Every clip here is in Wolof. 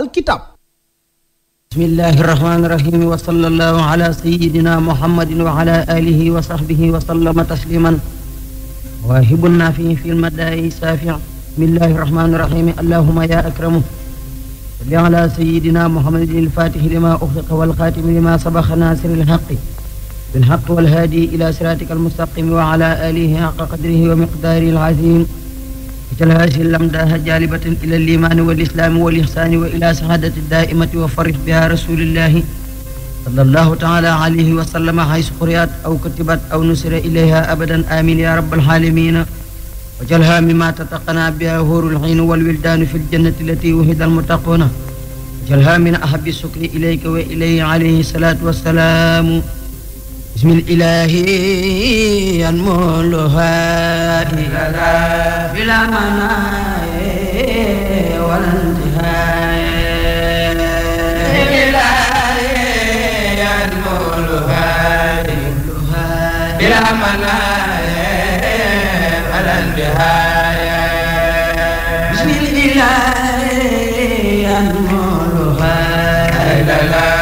alkitab bismillahi irrahmani irrahim wa sallallahu ala sayidina muhammadin wa ala alihi wa sahbihi wa sallama tasliman waahibu naafi fi lmadaayi saafi bismillahi irrahmani irrahim allahuma ya akramu salli ala sayidina muhammadin ilfatihi lima uxliqa walxaatimi lima sabaxa naasiri ilxaqi bilxaq walhaadi ila siraatika almustaqim wa ala alihi xaqa qadrihi wa miqdaari alazim مثل هذه الأمداح جالبة إلى الإيمان والإسلام والإحسان وإلى سعادة الدائمة وفرح بها رسول الله صلى الله تعالى عليه وسلم حيث قرئت أو كتبت أو نسر إليها أبدا آمين يا رب العالمين وجلها مما تتقنا بها هور العين والولدان في الجنة التي وهد المتقون جلها من أحب السكر إليك وإليه عليه الصلاة والسلام بسم الإله أنمولها بلا مناع ولا انتهاء بسم الإله أنمولها بلا مناع ولا انتهاء بسم الإله أنمولها لا لا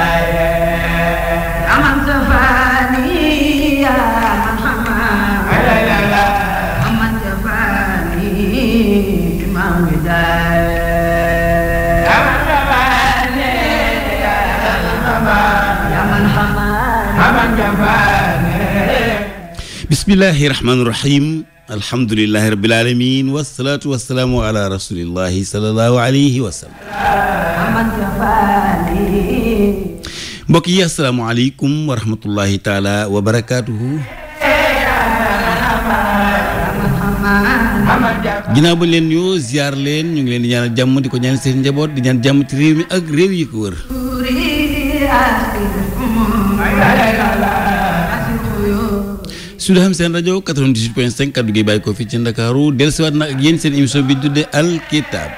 bismillahi rahmaani rahim alhamdulilahi rabil alamin wasalaatu wasalaamu ala rasulillahi salallahu alayhi wa sallam mbokk yi asalaamualeykum wa rahmatullahi taala wa barakaatuhu ginnaaw ba leen yoo ziar leen ñu ngi leen di ñaanal jàmm di ko ñaan seen njaboot di ñaan jàmm ci réew mi ak réew yi ko wër Sud FM seen rajo 98.5 kaddu gi bàyyi ko fii ci Ndakaaru dellusiwaat na ak yéen seen alkitab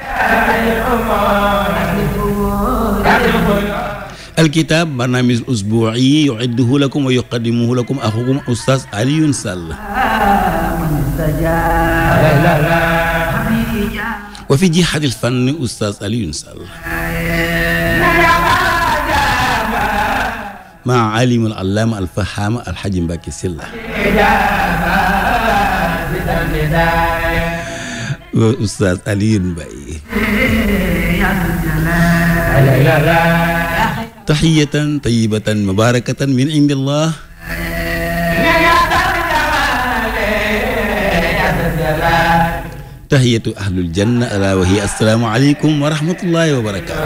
alkitab barnaamij usbuu'i yu'idduhu lakum wa yuqaddimuhu lakum waaw Oustaz Alioune Mbaye taxiyatan tayibatan mubarakatan min indillah taxiyatu ahlul janna ala wa hiya assalaamu aleykum wa rahmatullahi wa barakatuh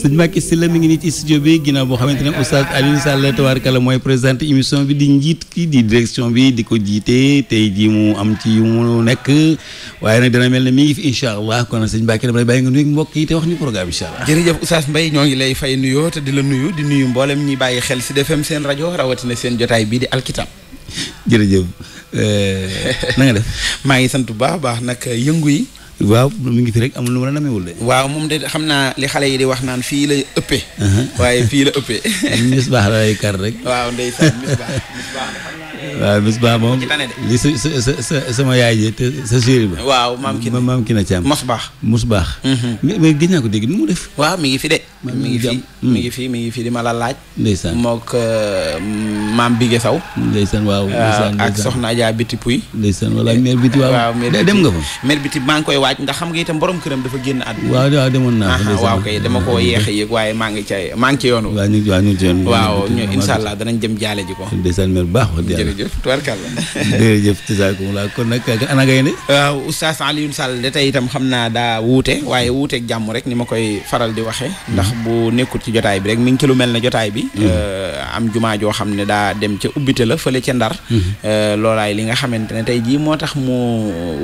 sëñ Mbacké Sylla mi ngi nii ci studio bi ginaaw boo xamante ne oustaz Alioune Sall tabaarkalla mooy présenté émission bi di njiit ki di direction bi di ko jiite tey jii mu am ci yu mu nekk waaye nag dana mel ne mi ngi fi incha kon sëñ Mbacké dama lay bàyyi nga nuyu mbokk yi te wax ñu programme incha allah jërëjëf oustaz Mbaye ñoo ngi lay fay nuyoo te di la nuyu di nuyu mboolem ñi bàyyi xel si defem seen rajo rawatina seen jotaay bii di alkitab jërëjëf euh, na def maa ngi sant bu baax baax nag yëngu yi waaw mi ngi fi rek amul lu ma la namewul de. waaw moom de xam naa li xale yi di wax naan fii la ëppee. waaye fii la ëppee. misbaax la lay kar rek. waaw ndeysaan misbaax misbaax waaw bis baax moom li sa sa sa sama yaay ji te sa maam ki na maam ki na Thiam. mos baax mos baax. Mhm. mais mais gis naa ko mi ngi fi de. mi ngi fi mi hmm. ngi mi ngi fi di ma la laaj. ndeysaan mook euh, maam Bigué Sow. ndeysaan waaw. Euh, ndeysaan ak soxna Adja Biti Puy. ndeysaan wala ak mère Biti waaw. waaw mère dem nga fa. mère Biti maa ngi koy waaj ndax xam nga itam borom këram dafa génn àdduna. waaw waaw demoon naa fa. waaw kay dama koo yeex a yëg waaye maa ngi ca maa waaw ñu waaw allah danañ jëm jaale ji jërëjëf tubaarkàlla jërëjëf tisaakumulaa kon nag ana gaynde waaw oustaz Alioune Sall de tey itam xam na daa wuute waaye wuuteeg jàmm rek ni ma koy faral di waxe ndax bu nekkul ci jotaay bi rek mi ngi ci lu mel ne jotaay bi mm-hmm. euh, am jumaa joo xam ne daa dem ca ubbite la fële ca ndar mm-hmm. euh, loolaay li nga xamante ne tey jii moo tax mu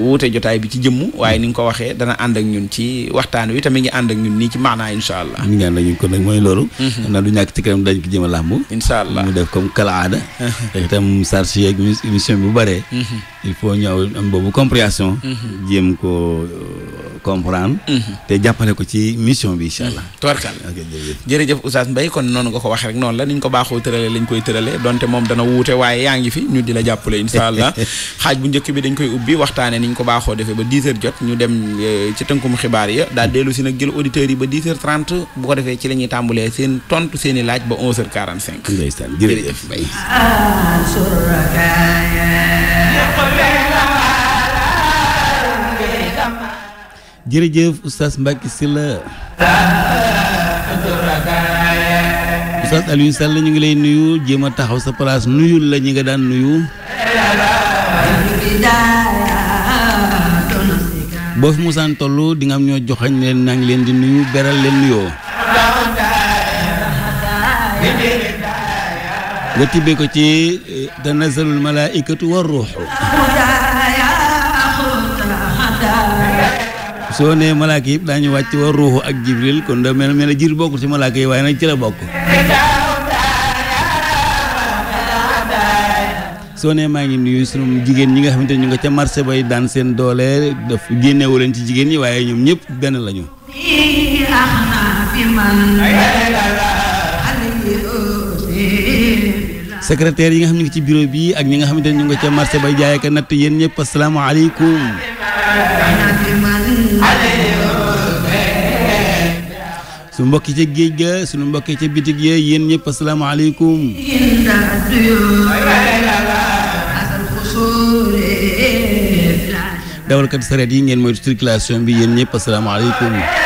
wuute jotaay bi ci jëmm waaye ni nga ko waxee dana ànd ak ñun ci waxtaan wi tamit mi ngi ànd ak ñun nii ci maanaa incha allah ñu ngi ànd ak ñun kon nag mooy loolu mm-hmm. naa du ñàkk ci kanam dañ ko jëm a làmb incha allah mu démarche yeeg émission bi bu bëree. Mhm. il faut ñu am boobu compréhension. Mhm. jéem ko euh, comprendre. Mhm. te jàppale ko ci mission bi incha allah. tubarkal jërëjëf Oustaz Mbaye kon noonu nga ko waxee rek noonu la ni ñu ko baaxoo tëralee lañ koy tëralee donte moom dana wuute waaye yaa ngi fi ñu di la jàppale incha allah xaaj bu njëkk bi dañ koy ubbi waxtaanee ni ñu ko baaxoo defee ba dix heures jot ñu dem euh, ci tënkum xibaar ya daal dellu si nag jël auditeurs yi ba dix heures trente bu ko defee ci la ñuy tàmbalee seen seen i laaj ba onze heures quarante cinq. ndeysaan jërëjëf oustaz Mbacke Sylla oustaz Aliou Sall ñu ngi lay nuyu jéem a taxaw sa place nuyu la ñi nga daan nuyu boo fi musaan toll dinga am ñoo joxañ leen naa ngi leen di nuyu beral leen nuyoo nga tibbee ko ci eh, tanazalul malaaikatu war ruuxu soo nee malaaka yëpp daañu wàcc war ruuxu ak jibril kon da mel mel ne jibril bokkul ci malaaka yi waaye nag ci la bokk soo ne maa ngi nuyu sunu jigéen ñi nga xamante ne ñu nga ca marché bay daan seen doole daf génnewu leen ci jigéen ñi waaye ñoom ñëpp benn lañu secrétaire yi nga xam ne ñu ngi ci bureau bi ak ñi nga xamante ne ñu ngi ca marché bay jaay ak natt yéen ñëpp asalaamaaleykum. suñu mbokk yi ca géej ga suñu mbokk yi ca bitig ya yéen ñëpp asalaamaaleykum. dawalkat sareet yi ngeen moytu circulation bi yéen ñëpp asalaamaaleykum.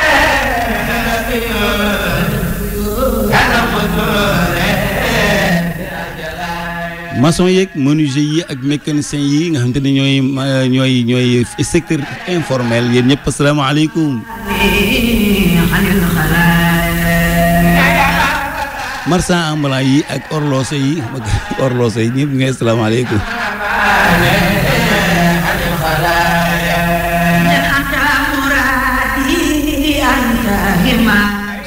maçon yeeg menuisier yi ak mécanicien yi nga xam te ne ñooy ñooy ñooy secteur informel yéen ñëpp asalaamaaleykum marchand ambulant yi ak horloger yi horloger yi ñëpp ñu ngi asalaamaaleykum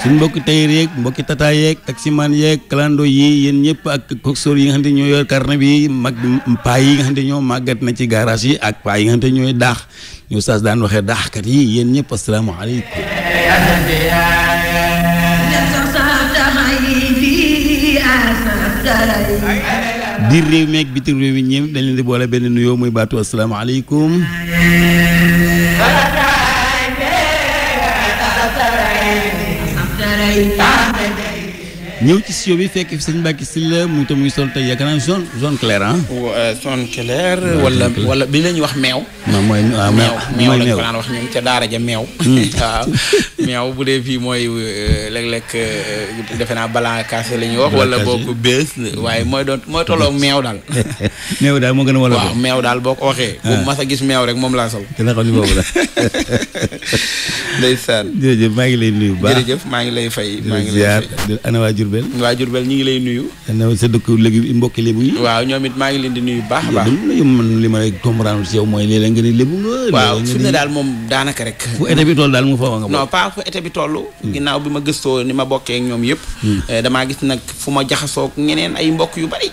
suñ mbokki tayir yeeg mbokki tata yeeg taximan yeeg clando yi yéen ñëpp ak coxeur yi nga xam ne ñoo yor bi mag paa yi nga xam ne màggat na ci garage yi ak paa yi nga xam ñooy daax ñu saas daan waxee daaxkat yi yéen ñëpp asalaamaaleykum biir réew meeg bitim réew mi ñëpp dañ leen di boole benn nuyoo muy baatu asalaamaaleykum ñëw ci studio bi fekk fi sëñ Mbacké Sylla mu itam muy sol tey yaakaar naa zone zone claire ah. Euh, zone claire. wala wala bi la ñuy wax meew. moom ah, mooy meew meew lañ ko daan wax ñun ca daara ja meew. Hmm. waaw bu dee fii mooy euh, léeg-léeg euh, defe naa balaa kaase la ñuy wax. wala boo bees waaye mooy doon mooy tolloo meew daal. meew daal moo gën a wala. waaw meew daal boo ko waxee. Ah. bu mas gis meew rek moom laa sol. dina xam ni boobu la. ndeysaan. maa ngi lay nuyu bu baax maa ngi lay fay. maa ngi lay fay ana waajur Diourbel waaw Diourbel ñu ngi lay nuyu na sa dëkk léegi mbokki lébu yi waaw ñoom maa ngi leen di nuyu baax a baax li ma lay comprendre ci yow mooy léeg-léeg nga ne lébu nga waaw fi ne daal moom daanaka rek fu été bi toll daal mu fa nga non pas fu été bi toll hmm. ginnaaw bi ma ma bokkee ak ñoom yëpp hmm. eh, damaa gis nag yu bari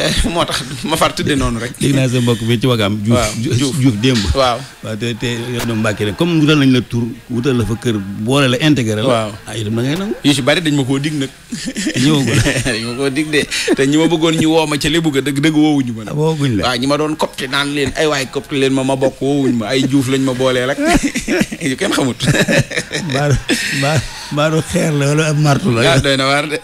eh, moo tax ma far tudde noonu rek dégg naa sa mbokk bi ci wagaam Diouf Diouf démb waaw waaw te te yow doom Mbàkke rek comme la tur wutal la fa kër boole la intégré la waaw ah yow dem na ngay bari dañ ma koo dig nag ñëwagul ma dig te ñi ma bëggoon ñu woo ma ca lébu ga dëgg dëgg woowuñu ma ah, woowuñ ñi ma doon copte naan leen ay waay copte ma ma bokk woowuñ ma ay juuf lañ ma boolee rek yu kenn xamut baaru baaru xeer la wala la waaw ah, doy na waar de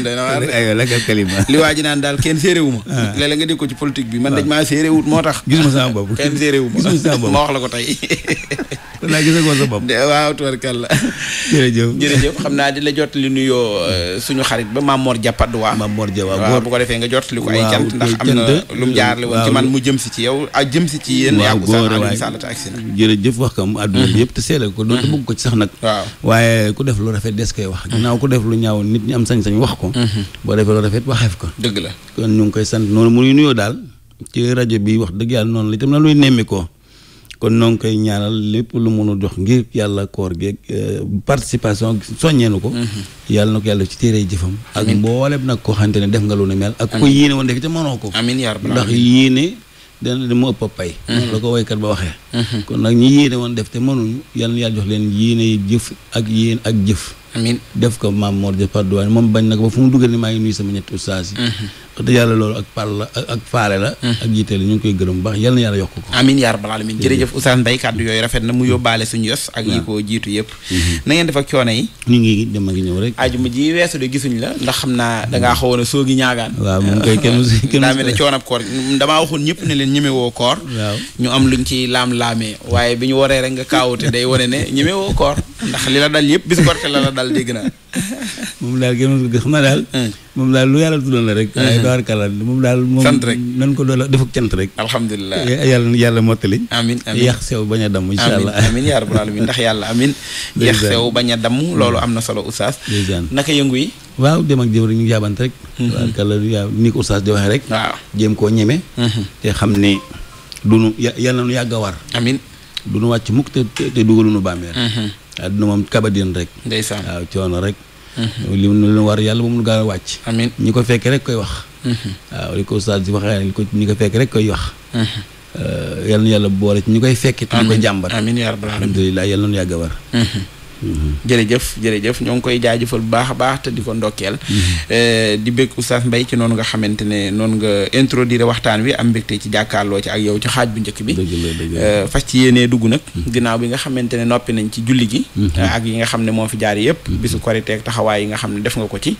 doy na waar li waa ji naan kenn séeré wu ma ah. léeg ko ci politique bi man dañ maa séeré moo tax gis ma sama bopp kenn séeré wu ma gis wax la ko tey naa gis ko sa bopp waaw tubarkalla xam naa di la jot li nuyoo suñu xarit ba Mamor Dia Padois Mamor Dia waaw bu ko defee nga jot li ko ay cant ndax am na si ci yow a ah, jëm si ci yéen yàggu sax Alioune jërëjëf wax kam àdduna mhm. yëpp te ko doon te mhm. ko ci sax nag waaye ku def lu rafet des koy wax mhm. ginnaaw ku def lu ñaaw nit ñi am sañ-sañ wax ko boo defee lu rafet waxeef ko dëgg la kon ñu ngi koy sant noonu mu ngi nuyoo daal rajo bi wax dëgg yàlla noonu la itam la luy nemmi ko kon noo koy ñaanal lépp lu mënu dox ngir yàlla koor geeg euh, participation soñeenu ko mm-hmm. yàlla na ko yàlla ci téere jëfam ak mboolem nag ko xamante ne def nga lu ne mel ak ko yéene woon def te mënoo ko amiin yaa rabbal ndax yéene dana di mu mm-hmm. la ko woykat ba waxee mm-hmm. kon nag woon def te mënuñu yàlla na jox leen yéene jëf ak yéen ak jëf amiin def ko maam Mor Dia Padoane moom bañ na ko ba fu mu dugal ni maa ngi nuyu sama ñetti ustaas wax dëgg yàlla loolu ak par la ak faare la hmm. ak jiite ñu ngi koy gërëm bu baax yal na yàlla yokk ko amiin yaa rabbal aalamiin jërëjëf Oustaz Mbaye kàddu yooyu rafet na mu hmm. yóbbaale suñu yos ak yi ko jiitu yëpp hmm. na ngeen def ak coono yi ñu ngi dem ak ñëw rek ajuma ji weesu la ndax xam naa dangaa xawoon a soogi ñaagaan waaw moom koy ne damaa waxoon ñëpp leen ñemewoo koor waaw ñu am luñ ci laam laame waaye bi ñu waree rek nga kaawute day wane ne ñemewoo koor ndax li la dal yëpp bis korte la la dal dégg naa moom daal kenn xam naa daal moom daal lu yàlla tuddoon la rek. Mhm. ay door kala moom daal. sant rek moom nan ko doon defuk cant rek. alhamdulilah eh, eh, yàlla yàlla mottali. amiin amiin yàq sew bañ a damm. incha allah amiin amiin yaa ndax yàlla amiin. yàq sew a damm mm. loolu am na solo oustaz. naka yëngu yi. waaw dem ak jëm rek ñu jaabante rek. door mhm. kala ni ko oustaz di waxee rek. waaw ñeme. Mhm. te xam ni du nu yàlla nu yàgg a war. amiin du nu wàcc mukk te te dugalu nu bàmmeel. adduna moom kabadin rek. ndeysaan waaw coono rek. Mm-hmm. li mu war yàlla moom lu gaaw a wàcc. amiin ñi ko fekkee rek koy wax. Mm-hmm. waaw li ko Oustaz di waxee li ko ñi ko fekkee rek koy wax. Mm-hmm. Uh, yal na yàlla boole ci ñi koy fekki. amiin amiin te ñu koy jàmbat alhamdulilah yal na nu yàgg a war. Mm-hmm. jërëjëf jërëjëf ñoo ngi koy jaajëfal bu baax a baax te di ko ndokkeel mm-hmm. eh, di bég oustaz mbay ci noonu nga xamante ne noonu nga introduire waxtaan wi am mbégte ci jàkkaarloo ci ak yow ci xaaj bu njëkk bi eh, fas ci yéenee dugg nag mm-hmm. ginnaaw bi nga xamante ne noppi nañ ci julli gi eh, ak yi nga xam ne moo fi jaar yëpp bisu korité teeg taxawaay yi nga xam ne def nga ko ci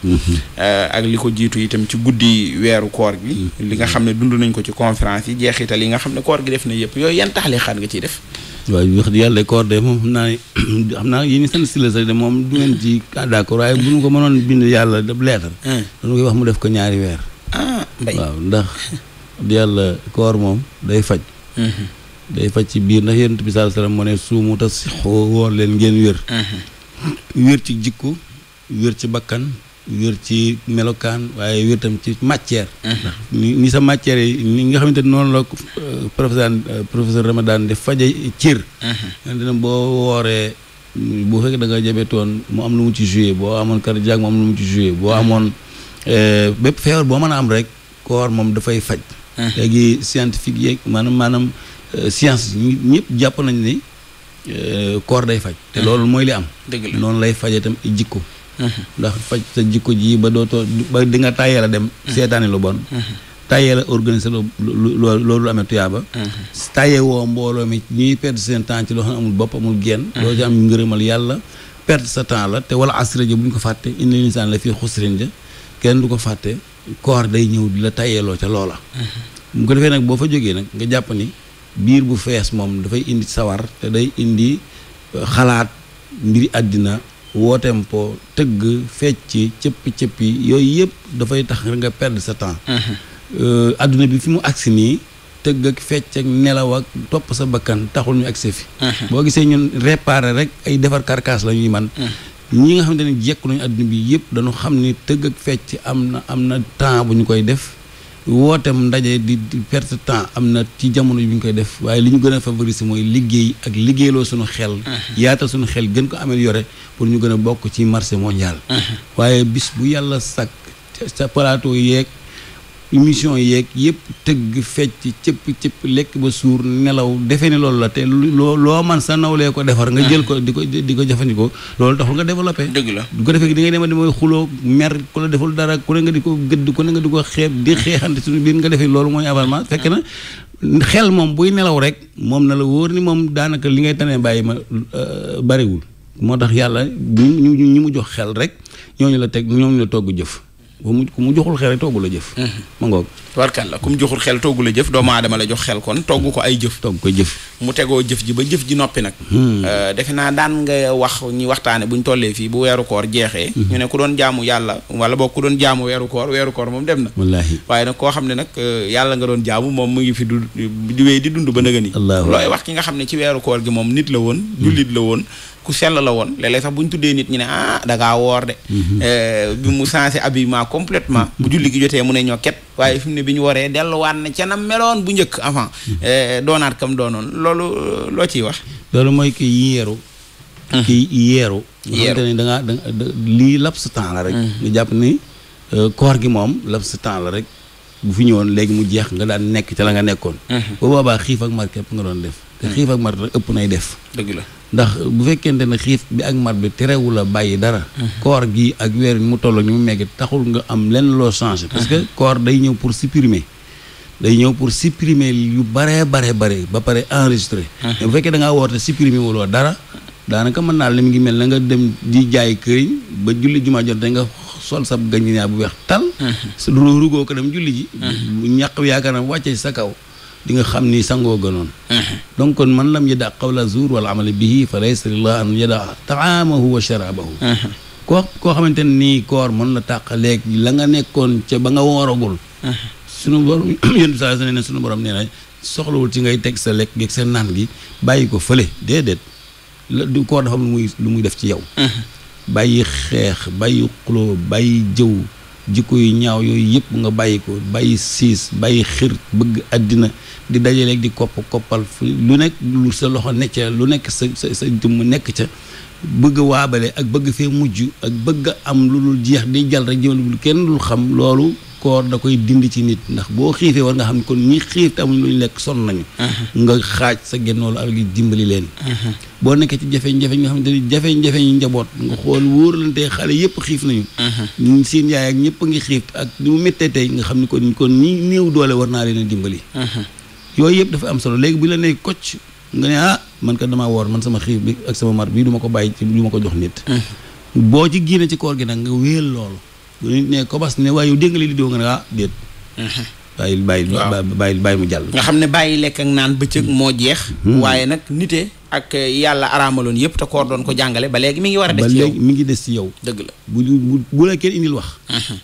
ak li ko jiitu itam ci guddi weeru koor gi li nga xam ne dund nañ ko ci conférence yi jeexital yi nga xam ne koor gi def na yëpp yooyu yan taxali xaat nga ciy def waaye wax dëgg yàlla koor de moom xam naa ne xam naa la sax de moom du ngeen ci ah, d'accord waaye bu ñu ko mënoon bind yàlla daf leetar. dañu koy wax mu def ko ñaari weer. Ah, waaw ndax yàlla koor moom day faj. Mhm. day faj ci biir ndax yonent bi sallallahu alayhi wasallam moo ne suumu tas xoo woor leen ngeen wér. Mhm. wér ci jikko wér ci bakkan wér ci melokaan waaye wér tam ci matière. Mhm. ni ni sa matière yi ni nga xamante noonu la euh, professeur euh, professeur Ramadan di faje cër. Mhm. dina boo wooree bu fekkee da nga jabetoon mu am lu mu ci joué boo amoon cardiaque mu am lu mu ci joué boo mhm. amoon euh, bépp feebar boo mën a am rek koor moom dafay faj. léegi scientifique yeeg maanaam maanaam science ñëpp jàpp nañ ni koor day faj. te loolu mooy li am. noonu lay fajee tam jikko. ndax faj sa jikko ji ba dootoo ba di nga tàyyee la dem mm-hmm. seetaani lu bon mm-hmm. tàyyee la organiser lu loolu amee tuyaaba mm-hmm. tàyyee woo mbooloo mi ñuy perdre seen temps ci loo xam ne amul bopp amul genn doo ci am ngërëmal yàlla perdre sa temps la te wala asra ja buñ ko fàtte inna insaan la fii xusrin kenn du ko fàtte koor day ñëw di la tàyyeeloo ca loola bu ko defee nag boo fa jógee nag nga jàpp ni biir bu fees moom dafay indi sawar te day indi euh, xalaat mbiri wooteem po tëgg fecc cëppi cëppi yooyu yëpp dafay tax nga perdre sa temps. àdduna mhm. euh, bi fi mu agsi nii tëgg ak fecc ak nelaw ak topp sa bakkan taxul ñu agsi fi. Mhm. boo gisee ñun réparer rek ay defar carcasse la ñuy man mhm. ñi nga xamante ne jekku nañu adduna bi yëpp dañu xam ne tëgg ak fecc am na am na temps bu ñu koy def. wootem ndaje di perte temps am na ci jamono bi ñu koy def waaye li ñu gën a favoriser mooy liggéey ak liggéeyloo suñu xel uh-huh. yaatal suñu xel gën ko améliorer pour ñu gën a bokk ci marché mondial uh-huh. waaye bis bu yàlla sàkk sa plateau yeeg émission yeeg yëpp tëgg fecc cëpp cëpp lekk ba suur nelaw defe ne loolu la te loo loo man sa nawlee ko defar nga jël ko di ko di ko jëfandikoo loolu taxul nga développé dëgg la du ko defee di ngay dema di mooy xuloo mer ku la deful ku ne nga di ko gëdd ku ne nga ko xeeb di xeexante suñu biir nga defee loolu mooy ma ah. fekk na xel moom buy nelaw rek moom na la wóor ni moom daanaka li ngay tanee bàyyi ma euh, bariwul moo tax yàlla ñu ñu mu jox xel rek ñooñu la teg ñooñu la togg jëf ku mu ku mu joxul xel toogu jëf. Mhm. ma ngoog. warkan la ku mu joxul xel toogu la jëf doomu aadama la jox xel kon togg ko ay jëf. ko jëf. mu tegoo jëf ji ba jëf ji noppi nag. Hmm. Euh, defe naa daan nga wax ñu waxtaane bu ñu tollee fii bu weeru koor jeexee. Hmm. ñu ne ku doon jaamu yàlla wala boog ku doon jaamu weeru koor weeru koor moom dem na. wallaahi waaye nag koo xam ne nag euh, yàlla nga doon jaamu moom mu ngi fi du di di dund ba nëgëni. looy wax ki nga xam ne ci weeru koor gi moom nit la woon. jullit la woon hmm. ku sell la woon léeg sax bu ñu tuddee nit ñi ne ah da ngaa woor de. bi mhm. eh, mu changé habillement complètement mhm. bu julli gi jotee mu ne ñoo ket waaye fi ne bi ñu waree delluwaat na ca na meloon bu njëkk avant. Mhm. Eh, doonaat kam doonoon loolu loo ciy wax. loolu mooy kii yeeru. ki yeeru. yeeru nga xamante ne da lii laps la rek. nga jàpp ni eh, koor gi moom laps temps la rek. bu fi ñëwoon léegi mu jeex nga daan nekk ca la nga nekkoon. bu boobaa xiif ak mar képp nga doon def. te xiif ak mar ëpp nay def. dëgg la. ndax bu fekkente ne xiif bi ak mat bi terewul a bàyyi dara koor gi ak weer mu toll ñu mu megg taxul nga am lenn loo changé parce que koor day ñëw pour supprimer day ñëw pour supprimer yu baree bare bare ba pare enregistré bu fekkee da ngaa woote supprimer wuloo dara daanaka mën naa la ngi mel na nga dem di jaay këriñ ba julli jumaa jot nga sol sa gaññaa bu weex tal su rugoo ko dem julli ji ñàq yaakaar naa wàcce sa kaw di nga xam ni sangoo gënoon uh-huh. donc kon man lam yada qawla zuur wal amala bihi fa laysa lillah an yada taamahu wa sharabahu uh-huh. koo xamante ne nii koor mën la tàq léegi la nga nekkoon ca ba nga wooragul uh-huh. sunu borom yén saa sa ne sunu borom nee na soxlawul ci ngay teg sa lekk geeg sa naan gi bàyyi ko fële déedéet la du koor dafa lu muy lu muy def ci yow bàyyi xeex bàyyi xuloo bàyyi jëw jikko yu ñaaw yooyu yëpp nga bàyyi ko bàyyi siis bàyyi xir bëgg àddina di dajaleeg di kopp koppal fu lu nekk lu sa loxo nekk lu nekk sa sa sa nekk ca bëgg waabale ak bëgg fee mujj ak bëgg am lu dul jeex di jàll rek jëmal kenn dul xam loolu koor da koy dindi ci nit ndax boo xiifee war nga xam ne kon ñi xiif te amuñ lu ñu lekk sonn nañu uh-huh. nga xaaj sa gennoolu alal gi dimbali leen uh-huh. boo nekkee ci jafe-jafe nga xam ne jafe-jafe njaboot nga xool wóorlantee xale yëpp xiif nañu uh-huh. seen yaay ak ñëpp a ngi xiif ak ni mu méttee tey nga xam ne kon kon ñi néew doole war naa leen a dimbali yooyu yëpp dafa am solo léegi bu la nee kocc nga ne ah man kat dama woor man sama xiif bi ak sama mar bii duma ko bàyyi ci du ma ko jox nit boo ci génne ci koor gi nag nga wéel loolu bu nit ne kobas ne waaye yow dégg nga li diw nga ne ah déet uh-huh. bàyyil bàyyil bàyyil mu jàll nga xam ne bàyyi lekk ak naan bëccëg hmm. moo jeex hmm. waaye nag nite ak yàlla araamaloon yëpp te koor doon ko jàngale ba léegi mi ngi war a des ci yow ba mi ngi des ci yow dëgg la bu bu la kenn indil wax uh-huh.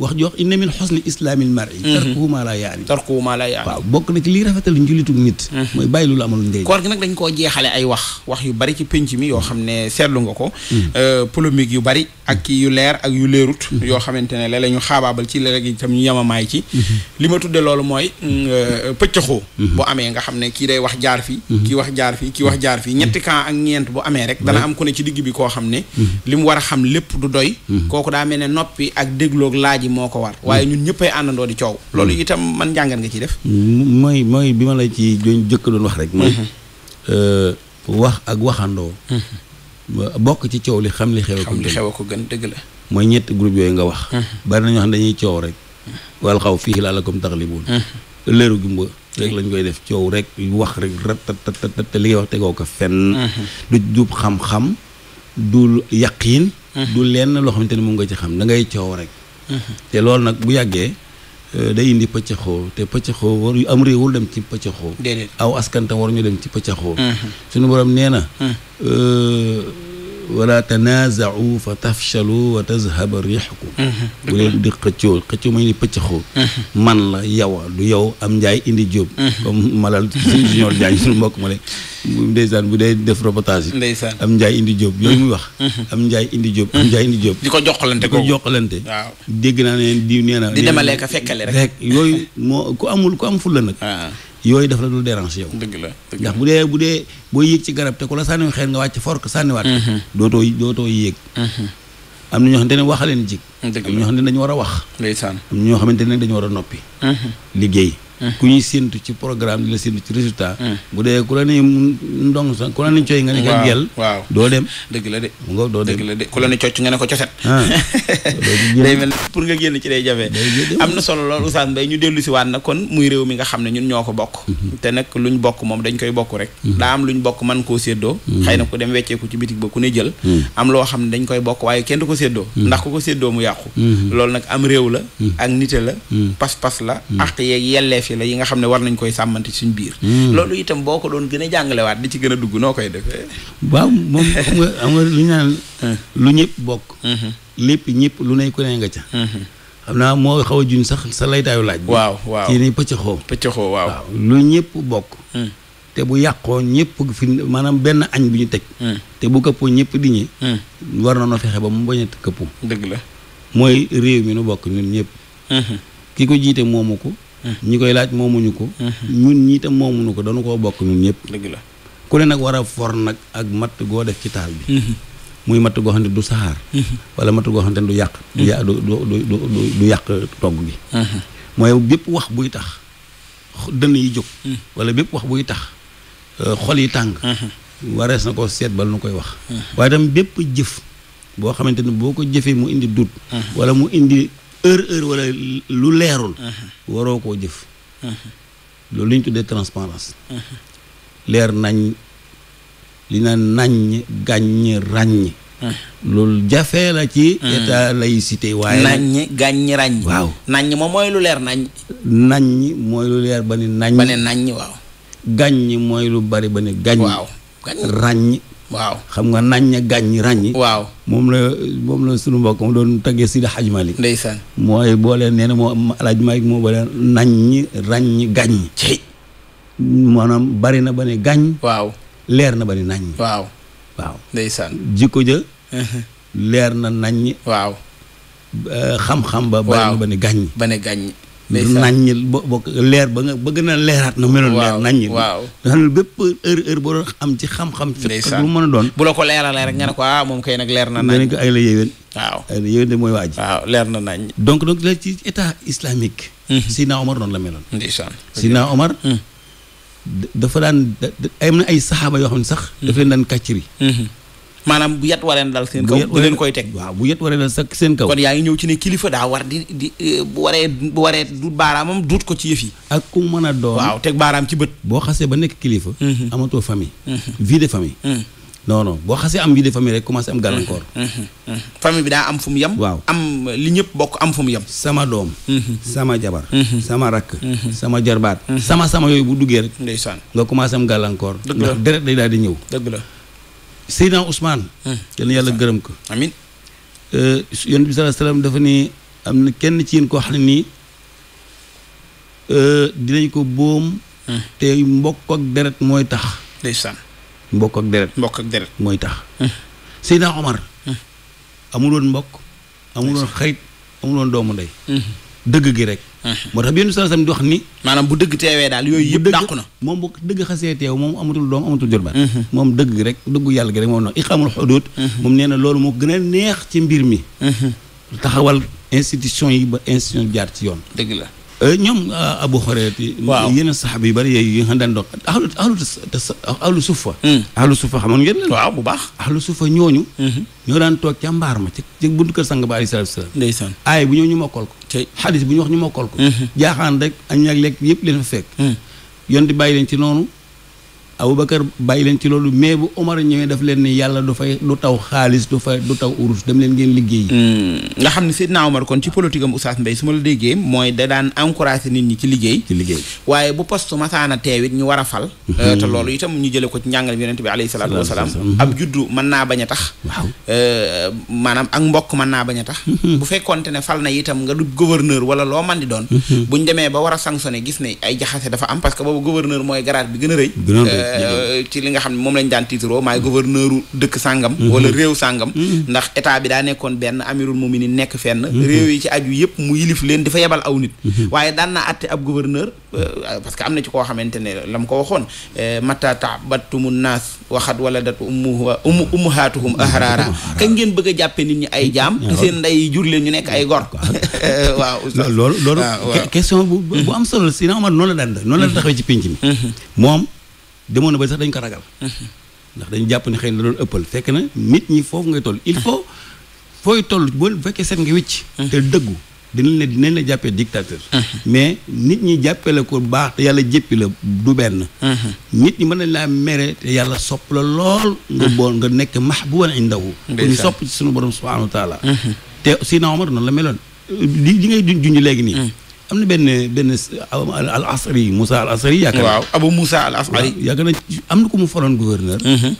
wax jox inna min xosni islaamil mar'i uh-huh. tarkuhu maa laa yaani tarkuhu maa laa yaani waaw bokk na ci liy rafetal njulitug nit mooy bàyyi lu la amaloon ndey koor gi nag dañ koo jeexale ay wax wax yu bari ci pénc mi yoo xam ne seetlu nga ko hmm. euh, polémique yu bari ak yu leer ak yu leerut mhm. yoo xamante ne léeg-léeg ñu xaabaabal ci léeg-léeg itam ñu yamamaay ci mhm. li ma tudde loolu mooy mm, euh, pëccëxoo mhm. bu amee nga xam ne kii day wax jaar fi kii wax jaar fii kii wax jaar fii ñetti kan ak ñeent bu amee rek dana am ku ne ci digg bi koo xam ne li mu war a xam lépp du doy kooku daa mel ne noppi ak dégloog laaj yi moo ko war waaye ñun ñëppay àndandoo di coow loolu itam man njàngat nga ciy def mooy mooy bi ma la ci jëkk doon wax rek mooy euh, wax ak waxandoo bokk ci coow li xam li xew. xam li xew ko gën dëgg la. mooy ñetti groupe yooyu nga wax. Hmm. bari na ñoo xam dañuy coow rek. Hmm. wal xaw fii laalakum taxlibuun. Hmm. leeru gumba rek lañ koy def coow rek wax rek ratatat te li ngay wax tegoo ko fenn. du jub xam-xam du yaqin. du lenn loo xam xamante ni moom nga ci xam da ngay coow rek. te loolu nag bu yàggee. Euh, day indi pëccëxoo te pëccëxoo war am réew warul dem ci pëccëxoo. déedéet aw askan tam waruñu dem ci pëccëxoo. Mhm. suñu borom nee na. Mhm. Euh, wala tanaazau fa tafchalu wa tazhaba rixukum mhm. bu leen di xëccoo xëccoo mooy ni pëccëxoo mhm. man la yow du yow am njaay indi jóob mhm. comme malal suñu junior jaay suñu mbokk ma lay ndeysaan bu dee def reportage yi ndeysaan am njaay indi jóob yooyu wax am njaay indi jóob am njaay di ko joxalante ko joxalante waaw dégg naa ne diw nee na di demale ka fekkale rek yooyu moo ku amul ku am fulla nag ah. yooyu daf la dul déranger yow. la ndax bu dee bu dee boo yéeg ci garab te ku la sànniw xeer nga wàcc fork sànniwaat. Mm-hmm. dootoo dootoo yéeg. Mm-hmm. am na ñoo xamante ne waxaleen jig. dëgg la am ñoo xam ne dañu war a wax. ndeysaan am na ñoo xamante ne dañu war a noppi. Mm-hmm. liggéey. ku ñuy séntu ci programme di la séntu ci résultat hmm. bu dee ku la ne ndong la ne coy nga ne ka gel waaw doo dem dëgg la de nga doo dem dëgg la cocc nga ne ko cocet ah. day mel pour nga génn ci day jafe am na solo loolu Oustaz Mbaye ñu dellu si na kon muy réew mi nga xam ne ñun ñoo ko bokk mm-hmm. te nag luñ bokk moom dañ koy bokk rek mm-hmm. daa am luñ bokk man koo séddoo mm-hmm. xëy na ku dem wecceeku ci bitig ba ku ne jël am loo xam ne dañ koy bokk waaye kenn du ko séddoo ndax ku ko séddoo mu yàqu loolu nag am réew la ak nite la pas-pas la ak marché yi nga xam ne war nañ koy sàmmante suñ biir hmm. loolu itam boo ko doon gën a jàngalewaat di ci gën a dugg noo koy defee waaw moom xam nga xam lu naan hmm. lu ñëpp bokk hmm. lépp ñëpp lu ne ku ne nga ca xam moo xaw a jun sax sa laytaayu laaj waaw waaw ci ni pëccëxoo waaw waaw ñëpp bokk bu yàqoo ñëpp fi maanaam benn añ bu ñu teg te bu këppoo ñëpp di ñi war na fexe ba mu bañ a këppu dëgg la mooy réew mi nu bokk ñun ñëpp ki ko jiite moomu ko ñi koy laaj moomuñu ko. ñun ñi itam moomuñu ko danu koo bokk ñun ñëpp. dëgg la ku ne nag war a for nag ak matt goo def ci taal bi. Mhm. muy matt goo xam ne du saxaar. Mhm. wala matt goo xam ne du yàq. Mhm. du yà du du du du yàq togg bi mooy bépp wax buy tax dënn yi jóg. wala bépp wax buy tax euh, xol yi tàng. warees na ko seet bal nu koy wax. waaye itam bépp jëf boo xamante ni boo ko jëfee mu indi dut. wala mu indi heure heure wala lu leerul. waroo koo jëf. loolu li ñu tuddee transparence leer nañ li na nañ gàññ ràññ. loolu jafee la ci. état laïcité waaye. naññ gàññ ràññ. waaw naññ moom mooy lu leer nañ. naññ mooy lu leer ba ni nañ. ba ni nañ waaw. gàññ mooy lu bari ba ni gàññ. ràññ. waaw xam nga nañ naññ gàññ ràññi waaw moom la moom la sunu mbokk mu doon taggee Sidi Hadj Malick ndeysaan mooy boolee nee na moo Alaaji Malick moo nañ naññ ràññi gàññ ci maanaam bari na ba ne gàññ waaw leer na ba ne naññ waaw waaw ja uh-huh. leer na naññ waaw xam-xam ba bari ba ne gàññ ba naññ bo leer ba nga ba gën a leeraat na meloon leer naññ waaw xam ne bépp heure heure boo doon am ci xam-xam fekk lu mën a doon bu la ko leeralee rek nga ne ko ah moom kay nag leer na nañ ko ay la yéwén waaw mooy waa ji leer na nañ donc donc la ci état islamique mhm. Sina Omar noonu la meloon ndeysaan Sina mhm. dafa daan am na ay saxaaba yoo xam ne sax mhm. daf leen daan kàcciri maanaam bu yet wareen dal seen kaw leen koy teg waaw bu yet waree dal sa seen kaw kon yaa ngi ñëw ci ne kilifa daa war di di bu waree bu baaraamam duut ko ci yëf yi ak ku mën a doon waaw teg baaraam ci bët boo xasee ba nekk kilifa mhm. amatoo famille mhm. vie de famille mhm. non boo xasee am vie de famille rek am gàllankoor famille bi daa am fu mu yem waaw am li ñëpp bokk am fu mu yem sama doom sama jabar sama rakk sama jarbaat sama sama yooyu bu duggee rek ndeysaan nga commencé am gàllankoor ndax deret day daal di ñëw dëgg la Seydina Ousmane. yal yàlla gërëm ko. amiin euh, yonent bi sallallahu alayhi dafa ni am na kenn ci yéen ko xam ne nii euh, dinañ ko boom. te mbokk ak deret mooy tax. ndeysaan. mbokk ak deret. mbokk ak mooy tax. Seydina Omar. amuloon mbokk. amuloon xarit amuloon doomu ndey. dëgg gi rek. moo tax bi yéen sallallahu alayhi wasallam di wax ni. maanaam bu dëgg teewee daal yooyu yëpp dàqu na. moom bu dëgg xasee teew moom amatul doom amatul jorbaat. moom dëgg gi rek dëggu yàlla gi rek moom noonu iqaamul xuduud. moom nee na loolu moo gën a neex ci mbir mi. taxawal institution yi ba institution jaar ci yoon. dëgg la. Euh, ñoom euh, Abu Hurayra waaw yeneen saxaaba yu bëri yooyu yi nga xam daan doon ahlu ahlu ahlu suufa mmh. ahlu suufa xamoon ngeen waaw bu baax ahlu suufa ñooñu mmh. ñoo daan toog ca mbaar ma ci buntu kër sang ba alayhi salaatu wa salaam ndeysaan aay bu tey xadis bu ñu wax ñu mokkal ko. Mm-hmm. jaaxaan rek a añ ak lekk yëpp leen fa fekk. di mm-hmm. bàyyi leen ci noonu Aboubacar bàyyi leen ci loolu mais bu Omar ñëwee leen ni yàlla du fay du taw xaalis du fay du taw urus dem leen ngeen liggéey hmm. nga xam ne Seydina Omar kon ci politique am Oustaz Mbaye su ma la déggee mooy da daan encouragé nit ñi ci liggéey ci liggéey waaye bu poste masaana teew it ñu war a fal hmm. euh, loolu itam ñu jële ko ci njàngale bi yonente bi alayhi salaatu wasalaam ab juddu mën naa bañ a tax euh, maanaam ak mbokk man naa bañ a tax hmm. bu fekkonte ne fal na itam nga du gouverneur wala loo man di doon buñ demee ba war a sanctionné gis ne ay jaxase dafa am parce que boobu gouverneur mooy garaat bi gën a rëy euh, Euh, ci li nga xam ne moom lañ daan tiitaroo maay mm-hmm. gouverneur dëkk sàngam mm-hmm. wala réew sàngam mm-hmm. ndax état bi daa nekkoon benn amirul muminin nekk fenn réew yi ci aju yëpp mu yilif leen dafa yebal aw nit waaye daan na atte ab gouverneur euh, parce que am na ci koo xamante ne la ko waxoon euh, mata tabattumu naas waxat wala datu ummuha umu ummuhaatuhum ahraara kañ ngeen bëgg a jàppe nit ñi ay jaam te seen ndey jur leen ñu nekk ay gor waaw loolu loolu question bu bu am solo si na Omar noonu la daan mi demoon na ba sax dañ ko ragal. ndax dañ jàpp ne xëy na loolu ëppal fekk na nit ñi foofu ngay toll. il faut fooy toll bu fekkee seet nga wicc. te dëggu dinañ la dinañ la jàppee dictateur. mais nit ñi jàppee la ko baax te yàlla jëppi la du benn. nit ñi mën nañ laa mere te yàlla sopp la lool. nga boon nga nekk mahbuban indahu. ku ñu sopp ci sunu borom subhanahu wa taala. te Sina Omar noonu la meloon. li li ngay junj léegi nii. am na benn benn al asri Moussa al asri. yaakaar waaw na am na ku mu faloon gouverneur. Mhm.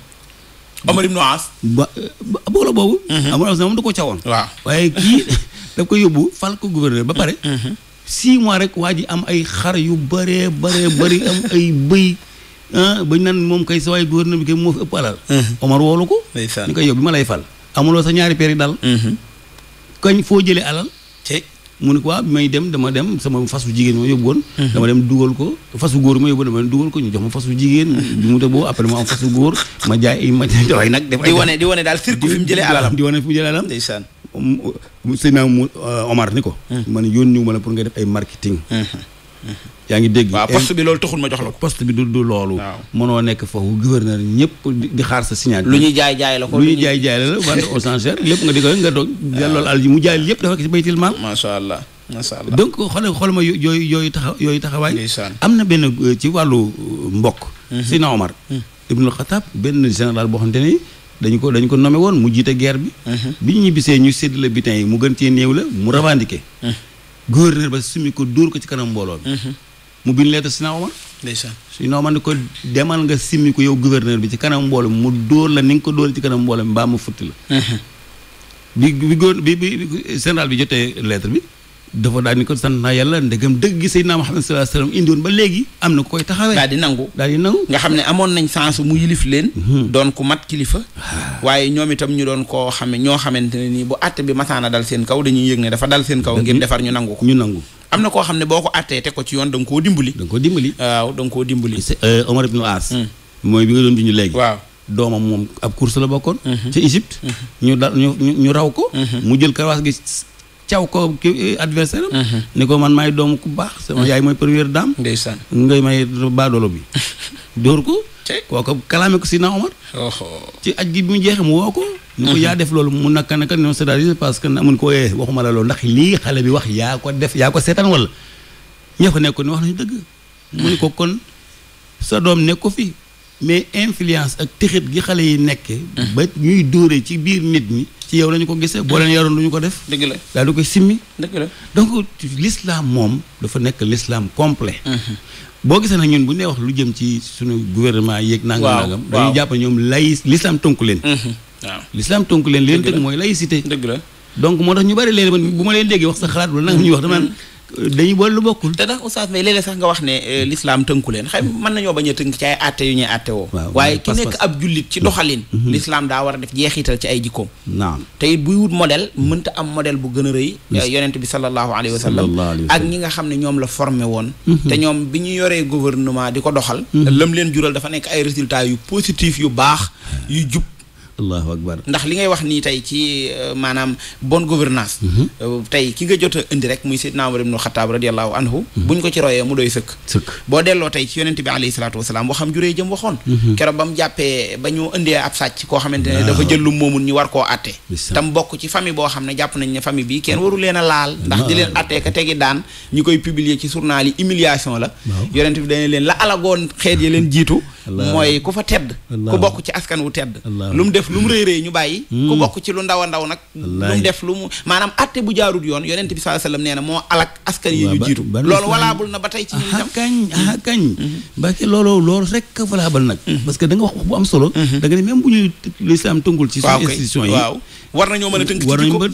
Omar ibn As. ba boolo boobu. Mhm. Omar ibn As moom da ba pare. Mhm. six mois rek waa ji am ay xar yu bëree bëree bëri am ay bëy. ah bañ naan moom kay sa waay gouverneur bi kay moo fi ëpp alal. Omar woolu ko. ndeysaan ni yow bi ma lay fal. amuloo sa ñaari peeri dal. kañ foo jëlee alal. mu ne ko waaw ah, bi may dem dama dem sama fasu jigéen ma yóbbu woon mhm. dama dem dugal ko fasu góor ma yóbbu dama dem dugal ko ñu jox ma fasu jigéen bi mu tëboo après ma am fasu góor ma jaay ay ma daway nag def di wane di wane daal cirque fi mu jëlee alalam di wane fi mu jëlee alalam ndeysaan sëñ naa mu Omar ni ko mhm. man yónniwu ma la pour nga def ay marketing mhm. yaa ngi dégg waaw poste bi loolu taxul ma jox la ko poste bi du du loolu mënoo nekk foofu gouverneur ñëpp di xaar sa signal lu ñuy jaay jaay la ko lu ñuy jaay jaay la la vente aux enchères lépp nga di ko nga àll ji mu jaay lépp dafa ci baytil maal macha allah macha allah donc xool xool ma yooyu yooyu taxaw yooyu taxawaay am na benn euh, ci wàllu euh, mbokk mhm. Sina Omar mhm. Ibnul Xatab benn général boo xamante ni dañu ko dañ ko nommé woon mu jiite geer bi mhm. bi ñu ñibbisee ñu séddale bitin yi mu gën cee néew la mu revendiqué gouverneur ba sumi ko ko ci kanam mbooloo mu bind lettre si naw ndeysaan Seydina Omar ni ko demal nga simmi ko yow gouverneur bi ci kanam mbooloo mu dóor la ni nga ko dóor ci kanam mbooloo mi mbaa mu futti uh-huh. bi bi góor jotee lettre bi. dafa daal ni ko sant naa yàlla ndegam dëgg gi Seydina Muhammad sallallahu alayhi ba léegi am na ku koy taxawee. daal di nangu daal di nangu. nga xam ne amoon nañ sens mu yilif leen. Mm-hmm. doon ku mat kilifa. Ah. waaye ñoom itam ñu doon koo xam ñoo xamante ne nii bu àtte bi masaana dal seen kaw dañuy yëg ne dafa dal seen kaw. ngir defar ñu nangu ko ñu nangu. am na koo xam ne boo ko àttee te ko ci yoon da nga koo dimbali. da nga koo dimbali. waaw da koo dimbali. Euh, Omar ibn As. Hmm. mooy bi nga di ñu léegi. waaw doomam moom ab course la bokkoon. Hmm. ci Égypte. Hmm. ñu dal ñu ñu raw ko. mu jël karawaas gi caw ko ki eh, adversaire am. ni ko man maay doomu ku baax. sama yaay mooy première dame. ndeysaan ngay may baadoolo bi. dóor ko. koo ko si ko Sidna Omar ci aj gi bi mu jeexee mu woo ko ni ko uhuh. yaa def loolu mu naka naka non c'est-à-dire parce que amun ko ee eh, waxuma la loolu ndax lii xale bi wax yaa ko def yaa ko seetaan wala ña fa nekkoon ni wax nañu dëgg mu ni ko uhuh. kon sa doom nekk ko fi mais influence ak tixit gi xale yi nekkee uhuh. ba ñuy dóore ci biir nit ñi ci yow lañu ko gisee boo leen yaroon du ñu ko def dëgg la daal du koy simmi dëgg donc l'islam moom dafa nekk lislaam complet boo gisee nag ñun bu ñu wax lu jëm ci suñu gouvernement yeeg. nangam nangam dañuy jàpp ñoom lay l'islam tonku leen. Mhm. waaw l'islam tonku leen. leen tënk mooy laïcité. dëgg la donc moo tax ñu bare leen man bu ma leen déggee wax sa xalaat wala nangam ñuy wax dama dañuy wàllu lu bokkul. te ndax oustaz mais léeg-léeg sax nga wax ne euh, l'islam tënku leen xëy mën nañoo bañ a tënk ci ay atte yu ñuy atte woo. waaye ki nekk ab jullit ci doxalin. Mhm. l'islam daa war a def jeexital ci ay jikkoom. naam te it buy wut modèle mënta am modèle bu gën a rëy. Euh, yonent bi sallallahu alayhi wa sallam ak ñi nga xam ne ñoom la formé woon. Mhm. te ñoom bi ñu yoree gouvernement di ko doxal. lam mhm. leen jural dafa nekk ay résultats yu positif yu baax yu jub allahu akbar ndax li ngay wax nii tey ci euh, maanaam bonne gouvernance mhm. euh, tey ki nga jot a indi rek muy Seydina Umar ibnu Xataab radiallahu anhu mhm. buñ ko ci royee mu doy sëkk sëkk boo delloo tey ci yonent bi alayhi salaatu wasalaam mhm. ba mu jàppee ba ñu indee ab sàcc koo xamante ne dafa jël lu moomul ñu war koo atte tam bokk ci famille boo xam ne jàpp nañ ne famille bi kenn waru leen a laal ndax di leen attee ka tegi daan ñu koy publier ci journal yi humiliation la yonent bi dañ leen la alagoon xeet ya leen jiitu mooy ku fa tedd ku bokk ci askan wu tedd lu mu def lu mu rëy rëy ñu bàyyi hmm. ku bokk ci lu ndaw ndaw nag lu mu def lu mu maanaam atte bu jaarut yoon yonent bi sallallahu alayhi wasallam nee moo alak askan yi ñu jiitu loolu walaabul na ba tey ci ñun kañ ah kañ hmm. baake loolu loolu rek valable nag parce que da nga wax wax bu am solo da nga ne bu ñuy lislaam tëngul ci suñu institution yi waaw war nañoo mën a tënk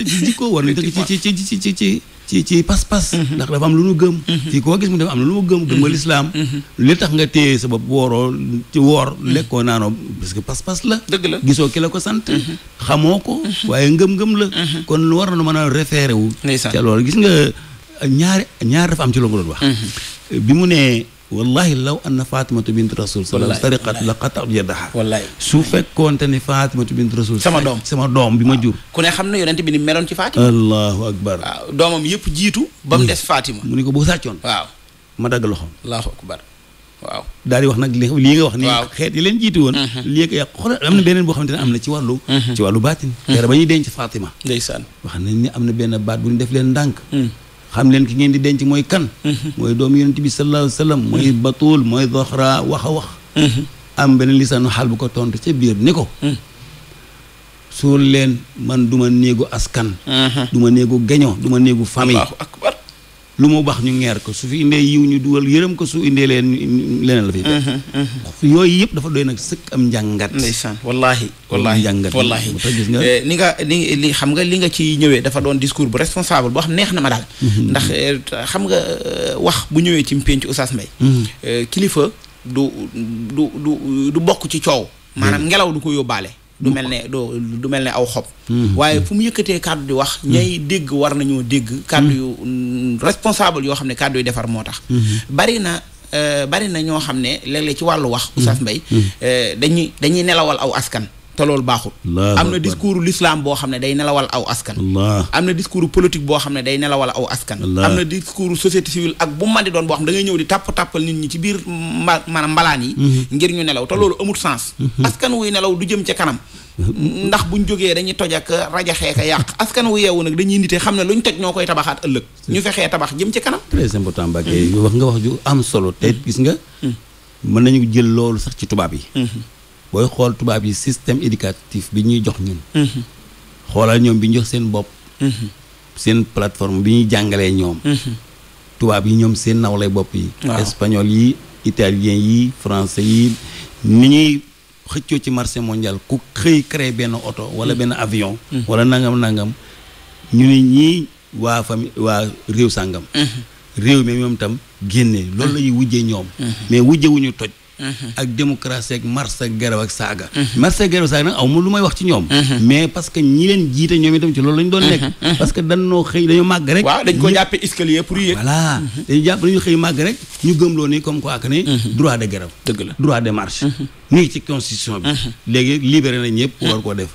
ci jikko war nañu mën a ci ci ci ci ci ci pas-pas mhm. ndax dafa am lu nu gëm ci mhm. koo gis mu dafa am lu nu gëm gëm nga mhm. lislaam li tax nga téye sa bopp wooroo woor lekkoo naanoo parce que pas-pas la dëgg la gisoo ki la ko sant xamoo ko waaye ngëm-ngëm la kon lu war na mën a référé wu ca loolu gis nga ñaari ñaar dafa am ci loo nga doon wax bi mu nee wallahi law anna fatimatu bint rasul sallallahu alayhi wa la qatab yadaha wallahi su fekkoonte ni fatimatu bint sama doom sama doom bi ma jur ku ne xam ne yonent bi ni meloon ci fatima allahu akbar doomam yëpp jiitu ba mu des fatima mu ni ko bu sàccoon waaw ma dagg loxoom allahu akbar waaw daal di wax nag li lii nga wax ni xeet yi leen jiitu woon mm-hmm. lii ko yàq xoolal am na beneen ne am na ci wàllu mm-hmm. ci wàllu baatin teera mm-hmm. ba ñuy denc fatima ndeysaan wax nañ am na benn baat bu ñu def leen ndànk mm. xam leen ki ngeen di denc mooy kan mm-hmm. mooy doomu yonent bi sallallahu alayhi wa sallam mooy mm-hmm. batuul mooy doxra wax a wax mm-hmm. am beneen lisaanu xaal bu ko tontu ci biir ni ko suul leen man du ma néegu askan du ma néegu gaño duma ma néegu famille lu mu baax ñu ngeer ko su fi indee yiw ñu dugal yërëm ko su indee leen leneen la fi uh-huh, uh-huh. yooyu yëpp dafa doy nag sëkk am njàngat ndeysaan wallaahi wallaahi njàngat wallaahi eh, ni nga ni li xam nga li nga ci ñëwee dafa doon discours bu responsable boo xam neex na ma daal mm-hmm. ndax eh, xam nga eh, wax bu ñëwee ci mpénc Oustaz Mbaye mm-hmm. kilifa du du du du bokk ci coow mm-hmm. maanaam ngelaw du ko yóbbaale du mel ne du du mel ne aw xob. Hmm. waaye fu mu yëkkatee kàddu di wax. Hmm. ñay dégg war nañoo dégg. kàddu hmm. yu mm, responsable yoo xam ne kàddu defar moo tax. bari na euh, bari na ñoo xam ne léeg-léeg ci wàllu wax. Oustaz Mbaye euh, dañuy dañuy nelawal aw askan. te loolu baaxul am na discours l'islam boo xam ne day nelawal aw askan am na discours politique boo xam ne day nelawal aw askan am na discours société civile ak bu man di doon boo xam ne da ngay ñëw di tàpp-tàppal nit ñi ci biir ma maanaam mbalaan yi mhm. ngir ñu nelaw te loolu amul sens mhm. askan wuy nelaw du jëm ca kanam ndax bu ñu jógee dañuy toj ak rajaxee ka yàq askan wu yeewu nag dañuy nite xam ne ñu toj ñoo koy tabaxaat ëllëg ñu fexee tabax jëm ci kanam très important Mbacke mhm. wax nga wax ju am solo te gis nga mën nañu jël loolu sax ci tubaab yi booy xool tubaab yi système éducatif bi ñuy jox ñun. Mm-hmm. xoolal ñoom bi ñu jox seen bopp. Mm-hmm. seen plateforme bi ñuy jàngalee ñoom. Mm-hmm. tubaab yi ñoom seen nawlay bopp yi. espagnol yi italien yi français yi ni ñuy. xëccoo ci marché mondiale ku xëy créé benn oto wala benn avion wala nangam nangam ñu ne ñii waa famille waa réew sàngam réew mi moom itam génne loolu lañuy ñuy wujje ñoom mais wujje wuñu toj ak démocratie ak marche ak garab ak saaga mhm. marche ak garab ak saaga nag aw ma lu may wax ci ñoom mhm. mais parce que ñi leen jiite ñoom itam ci loolu lañ doon nekk mhm. parce que dañoo xëy dañoo màgg rek waaw dañ ko jàppe escalier pour màgg rek ñu gëmloo nii comme quoi que ni droit de garab dëgg la droit de marche mu ngi ci constition bi léegi libéré nañ ñëpp war koo def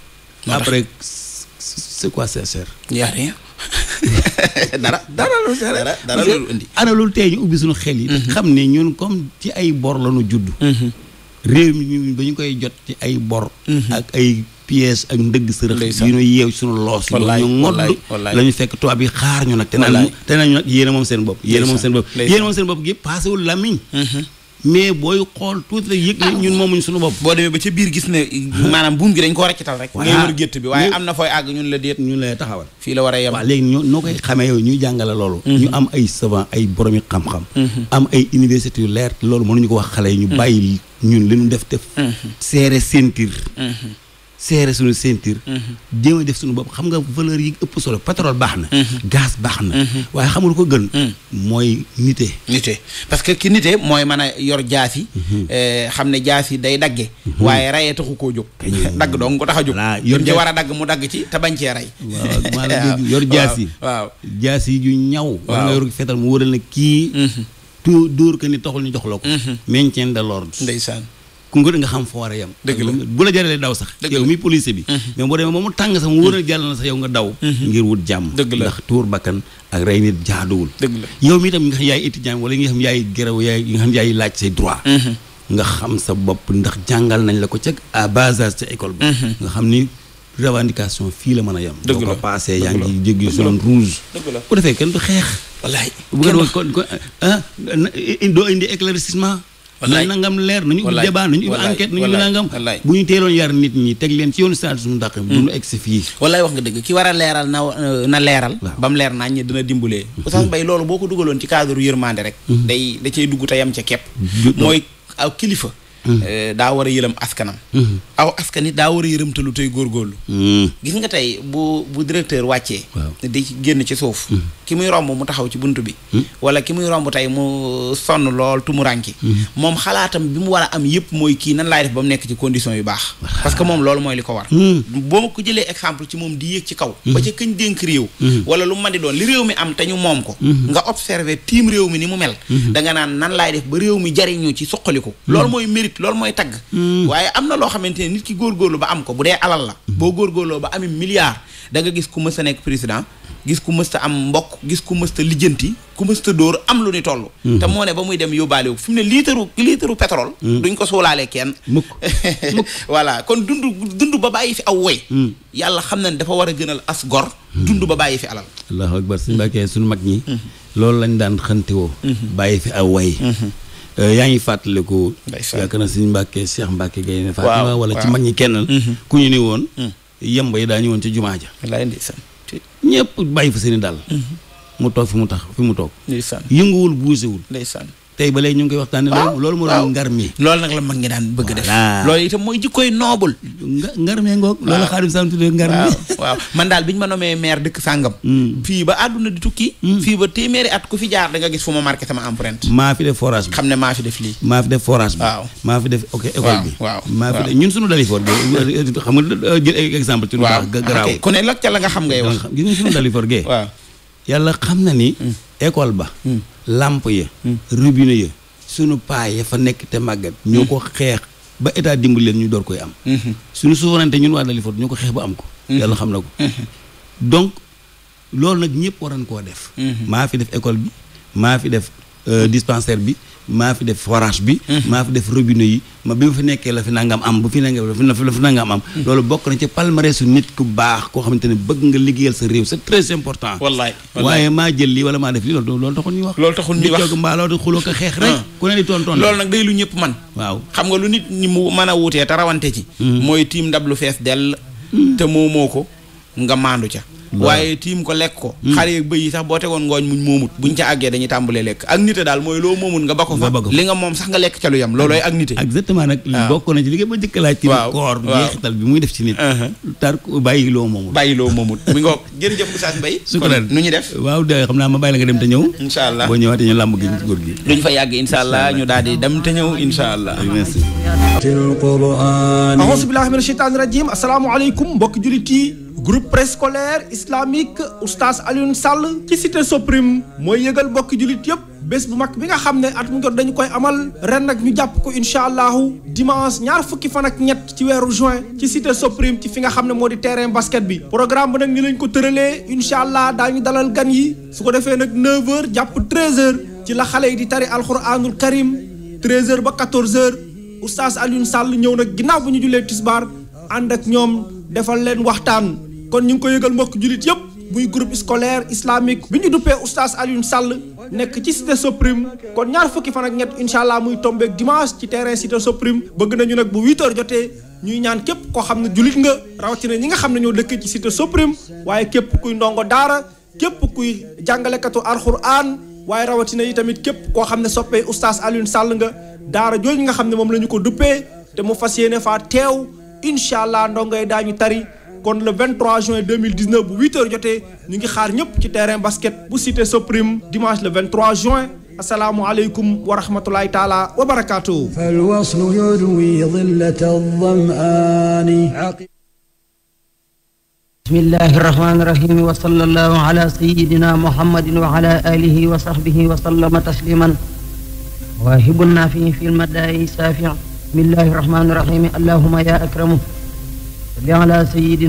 après c'est quoi ça sert dara dara lu dara dara lu indi ana loolu ñu ubbi suñu xel yi. Mhm. xam ne ñun comme ci ay bor lañu ñu judd. Mhm. réew mi ñu ba ñu koy jot ci ay bor. Mhm. ak ay pièces ak ndëgg sërëx yu ñu yeew suñu loos yu ñu ngodd la ñu fekk tubaab yi xaar ñu nag te na naan te naan ñu nag yéen a moom seen bopp yéen a moom seen bopp yéen a moom seen bopp gi paasewul lamiñ mais booy xool tuuti rek yëg ne ñun moomuñ suñu bopp boo demee ba ca biir gis ne maanaam buum gi dañ ko raccital rek ngay wër gétt bi waaye am na fooy àgg ñun la déet ñun la taxawal fii la war a yem waaw léegi ñoo noo koy xamee yow ñuy jàngale loolu mhm. ñu am ay savant ay boromi xam-xam mhm. am ay université yu leer loolu mën nañu ko wax xale yi ñu mhm. bàyyi ñun li ñu def def seere sentir seere suñu ceinture. Mhm. jéem def suñu bopp xam nga valeur yi ëpp solo pétrole baax na. Mhm. gaz baax na. Mhm. waaye xamul ko gën. mooy nite. nite parce que ki nite mooy mën a yor jaasi. Eh, xam ne jaasi day dagge. waaye rayee taxu koo jóg. dagg dong ko tax a jóg. yor ci war a dagg mu dagg ci te rey. waaw yor jaasi. waaw jaasi ju ñaw. waaw war nga yor fetal mu wóoral na kii. tu dóor ko ni taxul ñu jox la ko. maintien de l'ordre. ndeysaan. ku nga nga xam fa war a yem dëgg la bu la jaralee daw sax yow mi policier bi mhm. mais boo demee moom mu tàng sax mu wóor a jàll na sax yow nga daw mhm. ngir wut jàmm la ndax tuur bakkan ak rey nit jaaduwul dëgg la yow mi itam nga xam yaay étudiant wala nga xam yaay gërëw yaay nga xam yaay laaj say droit mhm. nga xam sa bopp ndax jàngal nañ la ko ca à bas ca école ba nga xam ni revendication fii la mën a yem dëgg la boo ko passé yaa ngi jéggi zone rouge dëgg la bu defee kenn du xeex wallaay bu nga doon kon ah, ah na nangam leer nañu ubbi débat nañu ubbi enquête nañu ubbi nangam bu ñu teeloon yar nit ñi teg leen ci yoonu saal suñu dàq bi duñu mm. egsi fii wallaay wax nga dëgg ki war a leeral na euh, na leeral ba mu leer naañ ñi dina dimbalee mm. Oustaz bay loolu boo ko dugaloon ci cadre yërmande rek mm. day da cay dugg te yam ca kepp mooy aw kilifa Eh, daa war a yëlam askanam mm-hmm. aw askan it daa war a yërëmtalu tey góorgóorlu mm. gis nga tey bu bu directeur wàccee di génn ci suuf mm-hmm. ki muy romb mu taxaw ci bunt bi mm-hmm. wala ki muy romb tey mu sonn lool tumurànki moom xalaatam bi mu war a am yëpp mooy kii nan laay def ba mu nekk ci condition yu baax parce que moom loolu mooy li ko war mm. boo ko jëlee exemple ci moom di yéeg ci kaw ba ca këñ dénk réew wala lu man doon li réew mi am te ñu moom ko nga observer tiim réew mi ni mu mel da nga naan nan laay def ba mi jariñu ci suqaliku nit loolu mooy tagg hmm. waaye am na loo xamante ne nit ki góor góorlu ba am ko bu dee alal la hmm. boo góorgóorloo ba ami milliard danga gis ku mës a nekk président gis ku mës ta am mbokk gis ku mës ta lijjanti ku mës ta am lu ni toll hmm. te moo ba muy dem yóbbaale wu mu ne liitaru liitaru pétrole duñ ko suulaale kenn mukk mukk voilà kon dund dund ba bàyyi fi aw woy yàlla xam na ne dafa war a gënal as gor dund ba bàyyi fi alal allahu akbar suñu mag ñi loolu lañ daan xantiwoo bàyyi fi aw woy Euh, yaa ngi fàttaliku. yaakaar naa suñu Mbàkke Cheikh Mbàkke Gaynde Fatima wala ci mag ñi kenn mhm. ku ñu ni woon mhm. yemba yi daa ñëwoon ci jumaa ja wallaay ndeysaan ñëpp bàyyi fa seen i mhm. mu toog fu mu tax fi mu toog ndeysaan yënguwul buusewul ndeysaan tey ba léegi ñu ngi koy waxtaane loolu moo doon ngar mi loolu nag la mag ngi daan ma nommé maire dëkk sàngam mm. fii ba mm. ba téeméeri at ku fi jaar da nga gis fu ma marqué sama ne maa fi def lii maa fi def forage bi waaw maa ñun suñu dalifoor bi euh, xam nga euh, la la nga xam ngay wax gis nga suñu dalifoor gee yàlla xam na ni mm. école ba làmp ya hmm. robinet ya sunu paa ya fa nekk te màggat ñoo hmm. ko xeex ba état dimbali leen ñu door koy am hmm. suñu souveraineté ñun waa Dalifort ñoo ko xeex ba am ko yàlla xam na ko donc loolu nag ñëpp waroon koo def maa fi def école bi maa fi def euh, dispensaire bi maa fi def forage bi mm-hmm. maa fi def robinet yi ma bi ma fi nekkee la fi nangam am bu fi nangam la fi nangam am mm-hmm. loolu bokk na ci palmarèsu nit ku baax koo xamante ne bëgg nga liggéeyal sa réew sa très important wallaay waaye maa jël lii wala maa def lii loolu loolu taxul wax loolu taxul ñuy wax mbaa loolu xuloo ko xeex rek ah. ku ne di tontoon loolu nag day lu ñëpp man waaw xam nga lu nit ñi mu mën a wutee te rawante ci mm-hmm. mooy tiim ndab lu fees dell te moomoo ko nga maandu ca waaye tiim ko lekk ko hmm. xar yeeg bëy sax boo tegoon ngooñ muñ moomut buñ ca àggee dañuy tàmbalee lekk ak nite daal mooy loo moomut nga ba ko fa li nga moom sax nga lekk ca yam loolooy ak nite exactement nag bokk na uh-huh. loo moomut bàyyi loo moomut mi nga jërëjëf Oustaz nu ñu def waaw de xam naa ma bàyyi la nga dem te ñëw incha allah boo ñëwaatee ñu làmb gi góor gi duñ fa yàgg incha allah ñu daal di dem te ñëw incha allah merci aousu billahi mina sheytaani rajim asalaamaaleykum yi groupe préscolaire islamique oustaz Alioune Sall ci cité Soprim mooy yëgal mbokki jullit yëpp bés bu mag bi nga xam ne at mu dañu koy amal ren nag ñu jàpp ko incha allahu dimanche ñaar fukki fan ak ñett ci weeru juin ci cité Soprim ci fi nga xam ne moo di terrain basket bi programme bi nag ni lañ ko tëralee incha allah daañu dalal gan yi su ko defee nag 9 jàpp 13h ci la xale yi di tari alquranul karim 13h ba 14h oustaz Alioune Sall ñëw nag ginnaaw bu ñu jullee tisbaar ànd ak ñoom defal leen waxtaan. kon ñu ngi ko yëgal mbokk jullit yëpp muy groupe scolaire islamique bi ñu duppee oustaz Alioune Sall nekk ci cité Soprim kon ñaar fukki fan ak ñett incha allah muy tombeek dimanche ci terrain cité Soprim bëgg nañu nag bu 8h jotee ñuy ñaan képp koo xam ne jullit nga rawatina ñi nga xam ne ñoo dëkk ci cité Soprim waaye képp kuy ndongo daara képp kuy jàngalekatu alxuraan waaye rawatina yi tamit képp koo xam ne soppee oustaz Alioune Sall nga daara jooju nga xam ne moom la ñu ko duppee te mu fas yéene faa teew incha allah ndongo yi daañu tari. kon le 23 juin 2019 bu 8 heures jotee ñu ngi xaar ñëpp ci terrain basket bu cité Soprim dimanche le 23 juin asalaamualeykum wa rahmatulahi taala wa barakaatu. falwaslu yudwi dillata damaani. bismillahi rahmaani rahiim wa sallallahu ala sayyidina muhammadin wa ala alihi wa sahbihi wa sallama tasliman. waahibun naafi fi jërë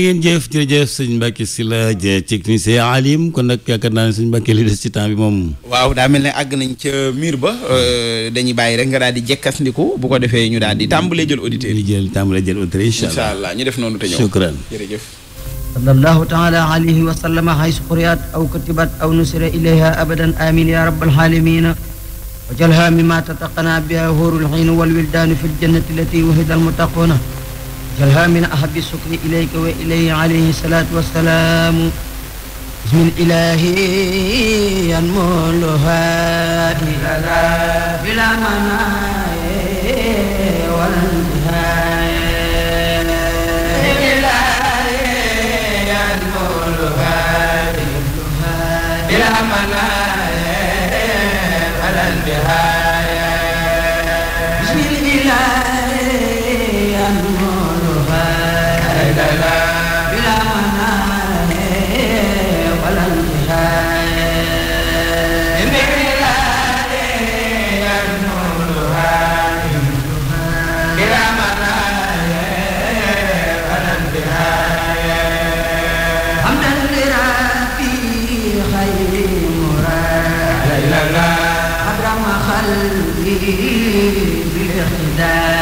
ngeen jëf jërëjëf sëñ Mbacke Sylla technicien alim kon nag yaakaar naa ne sëñ Mbacke li des ci temps bi moom. waaw daa mel ne àgg nañ ca miir ba hmm. euh, dañuy bàyyi rek nga daal di jekkasndiku bu ko defee ñu daal di tàmbalee jël auditeurs yi. ñu jël tàmbalee jël auditeurs ñu def noonu te ñëw shukran jërëjëf. sallallahu taala alayhi wa sallama haysu quriat aw kutibat aw nusira ilayha abadan amin ya rabbal wajalha mimma tataqana biha huurul xiin wal wildaanu fi ljannati allati wahida almuttaquuna wajalha min ahabi sukni ilayka wa ilayhi alayhi salaatu wassalaamu bismil ilaahi yan muluha bila manaaye wal nihaaye bila manaaye إِذَا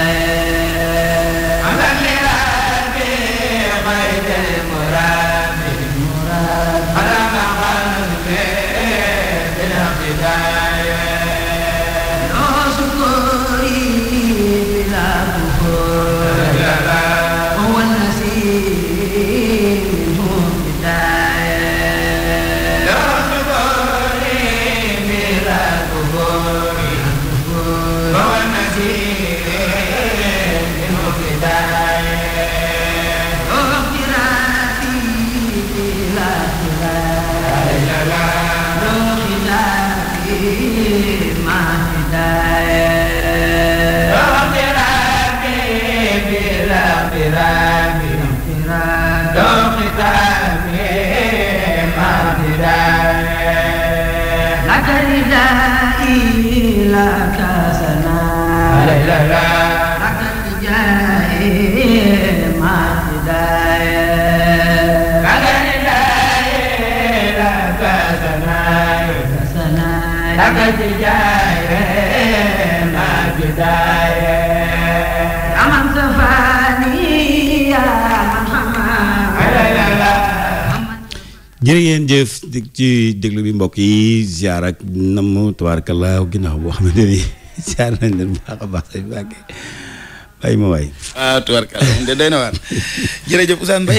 ngeen jëf ci déglu bi mbokk yi ziar ak nam tubaarkalla ginnaaw boo xam ne nii ziar nañ leen baax a baax say bàkke bàyyi ma waay ah, waaw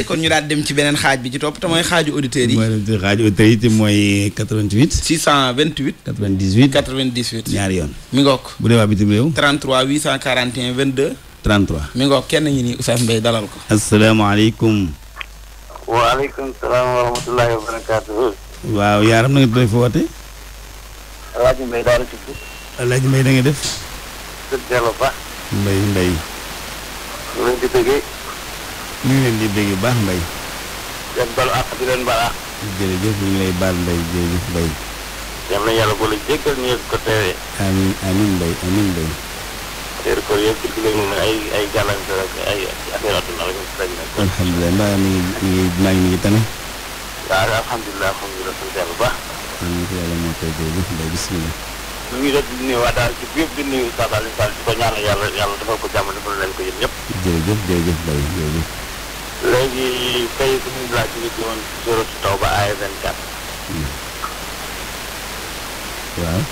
kon ñu daal dem ci beneen xaaj bi ci topp te mooy xaaju auditeurs yi mooy dem ci xaaju auditeurs yi te mooy 88 628 98 98 ñaari yoon mi ngook bu dee waa bitim réew 33 841 22 33 mi ngook kenn ñi ni Ousmane Mbaye dalal ko asalaamaaleykum waaleykum salaam wa rahmatullahi wa barakaatu. waaw yaaram na nga doon fa woote. El Hadj Mbaye daal di tudd. El nga def. sëñ Diallo Ba. Mbaye Mbaye. ñu leen di déggee. ñu ngi leen di dégg baax Mbaye. yan balu di leen baal àq. jërëjëf ñu ngi lay baal Mbaye jërëjëf Mbaye. yal na yàlla boole jéggal ñu ko teewee. amiin amiin weeru koor yëpp ci diggante ñu ay ay gàllankoor ak ay affaire adduna mbaa mi ngi maa ngi tane. waaw alhamdulilah alhamdulilah sant yàlla bu baax. amiin ci yàlla moo koy déglu mbay bisimilah. ñu ngi doon di nuyuwaat daal ci yëpp di nuyu Ustaz Alioune Sall di ko ñaanal yàlla yàlla defal ko jàmm defal leen ko yéen ñëpp. jërëjëf jërëjëf mbay jërëjëf. léegi tey suñu laaj bi di waaw.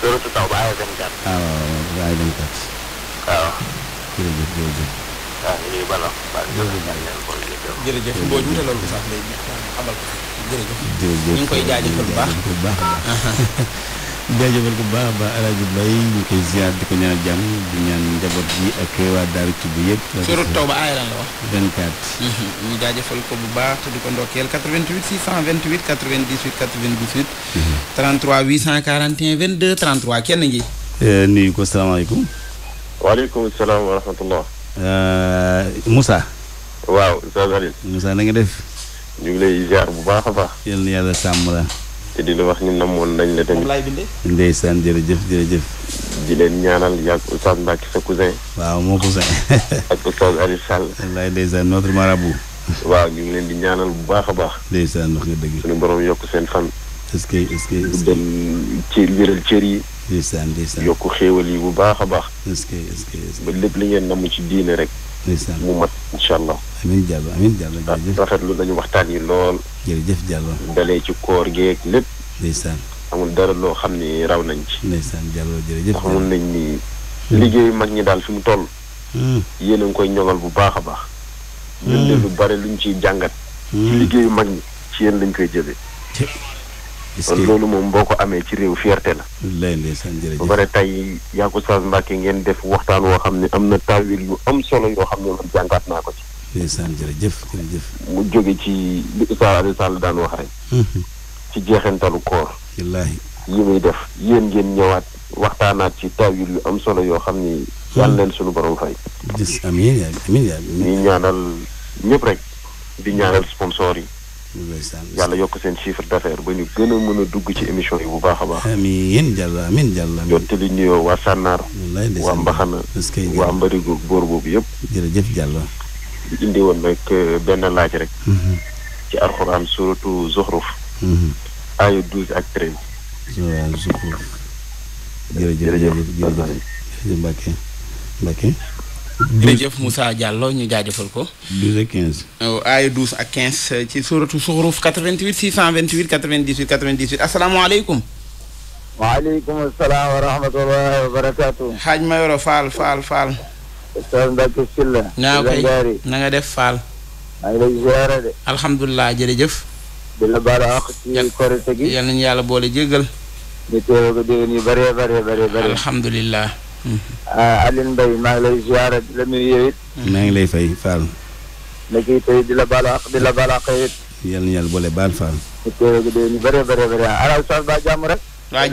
suratu Tawba aaya 24. waaw waaw aaya 24. waaw. jërëjëf jërëjëf. waaw ah, ñu ngi bala. jërëjëf Mbodj wutalal ko sax léegi xamal ko. jërëjëf jërëjëf ñu ngi koy jaajëfal bu baax bu baax. jaajëfal ko baax baax El Hadj Mbaye ñu koy ziar di ko ñaanal jam di ñaan njaboot bi ak waa Daaru Tudd yëpp. surtout taw ba aay lan la wax. 24. Mhm, ñu jaajëfal ko bu baax di ko ndokkeel 88 628 98 98. 33 841 22 kenn ngi. Euh, nuyu ko salaamaaleykum. waaleykum salaam wa rahmatullah. Euh, Moussa. waaw Oustaz Alioune. Moussa na nga def. ñu ngi lay ziar bu baax a baax. yal na yàlla sàmm la. te di la wax ni namoon nañ la tamit. ndeysaan jërëjëf jërëjëf. di leen ñaanal yàgg Oustaz Mbacke sa cousin. waaw moo cousin. ak Oustaz Aliou Sall. wallaay ndeysaan notre marabout. waaw ñu ngi leen di ñaanal bu baax a baax. ndeysaan wax nga dëgg. suñu borom yokk seen fan. est-ce que est-ce que est cër yi. ndeysaan ndeysaan yokk xéewal yi bu baax a baax. est-ce ba lépp li ngeen namu ci diine rek. mu mat incha allah. amiin Diallo amiin Diallo ah, jërëjëf rafetlu nañu waxtaan yi lool. jërëjëf Diallo. dalee ci koor geeg lépp. ndeysaan. amul dara loo xam ni raw nañ ci. ndeysaan Diallo jërëjëf. xamul nañ ni. Hmm. liggéey mag ñi daal fi mu toll. Hmm. yéen a ngi koy ñoŋal bu baax a baax. Hmm. ñun de lu bare luñ ciy jàngat. ci liggéeyu mag ñi ci yéen lañ koy jële kon loolu moom boo ko amee ci réew fierté la. lay ndeysaan jërëjëf bu pare tey yaa ko Oustaz ngeen def waxtaan woo xam ne am na taawil yu am solo yoo xam ne man jàngaat naa ko ci. ndeysaan jërëjëf mu jóge ci li Oustaz Alioune Sall daan wax rek. Mhm. ci jeexintalu koor. wallaahi yi muy def yéen ngeen ñëwaat waxtaanaat ci taawil yu am solo yoo xam ni. yàlla mhm. leen suñu borom fay. gis amiin yaa amiin ñaanal ñëpp rek di ñaanal sponsor yi. yàlla yokk seen chiffre d'affaires ba ñu gën a mën a dugg ci émission yi bu baax a baax. amiin jàlla amiin jàlla. jottali nuyoo waa Sànnaar. waa Mbaxana. waa Mbarigo boor boobu yëpp. jërëjëf jàlla. di indi woon rek euh, benn laaj rek. Mm-hmm. ci alxuraan suratu Zuxruf. Mm-hmm. aaya douze ak treize. waaw Zuxruf. jërëjëf jërëjëf jërëjëf Mbacke Mbacke. jërëjëf Moussa Diallo ñu jaajëfal ko. 12 euh, ak 15. aaya ak 15 ci suratu Zuxruf 88 628 98 98 asalaamaaleykum. waaleykum salaam wa rahmatulah wa barakaatu. xaaj ma yoro Fall Fall Fall. Oustaz Mbacke Sylla. naa koy na nga def Fall. maa ngi lay ziare de. alhamdulilah jërëjëf. di la baal a wax ci korite gi. yal nañu yàlla boole jégal. ñu teew ko déwén yu bëree bëree Ah, Alioune Mbaye maa ngi lay a di la nuyu yow mm-hmm. maa ngi lay fay Fall. nekk tey di la baal a di la baal a xëy it. yal na yàlla boole baal Fall. ñu dee ñu bëree bëree bëri alal sax ba jàmm rek. waaw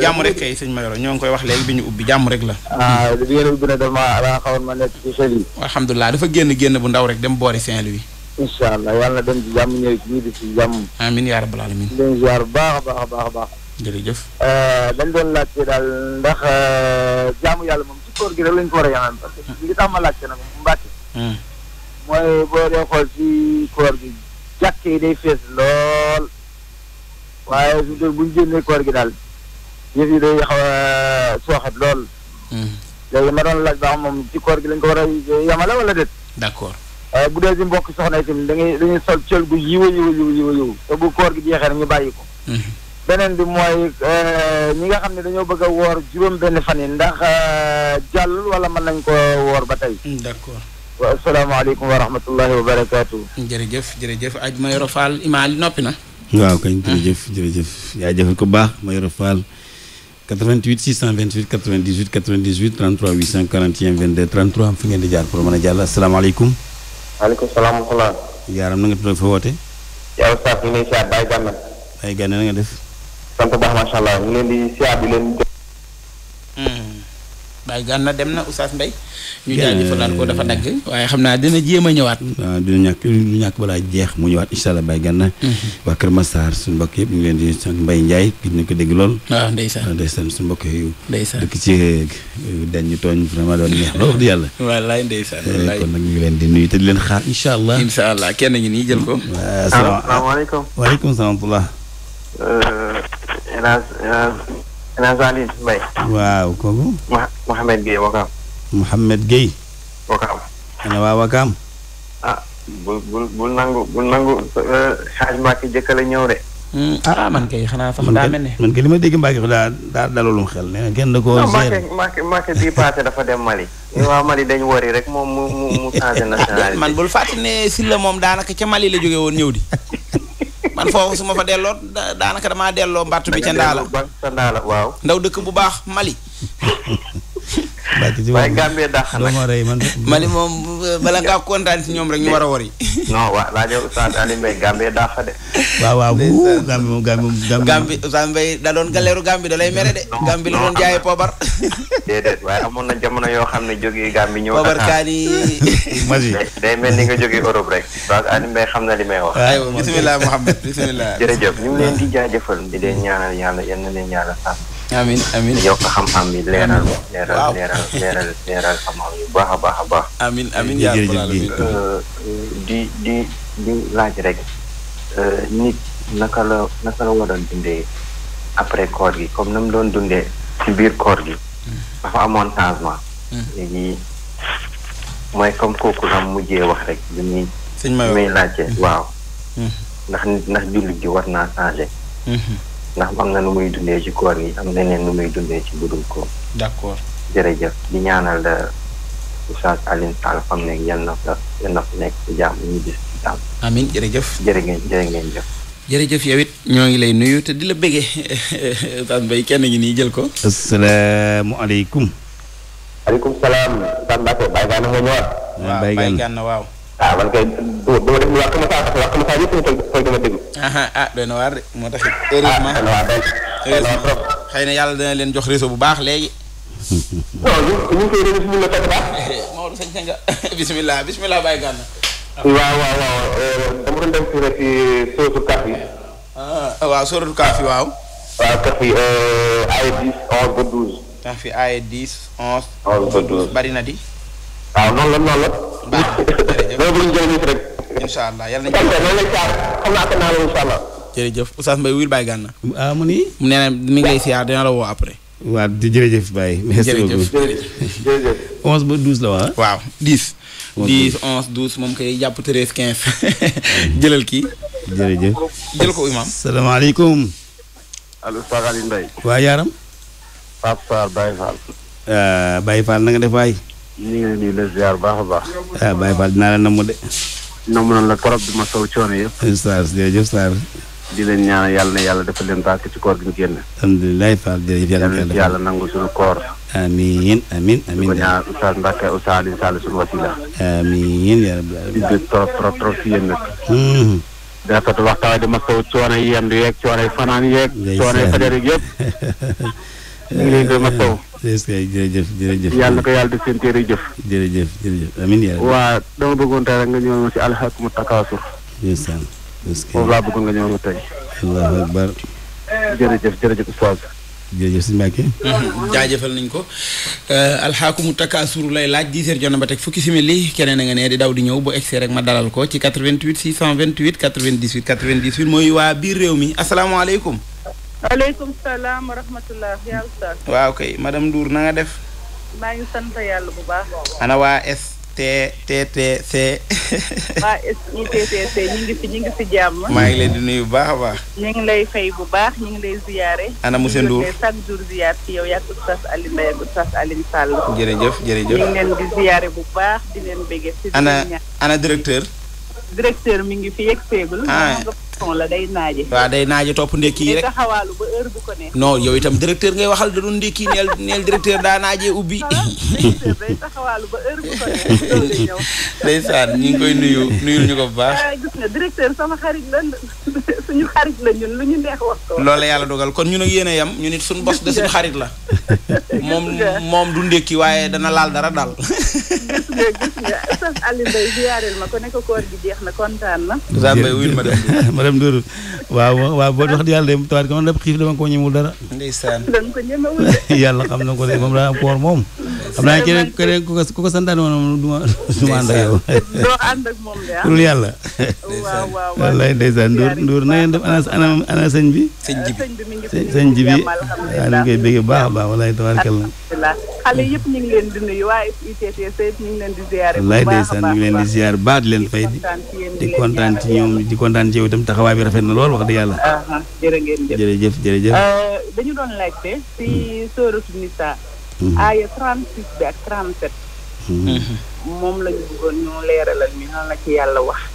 ñoo ngi koy wax léegi bi ñu ubbi jàmm rek la. ah li ngeen ubbi nag damaa daa xawoon ma nekk ci sëñ bi. alhamdulilah génn bu ndaw rek dem boori Saint-Louis. incha allah yàlla na dem ci jàmm ñëw ci ñu di ci jàmm. amiin yaa rabbal aalamiin. di leen ziar baax a baax a baax a baax. jërëjëf. Ah, dañ doon daal ndax ah, jaamu yàlla moom koor gi rek lañ ko war a yemal parce que li tax ma laajte nag Mbacke. Hmm. mooy boo dee xool ci koor gi jàkk yi day fees lool waaye suñu tool bu ñu génnee koor gi daal yëf yi day xaw a sooxat lool. Hmm. léegi ma doon laaj ba xam moom ci koor gi lañ ko war a yamale wala déet. d'accord bu dee ci mbokk soxna yi tamit da ngay sol col gu yiwa yiwa yiwa yiwa te bu koor gi jeexee rek ñu bàyyi ko. Hmm. beneen bi mooy euh, ñi nga xam ne dañoo bëgg a woor juróom benn fan yi ndax euh, jàllul wala mën nañ koo woor ba tey. Hmm, d'accord wa asalaamaaleykum wa rahmatullahi wa barakaatu. jërëjëf jërëjëf aj Mayoro Fall imaali noppi na. waaw kañ ah. jërëjëf jërëjëf yaa jëfal ko baax Mayoro Fall 88 628 98 98 33 841 22 33 am fi ngeen di jaar pour mën a jàll asalaamaaleykum. maaleykum salaam wa rahmatulah. yaaram na nga tudd fa woote. yow Saaf ñu ngi a siyaar Baye Gana. Baye Gana na nga def. sant bu baax macha allah ñu leen di siyaar di leen. Hmm. Baye Gana dem na Oustaz Mbaye ñu jaajëfalaat ko dafa dagg waaye xam naa dina jéem a ñëwaat waaw ah, dina ñàkk lu ñàkk balaa jeex mu ñëwaat incha allah Baye Gana hmm. waa Kër Massar suñu mbokk yëpp ñu ngi leen di sant Mbaye Ndiaye gis nañ ko dégg lool waaw ah, ndeysaan ah, ndeysaan suñu mbokk yooyu ndeysaan dëkk ci eh, dañ ñu neex lool di yàlla wallaay ndeysaan eh, wallaay kon nag ñu leen di nuyu te leen xaar incha allah allah kenn ñu nii jël ko asalaamaaleykum waaleykum salaam El Hadj El Hadj Aliou Mbaye. waaw kooku. Mouhamed Gueye Wakaam. Mouhamed Gueye. Wakaam. ana ah, bul nangu bul nangu xaaj euh, Mbacke jëkkale ñëw de. Hmm, ah man kay xanaa sax daa mel ne. man kay li ma dégg Mbacke daa daa dalulum xel nee na kenn da koo. gérer non dafa dem Mali. waa Mali dañ wari rek moom mu mu mu changé man bul fàttali ne Sylla moom daanaka ca Mali la jógee woon ñëw di. man foofu suma ma fa delloo daanaka damaa delloo mbattu bi ca Ndaala. Ndaw dëkk bu baax Mali. waaye Gambie dàq na Mali moom euh, bala ngaa kontaan si ñoom rek ñu war a wari. no waa laajoo Oustaz Aliou Mbaye Gambie dàq de. waaw waaw wuu Gambie moom Gambie moom. Gambie Oustaz Mbaye da doon galeeru Gambie da lay mere de. Gambie la doon jaayee poobar. déedéet waaye amoon na jamono yoo xam ne jógee Gambie ñëw. poobar kaani. masi day mel ni nga jógee Europe rek. Oustaz Aliou Mbaye xam na li may wax. aywa bisimilah Mouhamed bisimilah. jërëjëf ñu ngi leen di jaajëfal di leen ñaanal yàlla yal na leen amiin amiin yokk xam-xam bi leeral leeral leeral leeral leeral xam-xam yu baax a baax a baax amiin amiin yaa rabbal aalamiin euh, di di di laaj rek euh, nit naka la naka la waroon dundee après koor gi comme na mu doon dundee ci biir koor gi dafa amoon changement hmm. léegi mooy comme kooku la mujjee wax rek lu ñuy muy laajte hmm. waaw hmm. ndax nit ndax jullit gi war naa changé ndax am na nu muy dundee ci koor yi am leneen nu muy dundee ci budul koor. d'accord jërëjëf di ñaanal Oustaz Alioune Sall fam nekk yal na fa nekk ci jàmm ñu gis ci jàmm. amiin jërëjëf jërë ngeen ngeen jëf. jërëjëf yow it ñoo ngi lay nuyu te di la bëggee bay kenn ngi nii jël ko. asalaamaaleykum. maaleykum salaam. Oustaz Mbaye Gana nga ñëwaat. waaw. ah man kay dama ah, moo tax it. heureusement ah, xëy na yàlla dana leen jox réseau bu baax léegi. bisimilah bisimilah euh, dem si si sóosu kaf yi. Ah, waaw sóosu kaf yi waaw. waaw kaf yi euh, ay 10 11 ba 12. kaf yi ay 10 11. 11 ba 12 na waaw noonu la bëgg ñu jëlee rek. incha allah yal nañu ko xam naa ko naa la incha allah. wiir Baye Gana. Ah, mu ni. mu ne mi ngay siyaar dina la woo après. waaw di jërëjëf Baye. merci beaucoup jërëjëf onze ba la waaw dix. dix onze douze moom kay jàpp treize quinze jëlal kii. jërëjëf. ko imam. salaamaaleykum. allo Sarr Aliou Mbaye. waa Yaram. Pape ñu ngi lay nuyu la ziar baax a baax. ah Baye Fall dinaa la namm de. namm nañ la trop di ma sow coono yëpp. ustaas jërëjëf Saar. di leen yàlla na yàlla dafa leen barke ci koor gi ñu génn. alhamdulilah Fall jërëjëf yàlla na yàlla nangu suñu koor. amiin amiin amiin. di ko ñaanal ustaas Mbacke ustaas Alioune Sall suñu wasila. amiin yaa rabbal aalamiin. Hmm. di ma sow coono yi yendu coono yi fanaan yeeg. coono yi fajar yeeg yëpp. ñu leen di ma sow. est-ce que jërëjëf jërëjëf. yàlla na ko yàlla def seen téere jëf. jërëjëf jërëjëf amiin yaa waa dama bëggoon tey rek nga ñëw ma si alxakumu takaasur. ndeysaan. foofu laa bëggoon nga ñëw ma tey. allahu akbar. jërëjëf jërëjëf oustaz. jërëjëf si Mbacke. Mhm, jaajëfal nañ ko euh, alxaakumu takaasuru lay laaj 10h jot ba teg fukki simili keneen a nga ne di daw di ñëw bu egsi rek ma dalal ko ci 88 628 98 98 mooy waa biir réew mi asalaamaaleykum. aleykum salaam wa rahmatulah. waaw kay madame Ndour na def. maa ngi sant yàlla bu baax. ana waa STTTC. waa STTTC ñu ngi fi ñu ngi fi jàmm. maa ngi leen di bu baax a baax. ñu ngi lay fay bu baax ñu ngi lay ziyaare. ana monsieur Ndour chaque jour ziyaar ci yow yàgg Oustaz Aliou Mbaye ak Oustaz Alioune Sall. jërëjëf jërëjëf ñu ngi di ziyaare bu baax di leen bëgge. ana ana directeur. directeur mi ngi fi yegg seegul. Ah. la day naaje. waaw day naaje topp ndékki yi rek taxawaalu ba heure bu ko neex. itam directeur ngay waxal da doon ndékki neel neel directeur daa naajee ubbi. day taxawaalu ba koy nuyu nuyul ko bu baax. Eh, gis nga directeur sama lu ñu neex wax ko. loolu yàlla dogal kon ñun ak yéen a yam ñu nit suñu bos de suñu xarit la. moom moom du ndékki waaye dana laal dara daal. gis nga gis nga Oustaz Aliou Mbaye ziyaareel ma ko ne madame Ndour waaw waaw boo wax di yàlla de tawaat ko man lépp xiif dama yàlla xam na ko de moom daa am koor moom. xam naa keneen keneen ku ko ku ko santaan woon du ma du ma ànd doo ànd de ah. pour yàlla. waaw waaw wallaay ndeysaan Ndour Ndour na ngeen def ana ana ana sëñ bi. sëñ ji ah, bi sëñ ji bi waaw koy bëgg baax a baax wallaay tabaarkal la xale yëpp ñu ngi leen di nuyu waaye UTT di leen fay di kontaan ci ñoom di kontaan ci yow itam taxawaay bi rafet na lool wax dëgg yàlla. Ah, ah, jërë jëf jërëjëf jërëjëf. Eh, dañu doon laajte. Hmm. si hmm. moom la ñu bëggoon ñu leeralal ñu nan la ci yàlla wax.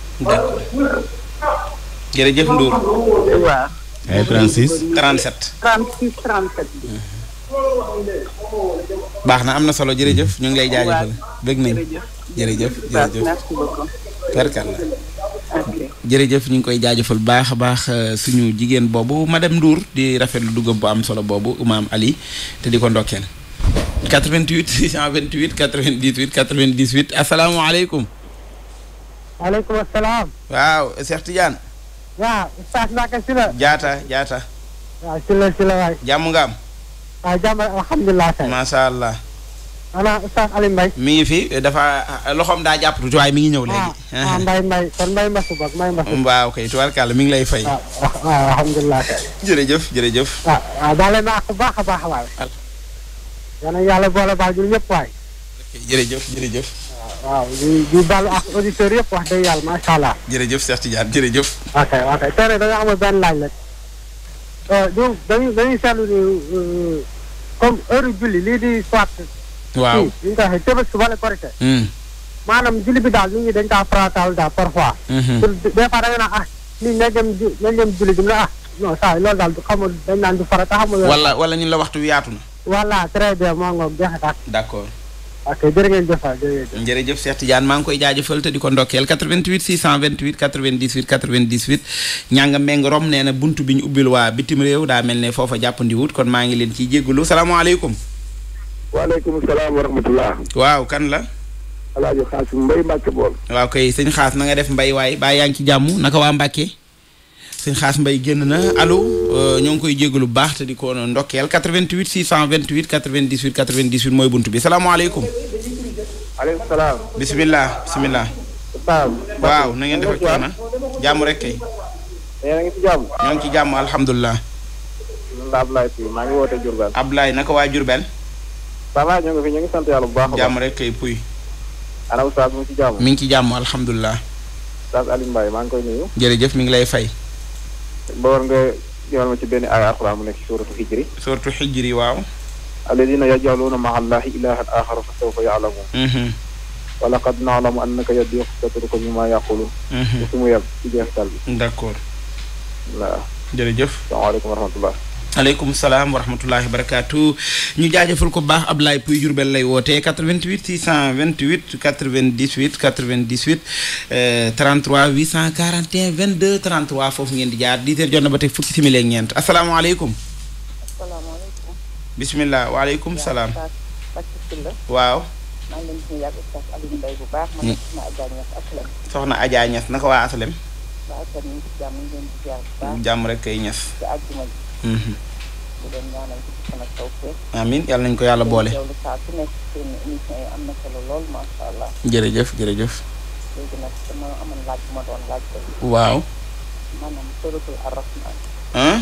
jërëjëf Ndour. waaw. aaya 36 37. Hmm. baax na am na solo jërëjëf ñu ngi lay jaajëfal. waaw bëgg nañ jërëjëf jërëjëf jërëjëf. merci jërëjëf ñu ngi koy jaajëfal baax a baax euh, suñu jigéen boobu ma dem nduur di rafetlu dugub bu am solo boobu Umaam Ali te di ko ndokkeel. 88 628 98 98 asalaamaaleykum. maaleykum salaam. waaw Cheikh Tidiane. waaw Oustaz Mbacke Sylla. jaata jaata. waaw Sylla Sylla waay. jàmm nga am. waaw jàmm alhamdulilah. macha allah. ana Oustaz Aliou mi ngi fi dafa loxoom daa jàpp tuuti waaye mi ngi ñëw léegi. ah, ah Mbaye Mbaye kon Mbaye Mbassou boog Mbaye Mbassou. Mm, waaw mi ngi lay fay. waaw ah, ah, waaw alhamdulilah kay. jërëjëf jërëjëf. waaw waaw daal ak baax a baax waay. yal na yàlla boole baal ñun ñëpp waay. jërëjëf jërëjëf. waaw di di baalu yëpp wax yàlla macha allah. jërëjëf Cheikh Tidiane jërëjëf. ok ok tey rek dañoo amoon benn laaj rek. Euh, waaw ñu ko waxee tëbës wala korite hmm. maanaam julli bi daal nit ñi dañ kaa farataal daal parfois hmm. des fois da nga ah nit ñi nañ na ah non saa yi loolu daal du xamul dañ naan du farata xamul wala wala ñun la waxtu yaatu na voilà très bien moo ngoog jeex na d'accord ok jërë ngeen jëf jërëjëf jërëjëf Cheikh Tidiane maa ngi koy jaajëfal te di ko ndokkeel 88 628 98 98 ñanga meng rom nee na buntu bi ñu ubbil waa bitim réew daa mel ne foofa jàppandi wut kon maa ngi leen ciy jéggalu salaamaaleykum waaleykum salaam wa waaw kan la. Alaaji Xaasim Mbay Mbàkke bool. waaw kay sëñ Xaas na nga def mbay waay baa yaa ngi ci jàmm naka waa Mbàkke. sëñ Xaas Mbay génn na allo euh, ñoo ngi koy jégalu bu baax te di ko ndokkeel 88 628 98 98 mooy buntu bi salaamaaleykum. aleykum salaam. bisimilah bisimilah. waaw na ngeen def ak coono jàmm rek kay. yéen a ngi ci jàmm. ñoo ngi ci jàmm alhamdulilah. Ablaye maa ngi woote Diourbel. Ablaye naka waa Diourbel. ça va ñu ngi fi ñu ngi sant yàlla bu baax a baax. jàmm rek kay puy. ana oustaz mu ci jàmm. mi ngi ci jàmm alhamdulilah. oustaz Aliou maa ngi koy nuyu. jërëjëf mi ngi lay fay. ba nga ñëwal ci benn aaya alquran mu nekk ci suuratu xijri. suuratu xijri waaw. alladina yajaluuna maa allahi ilahan axara fa sawfa yaalamuun. Mhm. wa laqad naalamu annaka yadiiqu sadruka mimmaa yaquluun. su mhm. mu yem ci jeexital bi. d' accord. waaw jërëjëf. salaamaaleykum wa rahmatullah. aleykum salaam wa rahmatullahi wa barakaatu ñu jaajëfal ko baax Ablaye Puy Jurbel lay wootee 88 628 98 98 euh, 33 841 22 33 foofu ngeen di jaar 10h jot na ba teg fukki simili ak ñeent asalaamaaleykum. asalaamaaleykum. bisimilah waaleykum salaam. waaw. maa ngi leen di nuyu Oustaz Aliou Mbaye bu baax. man mm. soxna Adja Niass na soxna Adja Niass waa Asalem. waa Asalem ñu ngi di leen ñaanal nañu ko yàlla boole. yow saa su nekk seen émission na solo lool macha allah. ma doon laaj ko. waaw. maanaam suratul arrahman. ah.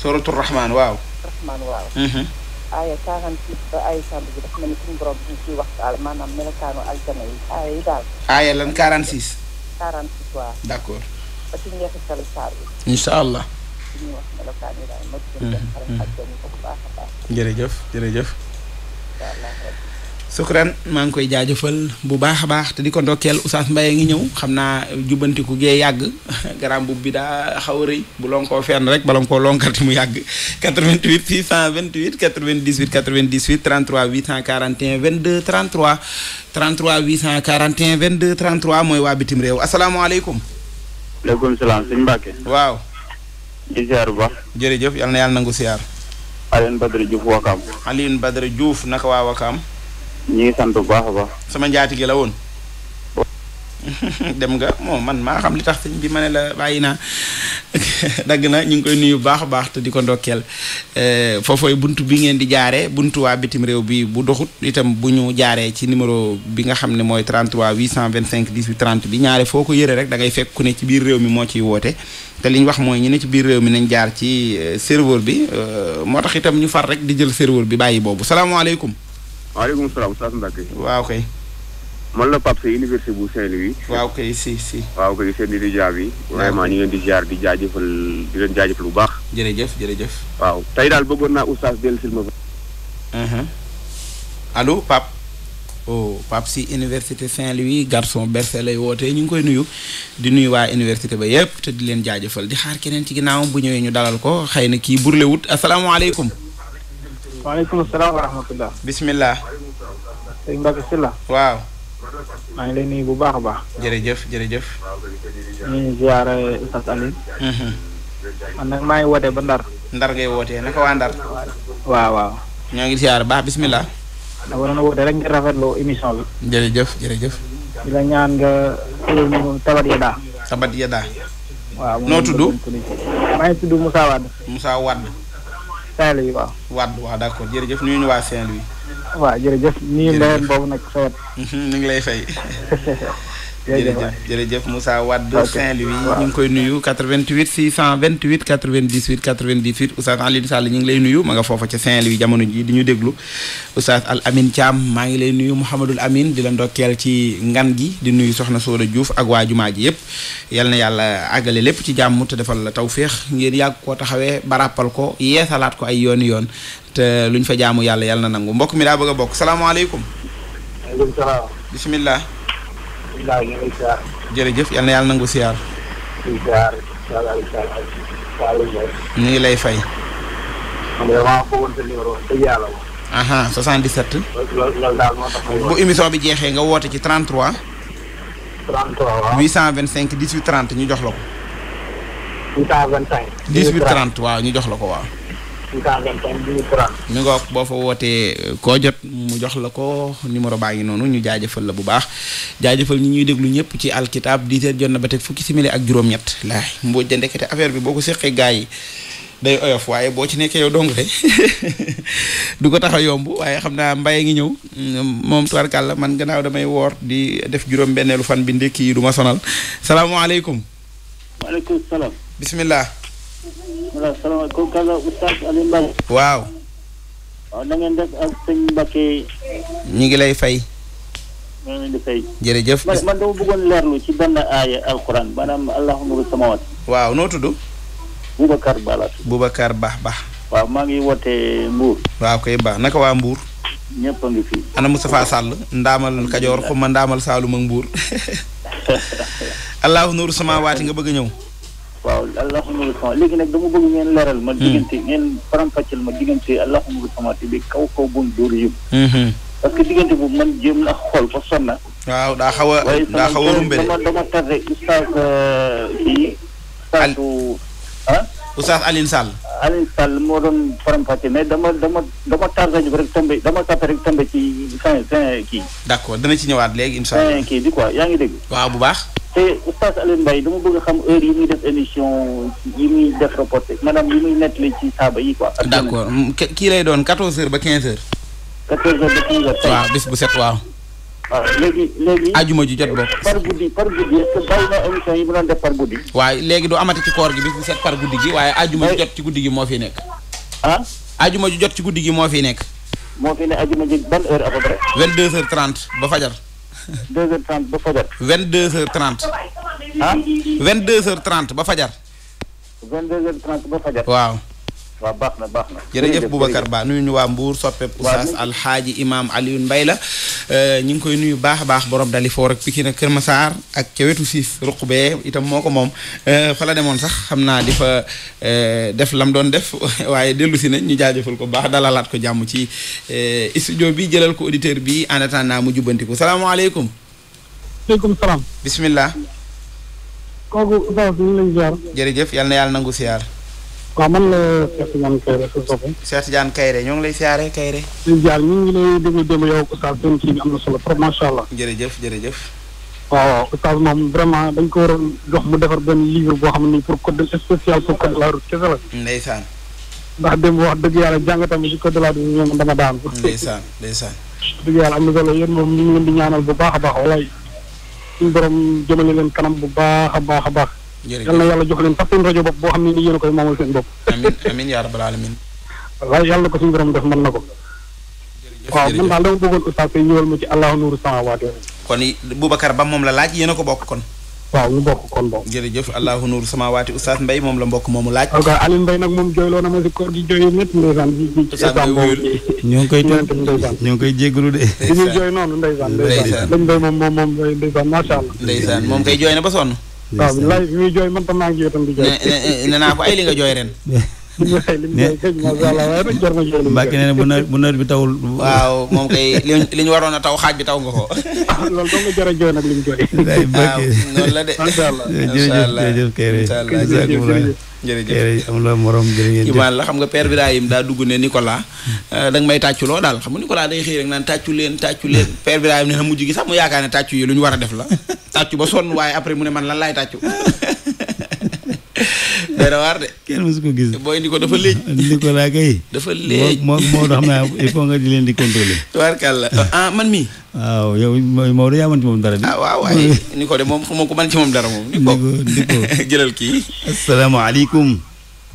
suratul arrahman. waaw. rahman waaw. Mm-hmm. aaya 46 ba aaya sàmm bi dafa mel ni suñu borom bi ñu ciy wax maanaam melokaanu aljana yi aaya yi daal. aaya lan 46. 46 waaw. ñuy wax melokaan yi daal ma maa ngi koy jaajëfal bu baax a baax te di ko ndokkeel Oustaz Mbaye ngi ñëw xam naa jubbantiku gee yàgg garaam bu bi daa xaw a rëy bu lon koo rek bala nga koo lonkati mu yàgg 88 628 98 98 33 841 22 33 33 841 22 33 mooy waa bitim réew asalaamaaleykum. waaleykum salaam sëñ waaw. di siyaar bu baax. jërëjëf yal na yàlla nangu siyaar. Alioune Badara Diouf Wakaam. Alioune Badara Diouf naka waa Wakaam. ñu ngi sant bu baax a baax. sama njaati gi la woon. dem nga moom man maa xam li tax sëñ bi ma ne la bàyyi naa dagg na ñu ngi koy nuyu baax a baax te di ko ndokkeel eh, foofooy bunt bi ngeen di jaaree buntu waa bitim réew bi bu doxut itam bu ñu jaaree ci numéro bi nga xam ne mooy 33 825 18 30 bi ñaare foo ko yëre rek dangay fekku fekk ne ci biir réew mi moo ciy woote te li ñu wax mooy ñu ne ci biir réew mi nañ jaar ci eh, serveur bi eh, moo tax itam ñu far rek di jël serveur bi bàyyi boobu salaamaaleykum. waaleykum waaw kay. man la Pape Seye université bu Saint-Louis. waaw kay si si. waaw kay seen étudiant bi. ñu ngi di ziar di jaajëfal di leen jaajëfal bu baax. jërëjëf jërëjëf. waaw tey daal bëggoon naa oustaz dellu si ma. Uh-huh. allo Pape. oh Pape si université Saint-Louis garçon lay wootee ñu ngi koy nuyu. di nuyu waa université ba yépp te di leen jaajëfal di xaar keneen ci ginnaawam bu ñëwee ñu dalal ko xëy na kii burle wut asalaamaaleykum. waaleykum salaam wa waaw. maa ngi lay nuyu bu baax a baax. jërëjëf jërëjëf. ñu ngi ziar Oustaz Alioune. Mhm. man nag maa ngi wootee ba Ndar. Ndar ngay wootee naka waa Ndar. waaw waaw. ñoo ngi ziar baax bismillah. da waroon a woote rek ngir rafetlu émission bi. jërëjëf jërëjëf. di ñaan nga tudd moom Tabat Yada. Tabat Yada. noo tudd. maa ngi tudd Moussa Wade. Moussa Wade. Saint-Louis waaw. Wade waaw d'accord jërëjëf nuyu ñu waa Saint-Louis. waaw jërëjëf nii ndeyeen boobu nag sawat mhm, ñu ngi lay fay jërëjëf waat Moussa Wade Saint-Louis ñu ngi koy nuyu 88 628 98 98 Oustaz Alioune Sall ñu ngi lay nuyu ma nga foofa ca Saint-Louis jamono ji di ñu déglu Oustaz Al Amin Thiam maa ngi lay nuyu Mouhamadul Amin di la ndokkeel ci ngan gi di nuyu Soxna Sooda juuf ak waa jumaa ji yëpp yal na yàlla àggale lépp ci jàmm te defal la tawféex ngeen yàgg koo taxawee ba ràppal ko yeesalaat ko ay yooni yoon te luñ fa jaamu yàlla yàlla na nangu mbokk mi daa bëgg bokk salaamaaleykum. maaleykum salaam. bisimilah. bisimilah ñu yal na yàlla nangu siyaar. ñu ngi lay fay. man de maa foogoon sa aha 77. loolu loolu daal moo tax bi jeexee nga woote ci 33. 33 waaw 825 18 30 ñu jox la ko. 825. 18 30 waaw ñu jox la ko waaw. mi ngoog boo fa wootee euh, ko jot mu jox la ko numéro baa ngi noonu ñu jaajëfal la bu baax jaajëfal ñi ñuy déglu ñëpp ci alkitab di jot na ba teg fukki simili ak juróom-ñett laay mbooj da ndekete affaire bi boo ko séqee gaa yi day oyof waaye boo ci nekkee yow dong de du ko tax yomb waaye xam naa mbay a ngi ñëw mm, moom tubarkàlla man gannaaw damay woor di def juróom beneelu fan bi ndékki yi du ma sonal salaamaaleykum. waaleykum salaam. bisimilah. asalaamaaleykum kàlla waaw. waaw oh, na ngeen def ak sëñ Mbacke. ngi lay fay. maa ngi jërëjëf man man dama bëggoon leerlu ci benn aaya alquran maanaam allahu nuru samawaat. waaw noo tudd. Boubacar Ba la. waaw maa ngi wootee Mbour. waaw koy baax naka waa Mbour. ñëpp a ngi fi. ana Moustapha Sall ndaamal Kajoor xuma ndaamal Saalum ak Mbour. allahu nuru samawaati nga bëgg a ñëw. waaw allahumma sama léegi nag dama bëgg ngeen leeral ma hmm. diggante ngeen faram-fàcceel ma diggante allahumma sama te bi kaw kaw buñ dóor yëpp hmm. parce que diggante boobu man jéem na xool fa sonna waaw daa xaw a daa a rumbe dama dama tarde oustaz euh, kii oustaasu euh, ah oustaz Alioune Sall Alioune Sall moo doon faram-fàccee mais dama dama dama tarde ñu rek tombe dama tàppe rek tombe ci fin fin kii d'accord dana ci ñëwaat léegi incha allah fin kii di quoi yaa ngi dégg waaw bu baax te oustaz Alioune Mbaye dama bëgg xam heure yi muy def émission yi muy def reporté maanaam yi muy nettali ci saaba yi ko d' accord kii lay doon 14h ba 15h. 14h ba 15h. waaw bis bu set waaw. léegi léegi. ajuma ji jot bokk. par guddi par guddi yi mu doon def par guddi. léegi du amati ci koor gi bis bu set par guddi gi waaye ajuma ji jot ci guddi gi moo fi nekk. ah. ajuma ji jot ci guddi gi moo fi nekk. moo fi ne ajuma ji ban heure à peu près. 22h30 ba fajar. deux heures ba fajar. vingt deux heures trente. ah. vingt deux heures trente ba fajar. vingt deux ah? heures trente ba fajar. waaw. waaw baax na baax na. jërëjëf Boubacar Ba nuyu ñu waa Mbour soppeb Oustaz Alxaaji Imaam Alioune Mbaye la euh, ñu ngi koy nuyu baax a baax borom Dalifor ak Pikine ak Kër Massar ak ca si Siif ruq bee itam moo ko moom euh, fa la demoon sax xam naa di fa euh, def lam doon def waaye dellu si nañ ñu jaajëfal ko baax dalalaat ko jàmm ci studio bi jëlal ko auditeur bi en attendant mu jubbantiku salaamaaleykum. maaleykum salaam. bisimilah. kooku Oustaz ñu yàlla nangu siyaar. waaw man la Cheikh Tidiane Kayre sa soppe. Cheikh Tidiane Kayre ñoo ngi lay siyaare Kayre. di jaar ñu ngi lay déglu démb yow Oustaz seen kii bi am na solo trop macha allah. jërëjëf jërëjëf. waaw Oustaz moom vraiment dañ ko waroon jox mu defar benn livre boo xam ne pour code spécial pour code de la route kese la. ndeysaan. ndax démb wax dëgg yàlla jàngatam ci code de la route ñoom dama daan. ndeysaan ndeysaan. dëgg yàlla am na solo yéen moom ñu ngi leen di ñaanal bu baax a baax walaay suñu borom jëmale leen kanam bu baax a baax a baax. jërëjëf yal na yàlla jox leen sax seen rajo bopp boo xam ne ni yéen a koy moomal seen bopp. amiin amiin yaa rabbal alamin. waaye yàlla ko suñu borom def mën na ko. waaw man daal dama bëggoon oustaz Seye ñëwal ma ci allahu nuuru samawaati. kon Boubacar Ba moom la laaj yéen ko bokk kon. waaw ñu bokk kon bokk. jërëjëf allahu nuuru samawaati oustaz Mbaye moom la mbokk moomu laaj. ok Alioune Mbaye nag moom jooyloo na si kóor gi jooyu métti ndeysaan. ndeysaan ñu ngi koy ñu ngi koy jégalu de. ndeysaan li muy jooy noonu ndeysaan. ndeysaan moom koy moom jooy na ba sonn. waaw laaj bi jooy man tam maa ngi jooy tam di jooy. nee naa ko ay li nga jooy ren. Mbacke nee na bu nawet bu nawet bi tawul. waaw moom kay li li ñu waroon a taw xaaj bi taw nga ko. loolu dong jar a jooy nag li mu jooy. waaw noonu la de. macha allah allah jërëjëf jërëjëf Kéré. jërëjëf am la morom jërëjëf Ibrahima la xam nga père Birahim daa dugg ne Nicolas euh, da nga may tàcculoo daal xam nga Nicolas day xëy rek naan tàccu leen tàccu leen père Birahim ne na mujj gi sax mu yaakaar ne tàccu yi lu ñu war a def la tàccu ba sonn waaye après mu ne man lan laay tàccu day waar de. kenn mësu ko gis. booy indi ko dafa léej. indi ah, ko laa kay. dafa léej moo moo xam naa il faut nga di leen di contrôler. tubaarkàlla ah man mii. waaw yow Maodo yaa mën ci moom dara. ah waaw waaye ni ko de moom fu ma ko mën ci moom dara moom. ni ko ni ko jëlal kii. asalaamaaleykum.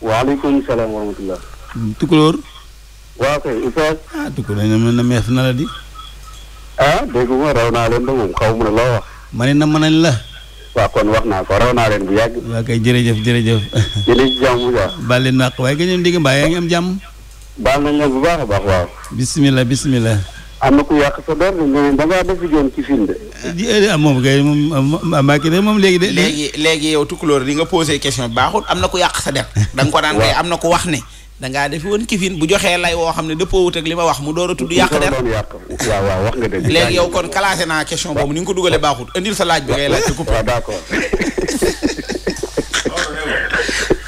waaleykum salaam wa rahmatulah. Tukulóor. waaw kay Oustaz. ah Tukulóor na na meef na la di. ah dégg nga raw naa leen de moom xaw ma la wax. ma ne na mën nañ la. waaw kon wax naa ko raw naa leen bu yàgg. waa kay jërëjëf jërëjëf. jërëjëf jàmm ja. baal leen naq waaye ngeen dégg mbaa yaa ngi am jàmm. baal nañ la bu baax a baax waaw. bisimilah bisimilah. am na ku yàq sa der ne da ngaa def yoon ci film de. di eh, ah, moom kay moom ah, ah, Mbacke de moom léegi de. léegi léegi yow tukulóor di nga posé question bi baaxul am na ku yàq sa der. da nga ko daan kay am na ko wax ne. dangaa def woon kifin bu joxee lay woo xam ne dëppoo a ak wax mu door a tudd yàq der waaw waaw kon classé na question boobu ni nga ko dugalee baaxut indil sa laaj bi ngay laaj te coupé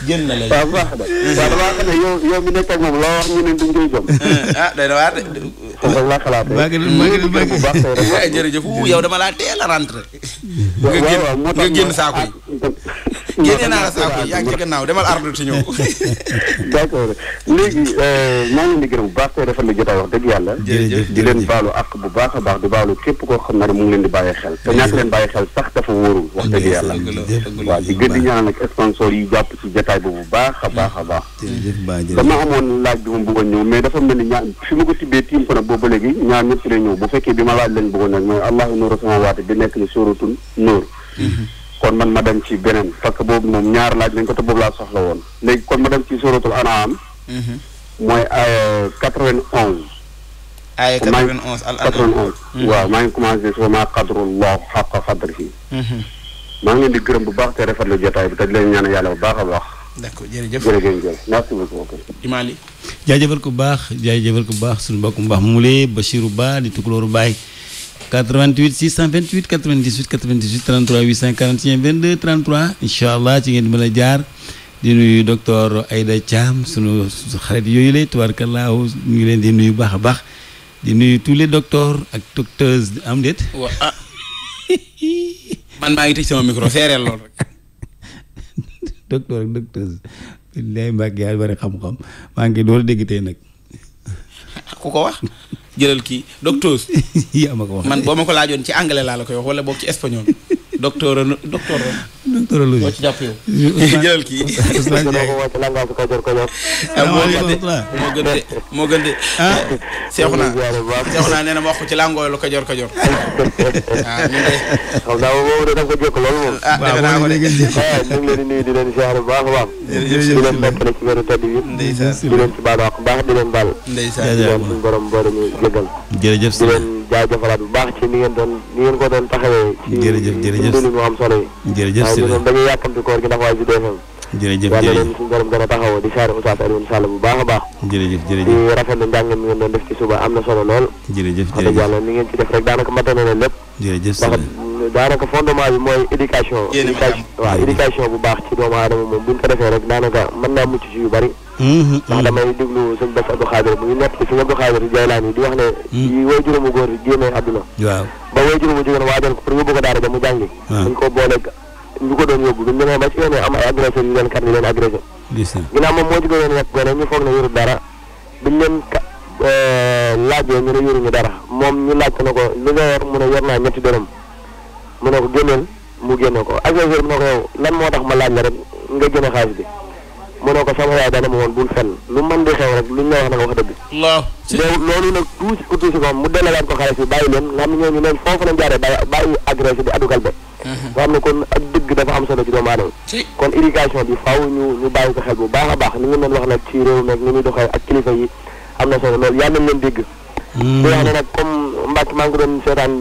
jën na la waaw baax na mm. waaw damaa xam ne yow yow mi nekk ak moom loo wax ñu ne duñ koy mm. ah, loolu laa xalaatee. maa ngi leen maa ngi leen jërëjëf a rentré. nga génn saako yi. Ah, génne naa la saako yi yaa ngi ci gannaaw demal ardu ci ñëw. d' accord léegi euh, maa ngi leen di gërëm bu baax tey dafa la jot a wax dëgg yàlla. di leen baalu ak bu baax a baax di baalu képp koo xam na mu ngi leen di bàyyi xel. te ñàkk leen bàyyi xel sax dafa wóorul wax dëgg yàlla. waaw di gën di ñaanal nag sponsor yi jàpp ci jotaay bi bu baax a baax a baax. dama amoon laaj bi ma bëggoon ñëw mais dafa mel ni ñaan fi ma ko tibbee tiim nag boobu ba léegi ñaar ñëpp ci la bu fekkee bi ma laaj lañ bëggoon nag mooy allahu nuuru samawaati di nekk ni sóoratul nuur mhm. kon man ma dem ci beneen parce que boobu moom ñaar laaj nañ ko te boobu laa soxla woon léegi kon ma dem ci sóoratul anaam mhm. mooy ay quatre-vingt-onze ay quatre-vingt-onze al quatre-vingt-onze mhm. waaw maa ngi commencé soo maa qadrullahu xaqa qadrihi maa ngi leen di gërëm bu baax te rafetlu jotaay bi te di leen ñaan yàlla bu baax a baax d' accord jërëjëf jërëjëf merci beaucoup. Imali. jaajëfal ku baax jaajëfal ku baax suñu mbokku mbaax mu lee Bachirou Ba di Tukulóoru Baay 88 628 98 98 33 841 22 33 incha allah ci ngeen mën a jaar di nuyu docteur Aïda Thiam sunu xarit yooyu la tubaarkallaahu ñu ngi leen di nuyu baax a baax di nuyu tous les docteurs ak docteuses am déet. waaw ah man maa ngi tëj sama micro seereel lool rek. docteur ak docteuse lay mbàgg yaa bari xam-xam maa ngi door dégg tey nag ku ko wax jëlal kii docteuse yaa ma ko wax man boo ma ko laajoon ci anglais laa la koy wax wala boog ci espagnol docteur docteur neurologie. boo ci jàpp yow. jëlal kii. Ousmane Ndiaye ah moo gën de moo gën de. ah seexu naa seexu naa nee na ma wax ko ci làngooy lu kajoor kajoor. ah ñu ngi xam naa moom da ko jokk lool moom. ah defe naa ko de eh, ñu ngi leen di nuyu di leen ziar bu baax a baax. jërëjëf di leen nekkale ci weeru tedd yi. ndeysaan di leen ci baal wax baax di leen baal. ndeysaan di leen suñu borom borom ñu jégal. jërëjëf jaajëfalaat bu baax ci ni ngeen doon ni ngeen ko doon taxawee. jërëjëf jërëjëf ci dundin mu solo yi. jërëjëf yàkkamti koor gi ndax waa Sud FM. jërëjëf jërëjëf yàlla leen a taxawoo di saare Oustaz na lépp. jërëjëf sëñ fondement bi mooy éducation. éducation bu baax ci doomu aadama moom bu ko defee rek daanaka mën naa mucc ci yu bari Mm-hmm. ndax damay déglu sëñ Bass Abdou Khadir mu ngi nekk ci sëñ Abdou Khadir Jaylaan yi di wax ne yi mm-hmm. way juróomu góor génnee àdduna waaw ba way juróomu jigéen waajal ko ko daara ja mu jàngi ah. dañ ko booleeg ñu ko doon yóbbu bi ñu demee ba ci yoon am ay agresseurs leen kat yi leen agressé ginnaaw moom moo ci doon nekk gone ñu foog ne yoru dara biñ leen euh, laajee ñu ne yoruñu dara moom ñu laaj ko ne ko li nga yor mu naa ñetti dërëm mu ne ko génneel mu génne ko agresseur mu ne ko yow lan moo tax ma laaj la rek nga génne xaalis bi mu ko sama yaay dana ma woon bul fenn lu mën di xew rek luñ la wax na nga wax dëgg. loolu nag tuuti ko tuuti ko mu delloowaat ko xale si bàyyi leen nga xam ne ñooñu leen foofu lañ jaaree bàyyi bàyyi agressé di adugal ba. Mhm. nga xam ne kon ak dëgg dafa am solo ci doomu aadama. kon irrigation bi faaw ñu ñu bàyyi ko xel bu baax a baax ni nga leen wax nag ci réew mi ni muy doxee ak kilifa yi am na solo loolu yàlla nañ leen dégg. Hmm. di wax ne nag comme Mbacke maa ngi doon seetaan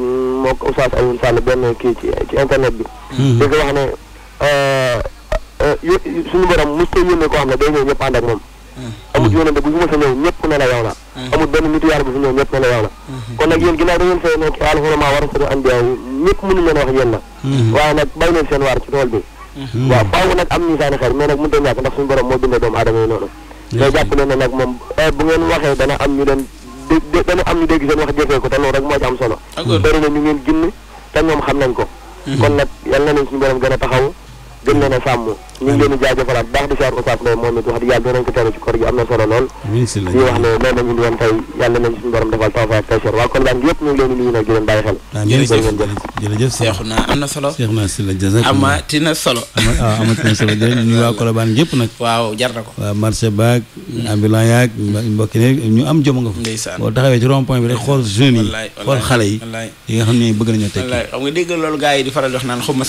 moog Oustaz Alioune Sall benn kii ci ci bi. Hmm. di ko wax ne euh, Euh, suñu borom mos koy yónnee koo xam ne day ñëw ñëpp ak moom hmm. amul hmm. yónnee bu ñu a ñëw ñëpp ne la yow la hmm. amul benn nitu yàlla bu fi da ngeen fay nekk wàllu xolama war a sori am biow ñëpp mënu leen wax yéen la waaye nag bàyyi leen seen waar ci tool bi waaw faaw nag am ñu saani xel mais nag mënu ta ñàkk ndax suñu borom moo bindee doomu aadama yi noonu mais jàpp leen ne nag moom euh, bu ngeen waxee dana am ñu leen dana am ñu dégg seen wax jëfee ko te loolu rek moo ci am solo bëri na ñu ngeen ginn te ñoom xam nañ ko kon nag yal na leen suñu borom gën a taxaw gën leen a sàmm ñu ngi leen di jaajëfalaat baax di siyaar Oustaz Mbaye am na solo lool di wax ne loolu lañ indi woon tey yàlla nañ suñu borom defal tawfa ak tayseer waa kon daan gi yëpp ñu ngi leen di nuyu nag di leen bàyyi xel jërëjëf jërëjëf seexu na am na solo seex na si la jërëjëf amati na solo waaw ah, solo jërëjëf ñu mm. am jom nga fa boo taxawee ci rond point bi rek xool jeunes yi xool xale yi nga xam ne bëgg nañoo tekki xam nga dégg loolu gars yi di faral di wax naan xaw ma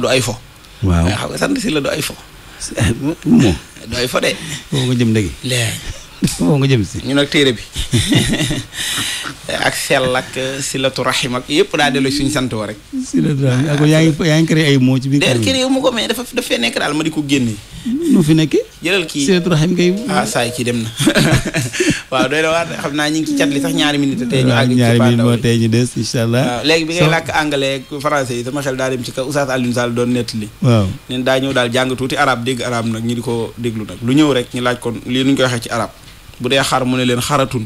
du ay fo waaw eh, xam nga sant si la du ay fo. moom du ay fo de. foo nga jëm dëgg. léegi. nga jëm si. ñu nag téere bi ak sell ak eh, silatu rahim ak yëpp daa delloo suñu sant wa rek. silatu rahim ah, ak yaa ngi yaa ngi créé ay mots ci biir. déedéet créé dafa fee nekk daal ma di ko génne. nu fi nekkee. jëlal kii Seydou Rahim Guèye ah, saay kii dem na waaw doy na waar xam naa ñu ngi ci cat li sax ñaari minute tey ñu àgg ci ñaari minute moo tey ñu des incha allah waaw bi ngay làkk anglais ak français yi sama xel daa dem ci ka Oustaz Alioune Sall doon nettali waaw nen daa ñëw daal jàng tuuti arab dégg arab nag ñu di ko déglu nag lu ñëw rek ñu laaj kon lii nuñ koy waxee ci arab bu dee xar mu ne leen xaratun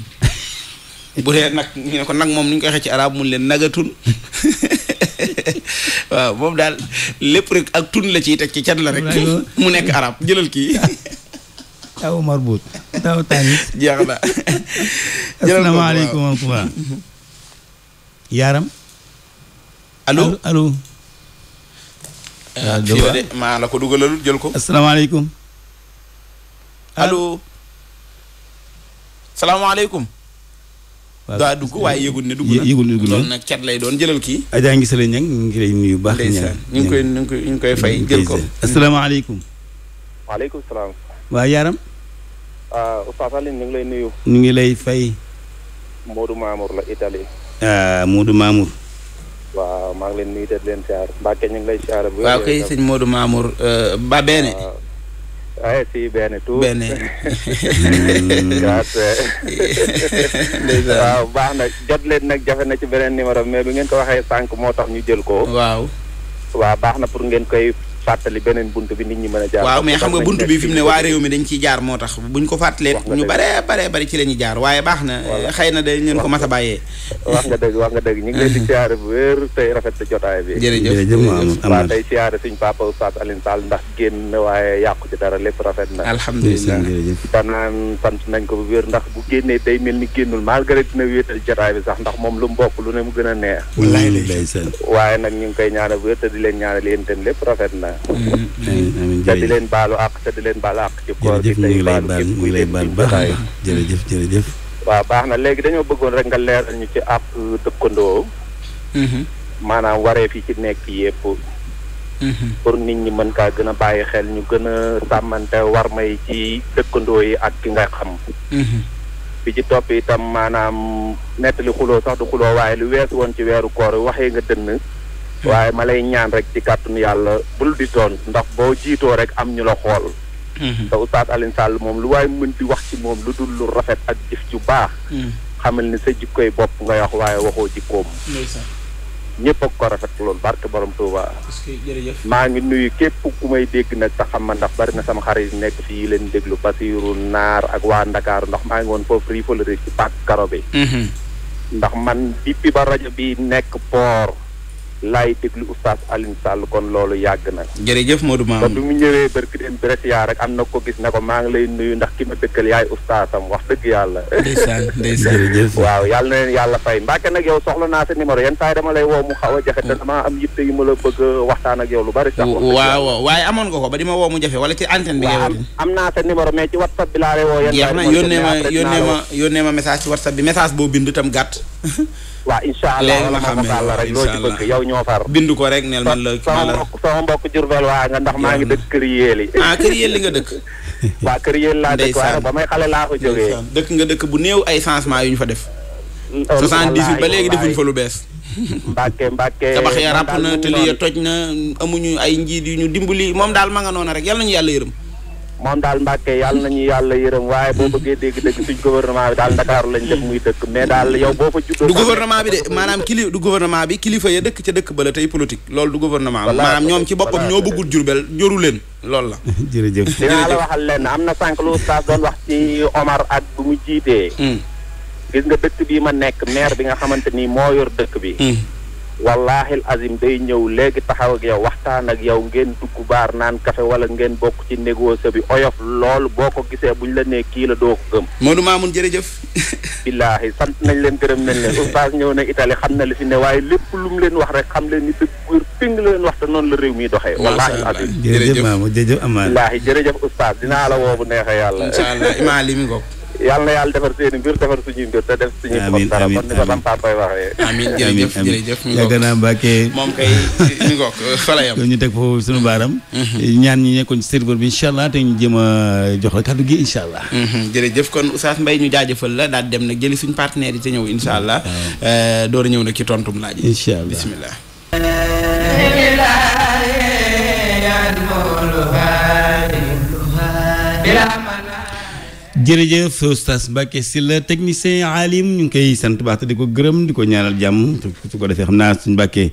bu dee nag ko nag moom nuñ koy waxee ci arab mu ne leen nagatun waaw moom daal lépp rek ak tun la ciy teg ci cat la rek. mu nekk arab jëlal kii. aw marbut taw tànn. jeex na. asalaamaaleykum wa rahmatulah. yaaram. allo allo. waaw ah, fii la de maa la ko dugalalul jël ko. asalaamaaleykum. allo. Ah. salaamaaleykum. daa dugg waaye yëgul ne dugg na yëgul ne na loolu nag cat lay doon jëlal kii ajaa ngi sale ñang ñu ngi lay nuyu baax ñu ngi koy ñu ngi koy ñu ngi koy fay jël ko asalaamaaleykum waaleykum salaam waa yaram ah, Oustaz Alioune ñu ngi lay nuyu ñu ngi lay fay Modou Mamour la Italie ah Modou Mamour waaw maa ngi leen nuyu de leen siyaar Mbacke ngi lay sëñ Modou Mamour euh, Babene waaye si benn tuut benn waaw baax na jot leen nag jafe na ci beneen numéro mais bi ngeen ko waxee sànq moo tax ñu jël ko waaw waaw baax na pour ngeen koy fàttali beneen bunt bi nit ñi mën a jaar waaw mais xam nga bunt bi fi mu ne waa réew mi dañ ciy jaar moo tax buñ ko fàttalee ñu bare bare bari ci la jaar waaye baax na xay na dañ leen ko mas a bàyyee wax nga wax nga dëgg ñu ngi leen di siyaare bu wér tey rafet jotaay bi jërëjëf waaw tey siyaare suñ papa Oustaz Alioune Sall ndax génn waaye yàqu ci dara lépp rafet na alhamdulilah danaan sant nañ ko bu wér ndax bu génnee day mel ni génnul malgré dina wéetal jotaay bi sax ndax moom lu mu lu ne mu gën a neex waaye nag ñu ngi koy ñaanal bu wér te di leen ñaanal yéen tam lépp rafet na Mm-hmm. amiin di leen baalu àq te di leen baalu àq. ci koor gi tey baalu képp kuy lay baal baax jërëjëf jërëjëf. waaw baax na léegi dañoo bëggoon rek nga leeral ñu ci àq uh, dëkkandoo. Mm-hmm. maanaam waree fii ci nekk yëpp. Mm-hmm. pour nit ñi mën kaa gën a bàyyi xel ñu gën a sàmmante war may ci dëkkandoo yi ak ki nga xam. bi ci topp itam maanaam nettali xuloo sax du xuloo waaye lu weesu woon ci weeru koor waxee nga dënn. waaye ma lay ñaan rek di kàttanu yàlla bul di doon ndax boo jiitoo rek am ñu la xool mhm. te Oustaz Alioune Sall moom lu waaye mën di wax ci moom lu dul lu rafet ak jëf ju baax mhm. xamal ni sa jikkoy bopp ngay wax waaye waxoo jikkoom ñëpp ak ko rafet loolu barke borom Touba maa ngi nuyu képp ku may dégg nag sax xam ndax bari na sama xarit nekk fii leen déglu Basiiru Naar ak waa Ndakaaru ndax maa ngi woon foofu riifalëri ci pàkk karo bi mhm. ndax man bi ba rajo bi nekk laay déglu oustaz Alioune Sall kon loolu yàgg na. jërëjëf moo Mamoun kon bi mu ñëwee barki dem bi yaa rek am na ko gis ne ko maa ngi lay nuyu ndax ki ma dëkkal yaay oustazam wax dëgg yàlla. ndeysaan ndeysaan jërëjëf. yàlla na leen yàlla fay Mbacke nag yow naa sa numéro yenn saa yi dama lay woo mu xaw a jafe te damaa am yow lu bari. sax waaw waaye ko ba ma woo mu jafe wala ci antenne bi. waaw am naa sa numéro mais laa lay woo. yenn saa yi ma yónnee ma message ci whatsapp bi message boo bind tam gàtt waaw incha allah léegi nga yow ñoo far. bindu ko rek neel man la sama mbokk sama mbokk Jurbel waa nga ndax maa ngi dëkk kër yéeli. ah kër yéeli nga dëkk. waa kër yéeli laa dëkk waaye ba may xale laa ko jógee. dëkk nga dëkk bu néew ay changement yu ñu fa def. Mm, oh, soixante-dix-huit ba léegi defuñ fa lu bees. mbàkke mbàkke tabax ya ràpp na te li ya toj na amuñu ay njiit yu ñu dimbali moom daal ma nga noona rek yàlla ñu yàlla yërëm moom daal Mbàkke yàlla nañu yàlla yërëm waaye boo hmm. bëggee dégg-dégg suñ gouvernement bi daal Ndakaaru lañ def muy dëkk mais daal yow boo fa juddoo bi de maanaam kili du gouvernement bi kilifa ya dëkk ca dëkk bala la tey politique loolu du gouvernement maanaam ñoom ci boppam ñoo bëggul Jurbel joru leen loolu la jërëjëf dinaa la waxal leen am na sànq lu Oustaz doon wax ci Omar ak bu mu jiitee hmm. gis nga dëkk bii ma nekk maire bi nga xamante nii moo yor dëkk bi hmm. wallaahil azim day ñëw léegi taxaw ak yow waxtaan ak yow ngeen dugg baar naan kafe wala ngeen bokk ci négoce bi oyof lool boo ko gisee bu ñu la nee kii la doo ko gëm. Modou Mamoun jërëjëf. billaahi sant nañ leen gërëm nañ leen oustaz ñëw na Italie xam na li fi ne waaye lépp lu leen wax rek xam leen ni dëgg ping la leen wax te noonu la réew mi doxee. wallaahil azim jërëjëf Mamoun jërëjëf Amar. billaahi jërëjëf oustaz dinaa la woo bu neexee yàlla. incha allah imaam li mi ngoog. yàlla na yàlla defar seen mbir defar suñuy mbir te def suñuy bopp dara moom kay mi ngoog yam ñu teg foofu suñu baaram mhm. ñaan ñi nekkoon ci serveur bi incha allah te ñu jéem a jox la kàddu gi incha allah mhm, jërëjëf kon Oustaz mbay ñu jaajëfal la daal dem nag jëli suñu partenaire yi te ñëw incha allah eh, door a ñëw nag ci tontum naaj incha allah eh, jërëjëf oustaz Mbacke la technicien alim ñu ngi koy sant baax te di ko gërëm di ko ñaanal jàmm su ko defee xam naa suñu Mbacke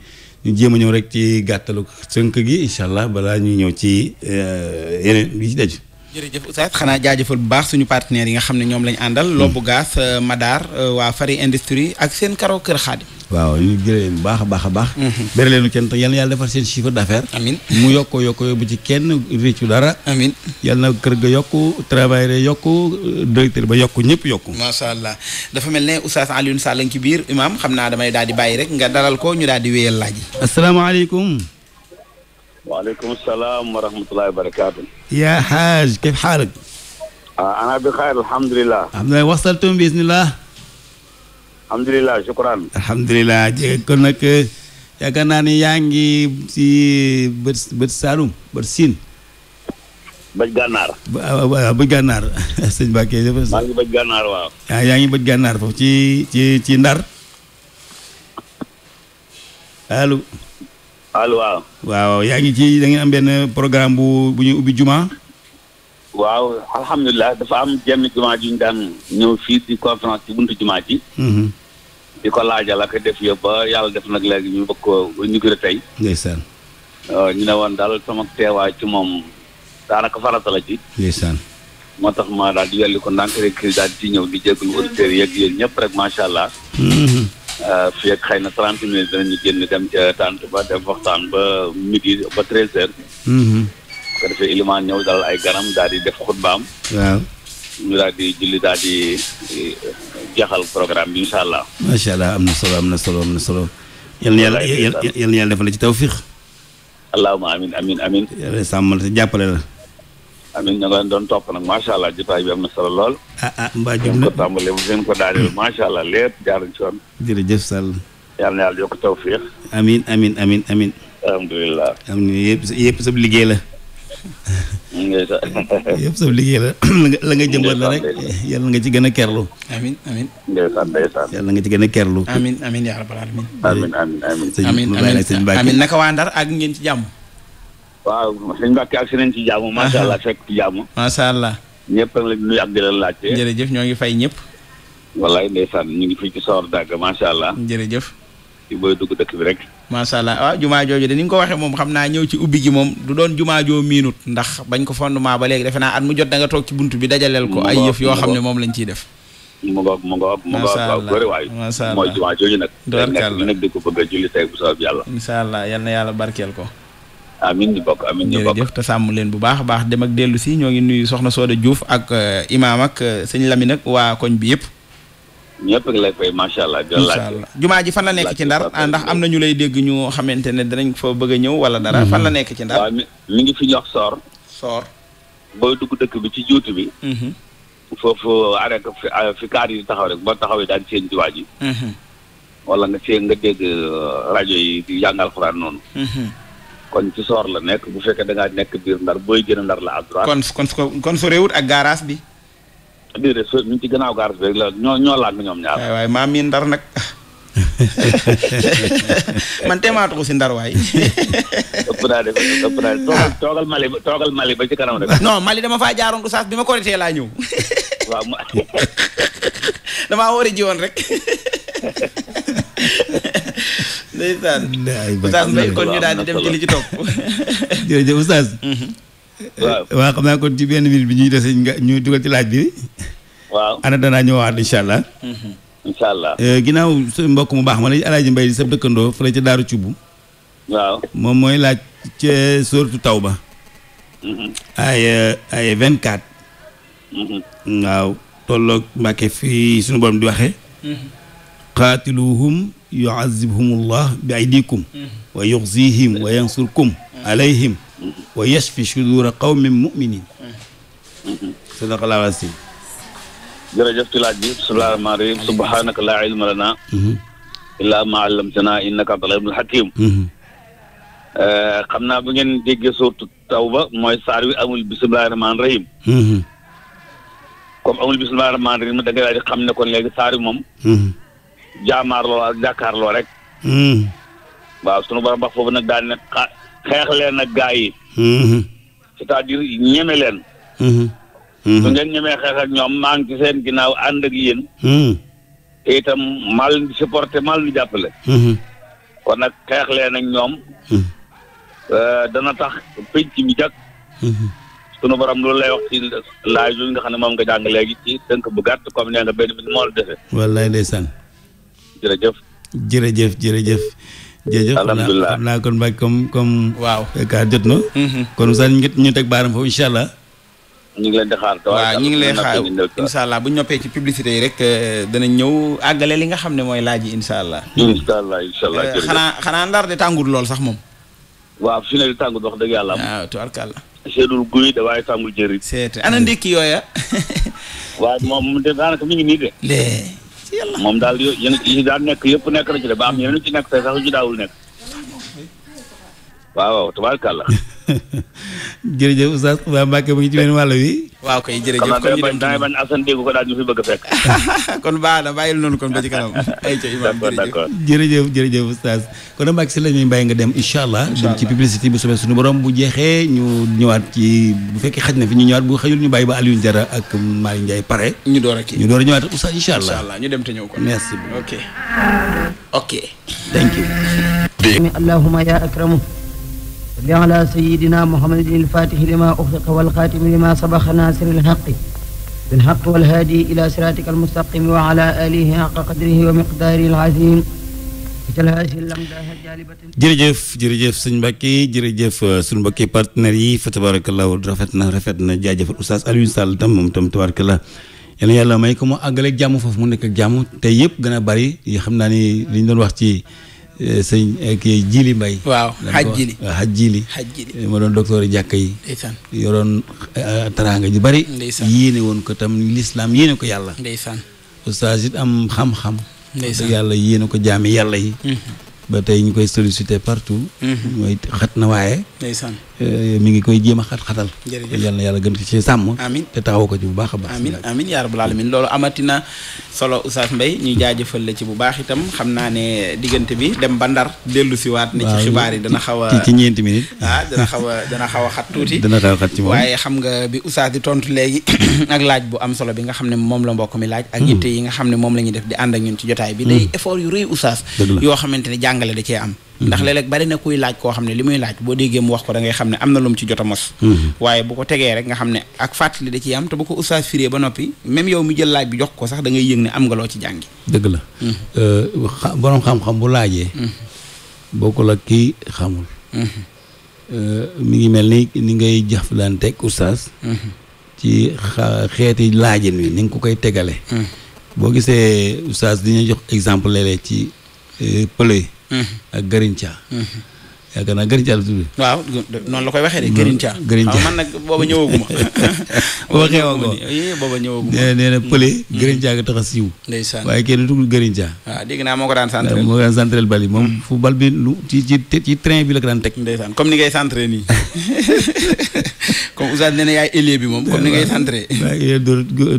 ñu jéem a ñëw rek ci gàttalu sënk gi incha allah balaa ñuy ñëw ci euh, yeneen yi ci daju jërëjëf Oustaz xanaa jaajëfal bu baax suñu partenaires yi nga xam ne ñoom lañ àndal. Hmm. Lobbu Gaz euh, Madar euh, waa Fari Industrie ak seen karo Kër Xaadim. waaw ñu jëlee leen baax a baax a baax. Hmm. Hmm. bëri leen kenn te yal na yàlla defar seen chiffre d'affaires. amiin mu yokkoo yokkoo bu ci kenn réccu dara. amiin yal na kër ga yokku travailleur yokku directeur ba yokku ñëpp yokk macha allah dafa mel ne Oustaz Alioune Sall ci biir imam xam naa damay daal di bàyyi rek nga dalal ko ñu daal di wéyal laaj وعليكم السلام ورحمة الله وبركاته يا حاج كيف حالك؟ آه أنا بخير الحمد لله الحمد لله وصلتم بإذن الله الحمد لله شكرا الحمد لله kon nag yaakaar naa ni yaa ngi ci bët bët Saalum bët Siin bëj gànnaar waaw bëj gànnaar sëñ Mbacke maa ngi bëj gànnaar waaw yaa ngi bëj gànnaar foofu ci ci ci Ndar allo allo waaw. yaa ngi ci da ngeen am benn programme bu bu ñu ubbi jumaa waaw alhamdulilah dafa am jenn juma ju daan ñëw fii di conférence ci buntu juma ji. Mhm. di ko laajal ak def yëpp ba yàlla def nag léegi ñu bëgg ko ñu gën a tey. ndeysaan. ñu ne woon daal sama teewaay ci moom daanaka farata la ci. ndeysaan. moo tax ma daal di welli ko ndànk rek daal ci ñëw di jégalu auditeurs yeeg yéen ñëpp rek macha allah. Mhm. Euh, fii ak xëy na trente minutes danañu génn dem ca ba dem waxtaan ba midi ba treize heures. bu mhm. ko defee ilimaan ñëw dalal ay ganam daal def xutbaam. daal di julli daal di jaxal programme bi incha allah. macha allah am na solo am na solo yal na yàlla yal ci tawfiq. allahumma amin amin amin. jàppale la. amiin ñu doon topp nag macha allah jotaay bi am na solo lool. ah ah mbaa jub na ko tàmbalee bu ngeen ko daaneel macha allah lépp jaar nañ si woon. jërëjëf Sall. yàlla na yàlla yokk tawfiix. amiin amiin amiin amiin. alhamdulilah. am na yëpp liggéey la. yëpp la la la rek yàlla nga ci gën a kerlu. amiin amiin. ndeysaan nga ci gën a kerlu. Ndar ak ngeen ci jàmm. waaw sëñ Mbacke ak seneen ci jàmm macha allah fekk jàmm macha allah ñëpp la nuyu ak di la laajte jërëjëf ñoo ngi fay ñëpp wallaay ndeysaan ñu ngi fii ci sawar macha allah jërëjëf ci dugg dëkk bi rek macha allah waaw jumaa jooju de ni ko waxee moom xam na ñëw ci ubbi gi moom du doon jumaa joo miinut ndax bañ ko fondement ba léegi defe naa at mu jot da nga toog ci bunt bi dajalel ko ay yëf yoo xam ne moom lañ ciy def mu ngoog mu ngoog mu ngoog waaw bëri waay mooy jumaa jooju nag nekk di ko bëgg a julli tey bu allah yal na yàlla barkeel ko amin ñu bokk amin ñu bokk te sàmm leen bu baax baax dem ak dellu si ñoo ngi nuyu soxna Sooda Diouf ak euh, imaam ak euh, sëñ Lamine ak waa koñ bi yëpp. ñëpp ak lay fay macha allah. jumaa ji fan la nekk ci ndar ah, ndax am na ñu lay dégg ñu xamante ne danañ foo bëgg ñëw wala dara. Mhm. fan la nekk ci ndar waaw mi ngi fi ñuy Soor. Soor. booy dugg dëkk bi ci juutu bi. Mhm. foofu arrêté ah, fi kaar yi taxaw rek boo taxawee daal seen jumaa ji. Mhm. wala nga see nga dégg euh, rajo yi di xuraan noonu. koñ ci soor la nekk bu fekkee da ngaa nekk biir ndar booy génn ndar la à kon kon kon soreewut ak garage bi. déedéet ñu ci gannaaw garage bi rek la ñoo ñoo laag ñoom ñaar. waaw maa mii ndar nag. man teemaa taxu si ndar waay. ëpp naa def ëpp naa ah. toogal toogal Mali ba toogal Mali ba ci rek. non Mali dama faa jaaroon du bi ma ko laa ñëw. ndeysaan oustaz Mbaye kon ñu daal di ci li ci topp jërëjëf mm-hmm. eh, xam naa kon ci benn minute bi ñuy dese nga ñu dugal ci laaj bi waaw ana danaa ñëwaat incha allah mm-hmm. incha eh, ginnaaw suñu mbokk mu baax ma la alaaji Mbaye di sa dëkkandoo fële ci daaru cubb moom mooy laaj ci taw tawba ay mm-hmm. ay vingt quatre waaw tolloog Mbàkke fii suñu borom di waxe qaatiluhum yuazibhum llah bi aydikum wa yuxzihim wa yansurkum alayhim wa yashfi sudura qawmin muminin sadaqallahu al-aziim jërëjëf ci laaj bi bismillahi rahmaani rahiim subhaanaka laa ilma lanaa illaa maa allamtanaa innaka antal aliimul hakiim xam naa bu ngeen déggee suurtu tawba mooy saar wi amul bismillahi rahmaani rahiim comme amul bismillahi rahmaani rahiim da ngay daal di xam ne kon léegi saar wi moom a jàkkaarloo rek. Hmm. waaw sunu borom wax foofu nag daal ne xeex leen ak gaa yi. Hmm. c'est-à-dire ñeme leen. Hmm. su ngeen ñemee xeex ak ñoom maa ci seen ginnaaw ànd ak yéen. te itam maa leen di supporté maa jàppale. kon nag xeex leen ak ñoom. Euh, dana tax pénc mi jag. sunu borom loolu lay wax nga xam moom nga jàng léegi ci tënk bu gàtt nee nga benn bi moo jërëjëf. jërëjëf jërëjëf. jërëjëf alhamdulilah xam naa kon mbaa comme comme. waaw kaa jot na. Mm-hmm. kon sax ñu ñu teg baaram foofu incha allah. ñu ngi leen di xaar waaw ñu ngi lay xaar incha allah bu ñoppee ci publicité yi rek euh, danañ ñëw àggale li nga xam ne mooy laaj yi incha allah. incha allah incha euh, xanaa xanaa ndar de tàngut lool sax moom. waaw fi ne di tàngut wax dëgg yàlla. Ah, waaw tubarkalla. seedul guy de waaye tàngul jëriñ. seet ana ndékki yooya. waaw moom daanaka mi ngi nii de. moom daal yéen yi daal nekk yëpp nekk na ci de ba am yeneen ci nekk te sax yu daawul nekk. waaw tubaarkàlla. jërëjëf Oustaz Touba Mbacké mu ngi ci benn wàll wi. waaw kay jërëjëf kon ñu dem tamit man Assane dégg ko daal ñu fi a fekk. kon baax na bàyyil noonu kon ba kanam. ay ca Imaam jërëjëf jërëjëf Oustaz kon nag Mbacké la ñuy bàyyi nga dem incha allah. dem ci publicité bi soobee suñu borom bu jeexee ñu ñëwaat ci bu fekkee xaj na fi ñu ñëwaat bu xëyul ñu bàyyi ba Alioune Diarra ak Malick Ndiaye pare. ñu door a kii ñu door a ñëwaat Oustaz incha allah. incha allah ñu dem te ñëw kon merci. ok ok. thank you. صل على سيدنا محمد الفاتح لما أغلق والخاتم لما سبق ناصر الحق بالحق والهادي إلى صراطك المستقيم وعلى آله حق قدره ومقداره العظيم jërëjëf jërëjëf sëñ Mbacke jërëjëf euh, suñu mbokki partenaires yi fa tabarakallahu rafet na rafet na jaajëfal oustaz Alioune Sall tam moom tam tabarakallah yal na yàlla may ko mu àggale jàmm foofu mu nekk ak jàmm te yëpp gën a bari yi xam naa ni li ñu doon wax ci Eh, sëñ eh, kii Jili Mbay waaw xaj Jili waaw xaj Jili xaj Jili eh, ma doon docteur jàkka yi ndeysaan yoroon taraanga ju bari ndeysaan woon ko tam lislaam yéene ko yàlla ndeysaan oustaz it am xam-xam ndeysaan yàlla yéene ko jaami yàlla yi mhm. ba tey ñu koy sollicité partout. Mhm. mooy xat na waaye. ndeysaan eh, mi ngi koy jéem a xat-xatal. jërëjëf yal na yàlla gën ko ci sàmm. amiin te taxawu ko ci bu baax a baax. amiin amiin yaa rabbal aalamiin loolu amatina solo Oustaz Mbaye ñu jaajëfal la ci bu baax itam xam naa ne diggante bi dem ba Ndar dellu si waat. ne ci xibaar yi dana xaw a ci ñeenti minutes. ah dana xaw a dana xaw a xat tuuti. dana xaw a xat waaye xam nga bi Oustaz di tontu léegi ak laaj bu am solo bi nga xam ne moom la mbokk mi laaj. ak hmm. yitte yi nga xam ne moom la ñuy def di ànd ak ñun ci jotaay bi day hmm. effort yu rëy Oustaz yoo xamante ne jàngale da cee am mhm. ndax léeg bari na kuy laaj koo xam ne li muy laaj boo déggee mu wax ko da xam ne am na lu mu ci jot a mos mhm. waaye bu ko tegee rek nga xam ne ak fàttali da ciy am te bu ko oustaz firee ba noppi même yow mi jël laaj bi jox ko sax da ngay yëg ne am nga loo ci jàngi dëgg la mhm. euh, borom xam-xam bu laajee bokkul ak kii xamul mu euh, ngi mel ni ni ngay jëflanteeg oustaz ci xeeti laajin wi ni nga ko koy tegale boo gisee oustaz di ñu jox exemple léeg ci euh, pëlëy ak Garincha. yaakaar naa Garincha la tudd. waaw noonu la koy waxee de Garincha. Garincha man nag booba ñëwaguma. booba xeewagoo booba ñëwaguma. nee na pële. Mm. Mm. Garincha nga tax a siiw. ndeysaan waaye kenn duggul Garincha. waaw dégg naa moo ko daan centré. moo ko daan centré bal yi moom mm. fu bal bi lu ci ci ci train bi la ko daan teg. comme ni ngay centré nii. comme Oustaz nee na yaay ailier bi moom. comme ni ngay centré. waaw ngay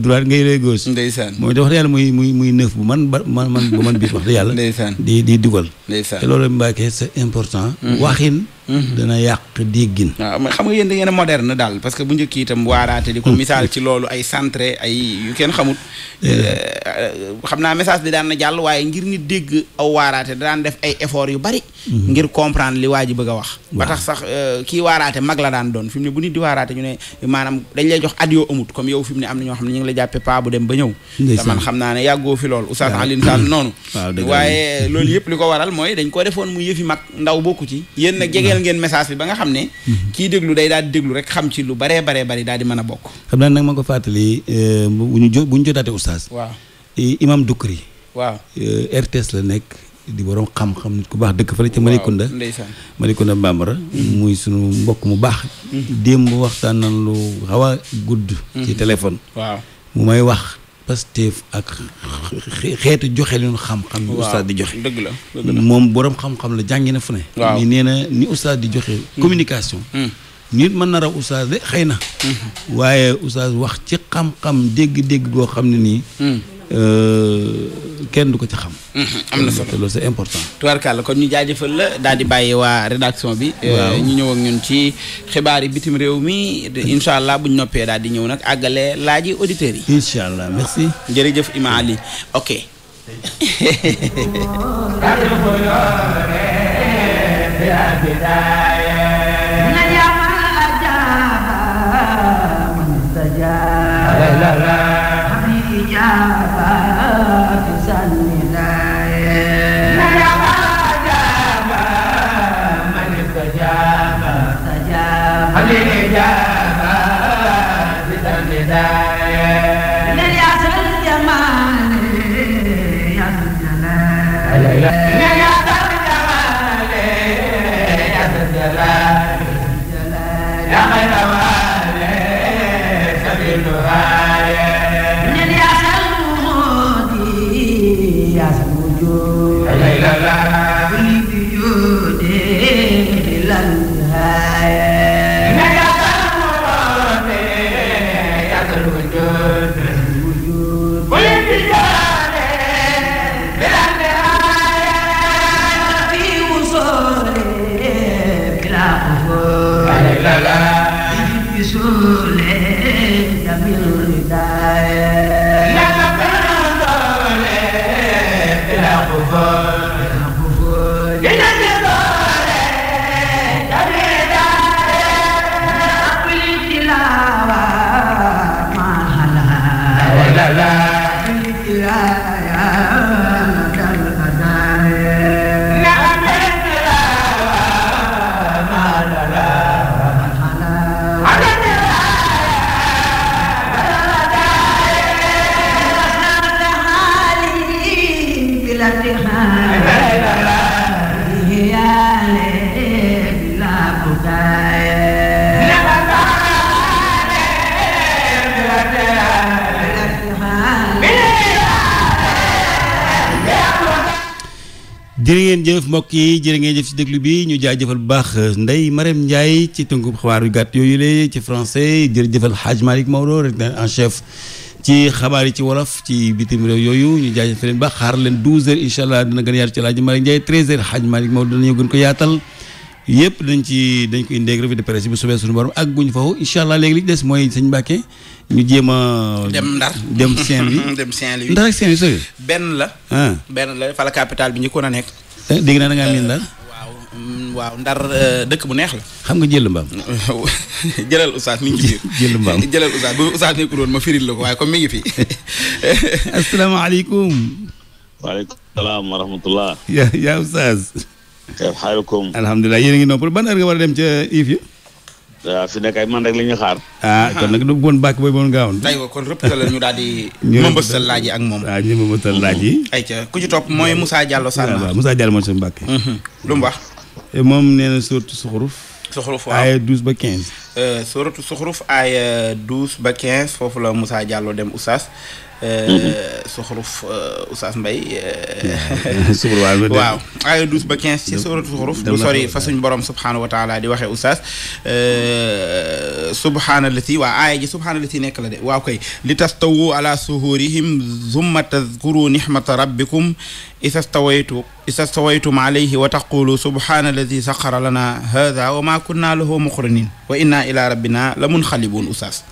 droite ngay lay gauche. ndeysaan mooy wax dëgg yàlla muy muy muy neuf bu man ba man man man biir wax dëgg yàlla. ndeysaan di di dugal. ndeysaan te loolu Mbacke c'est important. Mm-hmm. waxin. Mm-hmm. dana yàq déggin. waaw ah, mais xam nga yéen da ngeen moderne daal parce que bu njëkk itam waaraate di ko mm-hmm. misaal ci loolu ay centre ay yu kenn xamut. Eh. Eh, eh, xam naa message bi daan na jàll waaye ngir nit dégg aw waaraate daan def ay effort yu bari. Mm-hmm. ngir comprendre li waa ji bëgg wax. ba tax sax kii waaraate mag la daan doon fi mu ne bu nit di waaraate ñu ne maanaam dañ lay jox at yoo amut comme yow fi mu ne am na ñoo xam ne ñu la jàppee paa bu dem ba ñëw. te man xam naa ne yàggoo fi lool Oustaz ah. Alioune Sall noonu. waaye loolu li ko waral mooy dañ ko defoon mu yëfi mag ndaw bokku ci yéen nag feeñal ngeen message bi ba nga xam ne kii déglu day daal déglu rek xam ci lu bare baree bari daal di mën a bokk xam naa nag ma ko fàttali euh, bu ñu jo bu ñu jotaatee oustaz waaw imam Dukri waaw euh, RTS la nekk di borom xam-xam nit ku baax dëkk fële ca Malikounda Malikounda Bambara mm-hmm. muy sunu mbokk mu baax mm-hmm. démb waxtaan nañ lu xaw a gudd mm-hmm. ci téléphone waaw may wax Pastef ak xeetu joxe li ñu xam-xam. ni oustaz di joxe. dëgg la moom borom xam-xam la jàngi na fu ne. waaw ni nee na ni oustaz di joxe. Hmm. communication. Hmm. nit mën na raw oustaz de xëy na. Hmm. waaye oustaz wax ci xam-xam dégg-dégg boo xam ne nii. Euh, kenn du ko ci xam. Mhm, am na solo loolu c'est important. tubarkàlla kon ñu jaajëfal la daal di bàyyi waa rédaction bi. Euh, ñu ñëw ñun ci xibaar yi bitim réew mi incha allah buñ noppee daal di ñëw nag àggale laaj yi auditeurs yi. incha allah merci. jërëjëf Ima Ali ok. ngeen jëf mbokk yi jërë ngay jëf ci déglu bi ñu jaajëfal bu baax euh, Ndeye Marème Ndiaye ci tënku xabaar yu gàtt yooyu la ci français jërëjëfal Hadj Malick Maodo rek en chef ci xabaar yi ci wolof ci bitim réew yooyu ñu jaajëfal leen baax xaar leen 12h incha allah dina gën a yaatu ci Hadj Malick Ndiaye 13h Hadj Malick Maodo dinañu gën ko yaatal yëpp dañ ci dañ ko indee revue de presse bu soobee suñu borom ak guñ foofu incha allah léegi li des mooy ñu jéem a. dem Ndar dem Saint-Louis. dem Saint-Louis Ndar ak saint benn la. Ah. benn la fa la bi ñu ko na nekk. Eh, dégg naa da ngaa mm, waaw ndar eh, dëkk bu neex xam nga jël mbaam. jëlal oustaz mi ngi ci biir. jël mbaam jëlal ma firil la ko waaye comme mi ngi fi. alekum waaleykum salaam wa rahmatullah. yaa yaa oustaz. a ngi noppal ban heure waaw fi nekk man rek la xaar. ah kon nag du bon bàkk booy bon gaawoon. aywa kon rëpp la ñu daal di. mëmbësal laaj yi ak moom. waaw ah, ñu mëmbësal laaj yi. ayca ku ci topp mooy musaa Diallo Sall. waaw Moussa Diallo mooy suñu mbàkk. Mhm. lu mu wax. Eh, moom nee na surtout suxuruf. suxuruf waaw ay douze ba quinze. Euh, suratu suxuruf ay douze ba quinze foofu la musaa jàlloo dem Oustaz. Euh, suxuruf euh, Oustaz Mbaye. Euh, suxuruf waaw waaw aaya douze ba quinze ci suuratu suxuruf du sori fa suñ borom subhaanahu wa taala di waxee Oustaz. subhaanallati waa aaya ji subhaanallati nekk la de waaw koy li tastawu ala suhurihim zumma tadkuru nixmata rabbikum isa stawaytu isa stawaytum alayhi wa taqulu subhaanallati saxara lana hada wa ma kunna lahu muqrinin wa inna ila rabbina la munxalibun Oustaz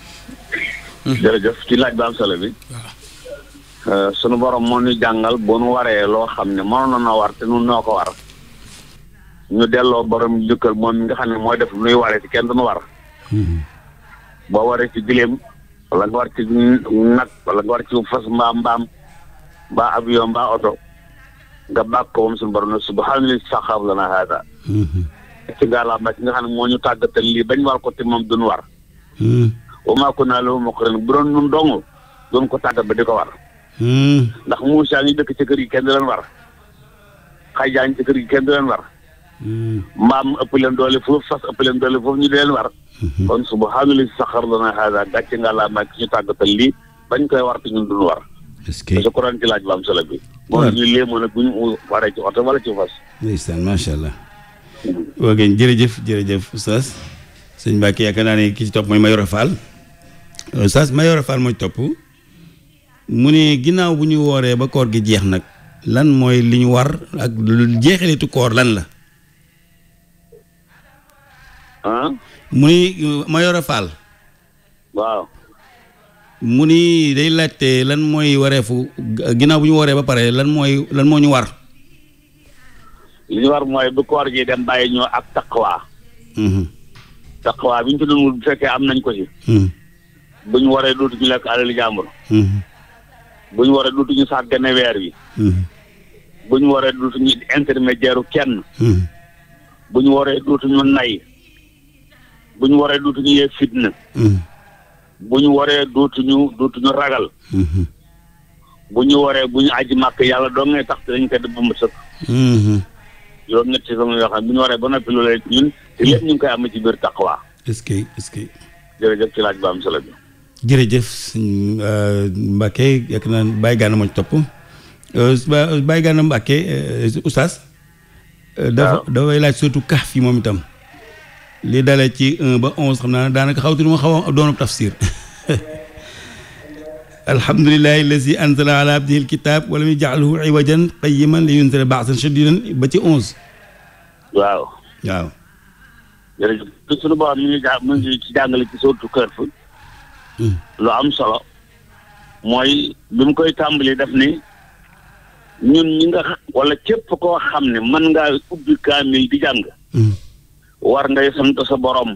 jërëjëf ci laaj bu am solo bi. Euh, sunu borom moom nu jàngal bu nu waree loo xam ne mënoon na war te nun noo ko war ñu delloo borom njukkal moom mi nga xam ne mooy def lu nuy waree ci kenn du nu war. Mm-hmm. boo waree ci gileem wala nga war ci nag wala nga war ci fas mbaam mbaam mbaa yoon mbaa oto nga bàkk ko moom sunu borom ne subhaana li la na haada. ci nga xam ne moo ñu tàggatal lii bañ war ko te moom duñu war. Mm-hmm. wa maa kunaa lahu muqrinin bu doon nun dong doon ko tàggat ba di ko war. Hmm. ndax Moussa ñu dëkk ci kër gi kenn du leen war. xajaa ñu kër gi kenn du leen war. Hmm. maam ëpp leen doole foofu fas ëpp leen doole foofu ñu di leen war. Hmm. kon subhaana li saxar lana haada gàcce nga laa maag ci ñu tàggatal lii bañ koy war te ñun duñu war. est-ce que ci laaj ba am solo moo ñu bu ñu waree ci wala ci fas. ndeysaan macha allah. waa jërëjëf jërëjëf oustaz sëñ Mbacke yaakaar naa ne ki ci topp mooy Mayoro Fall. Oustaz euh, Mayoro Fall mooy topp mu ne ginnaaw bu ñu wooree ba koor gi jeex nag lan mooy li ñu war ak jeexalitu koor lan la. ah. mu ni euh, Mayoro Fall. waaw. mu ni day laajte lan mooy wareefu ginnaaw bu ñu wooree ba pare lan mooy lan moo ñu war. li ñu war mooy bu koor gi dem bàyyi ñoo ak taqwa. Mhm. taqwa bi ñu ci doon bu fekkee am nañ ko ci. Mhm. bu ñu waree ñu lekk alal jàmbur. Mhm. bu ñu waree dootuñu sàggane weer wi. Mhm. bu ñu waree dootuñu intermédiaire kenn. Mhm. bu ñu waree dootuñu nay. bu ñu waree dootuñu yee fitna. bu ñu waree dootuñu dootuñu ragal. bu ñu waree bu ñu aji màkk yàlla doo ngay tax te dañ koy def ba mu sëkk. juróom ñett ci sama yoo xam bu ñu waree ba noppi loolee te lépp ñu ngi koy am ci biir taqwa. est-ce que est-ce ci laaj ba am solo bi. jërëjëf sëñ euh, Mbacke yàgg naa Baye Gana moo ci topp euh, Baye Gana Mbacke euh, oustaz. dafa dafay laaj surtout kaaf yi moom itam. li dalee ci un ba onze xam naa daanaka xawtu ma xaw a doonub tafsir. alhamdulilahi allazi anzala ala abdihi alkitab walam yajalhu iwajan qayiman baasan shadidan ba ci onze. lu am solo mooy bi mu koy tàmbali def ni ñun ñi nga wala képp koo xam ne mën ngaa ubbi kaamil di jàng war ngay sant sa borom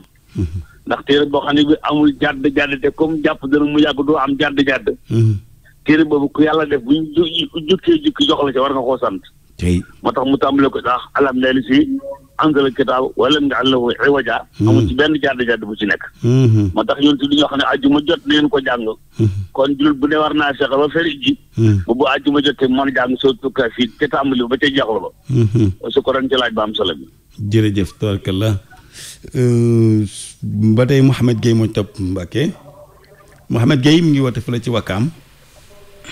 ndax téere boo xam ne bi amul jàdd jàdd te comme jàpp dana mu yàgg doo am jàdd jàdd mm-hmm. téere boobu ku yàlla def bu ñu jukki jukki jox la ci war nga koo sant moo tax mu tàmbale ko daax alam leen si anzala kitaab wala nga àllahu iwaja hmm. amul ci benn jadd-jadd bu ci nekk hmm. moo tax ñun si duñu xam ne ajjuma jot neen ko jàng hmm. kon jullit bu ne war naa fexe ba fer ji bu bu ajjuma jotee mën te tàmbali ba ci laaj ba am solo bi jërëjëf tabarakallah euh, ba tey Mouhamed Gueye moo topp Mbacke Mouhamed Gueye mu ngi woote fële ci Wakaam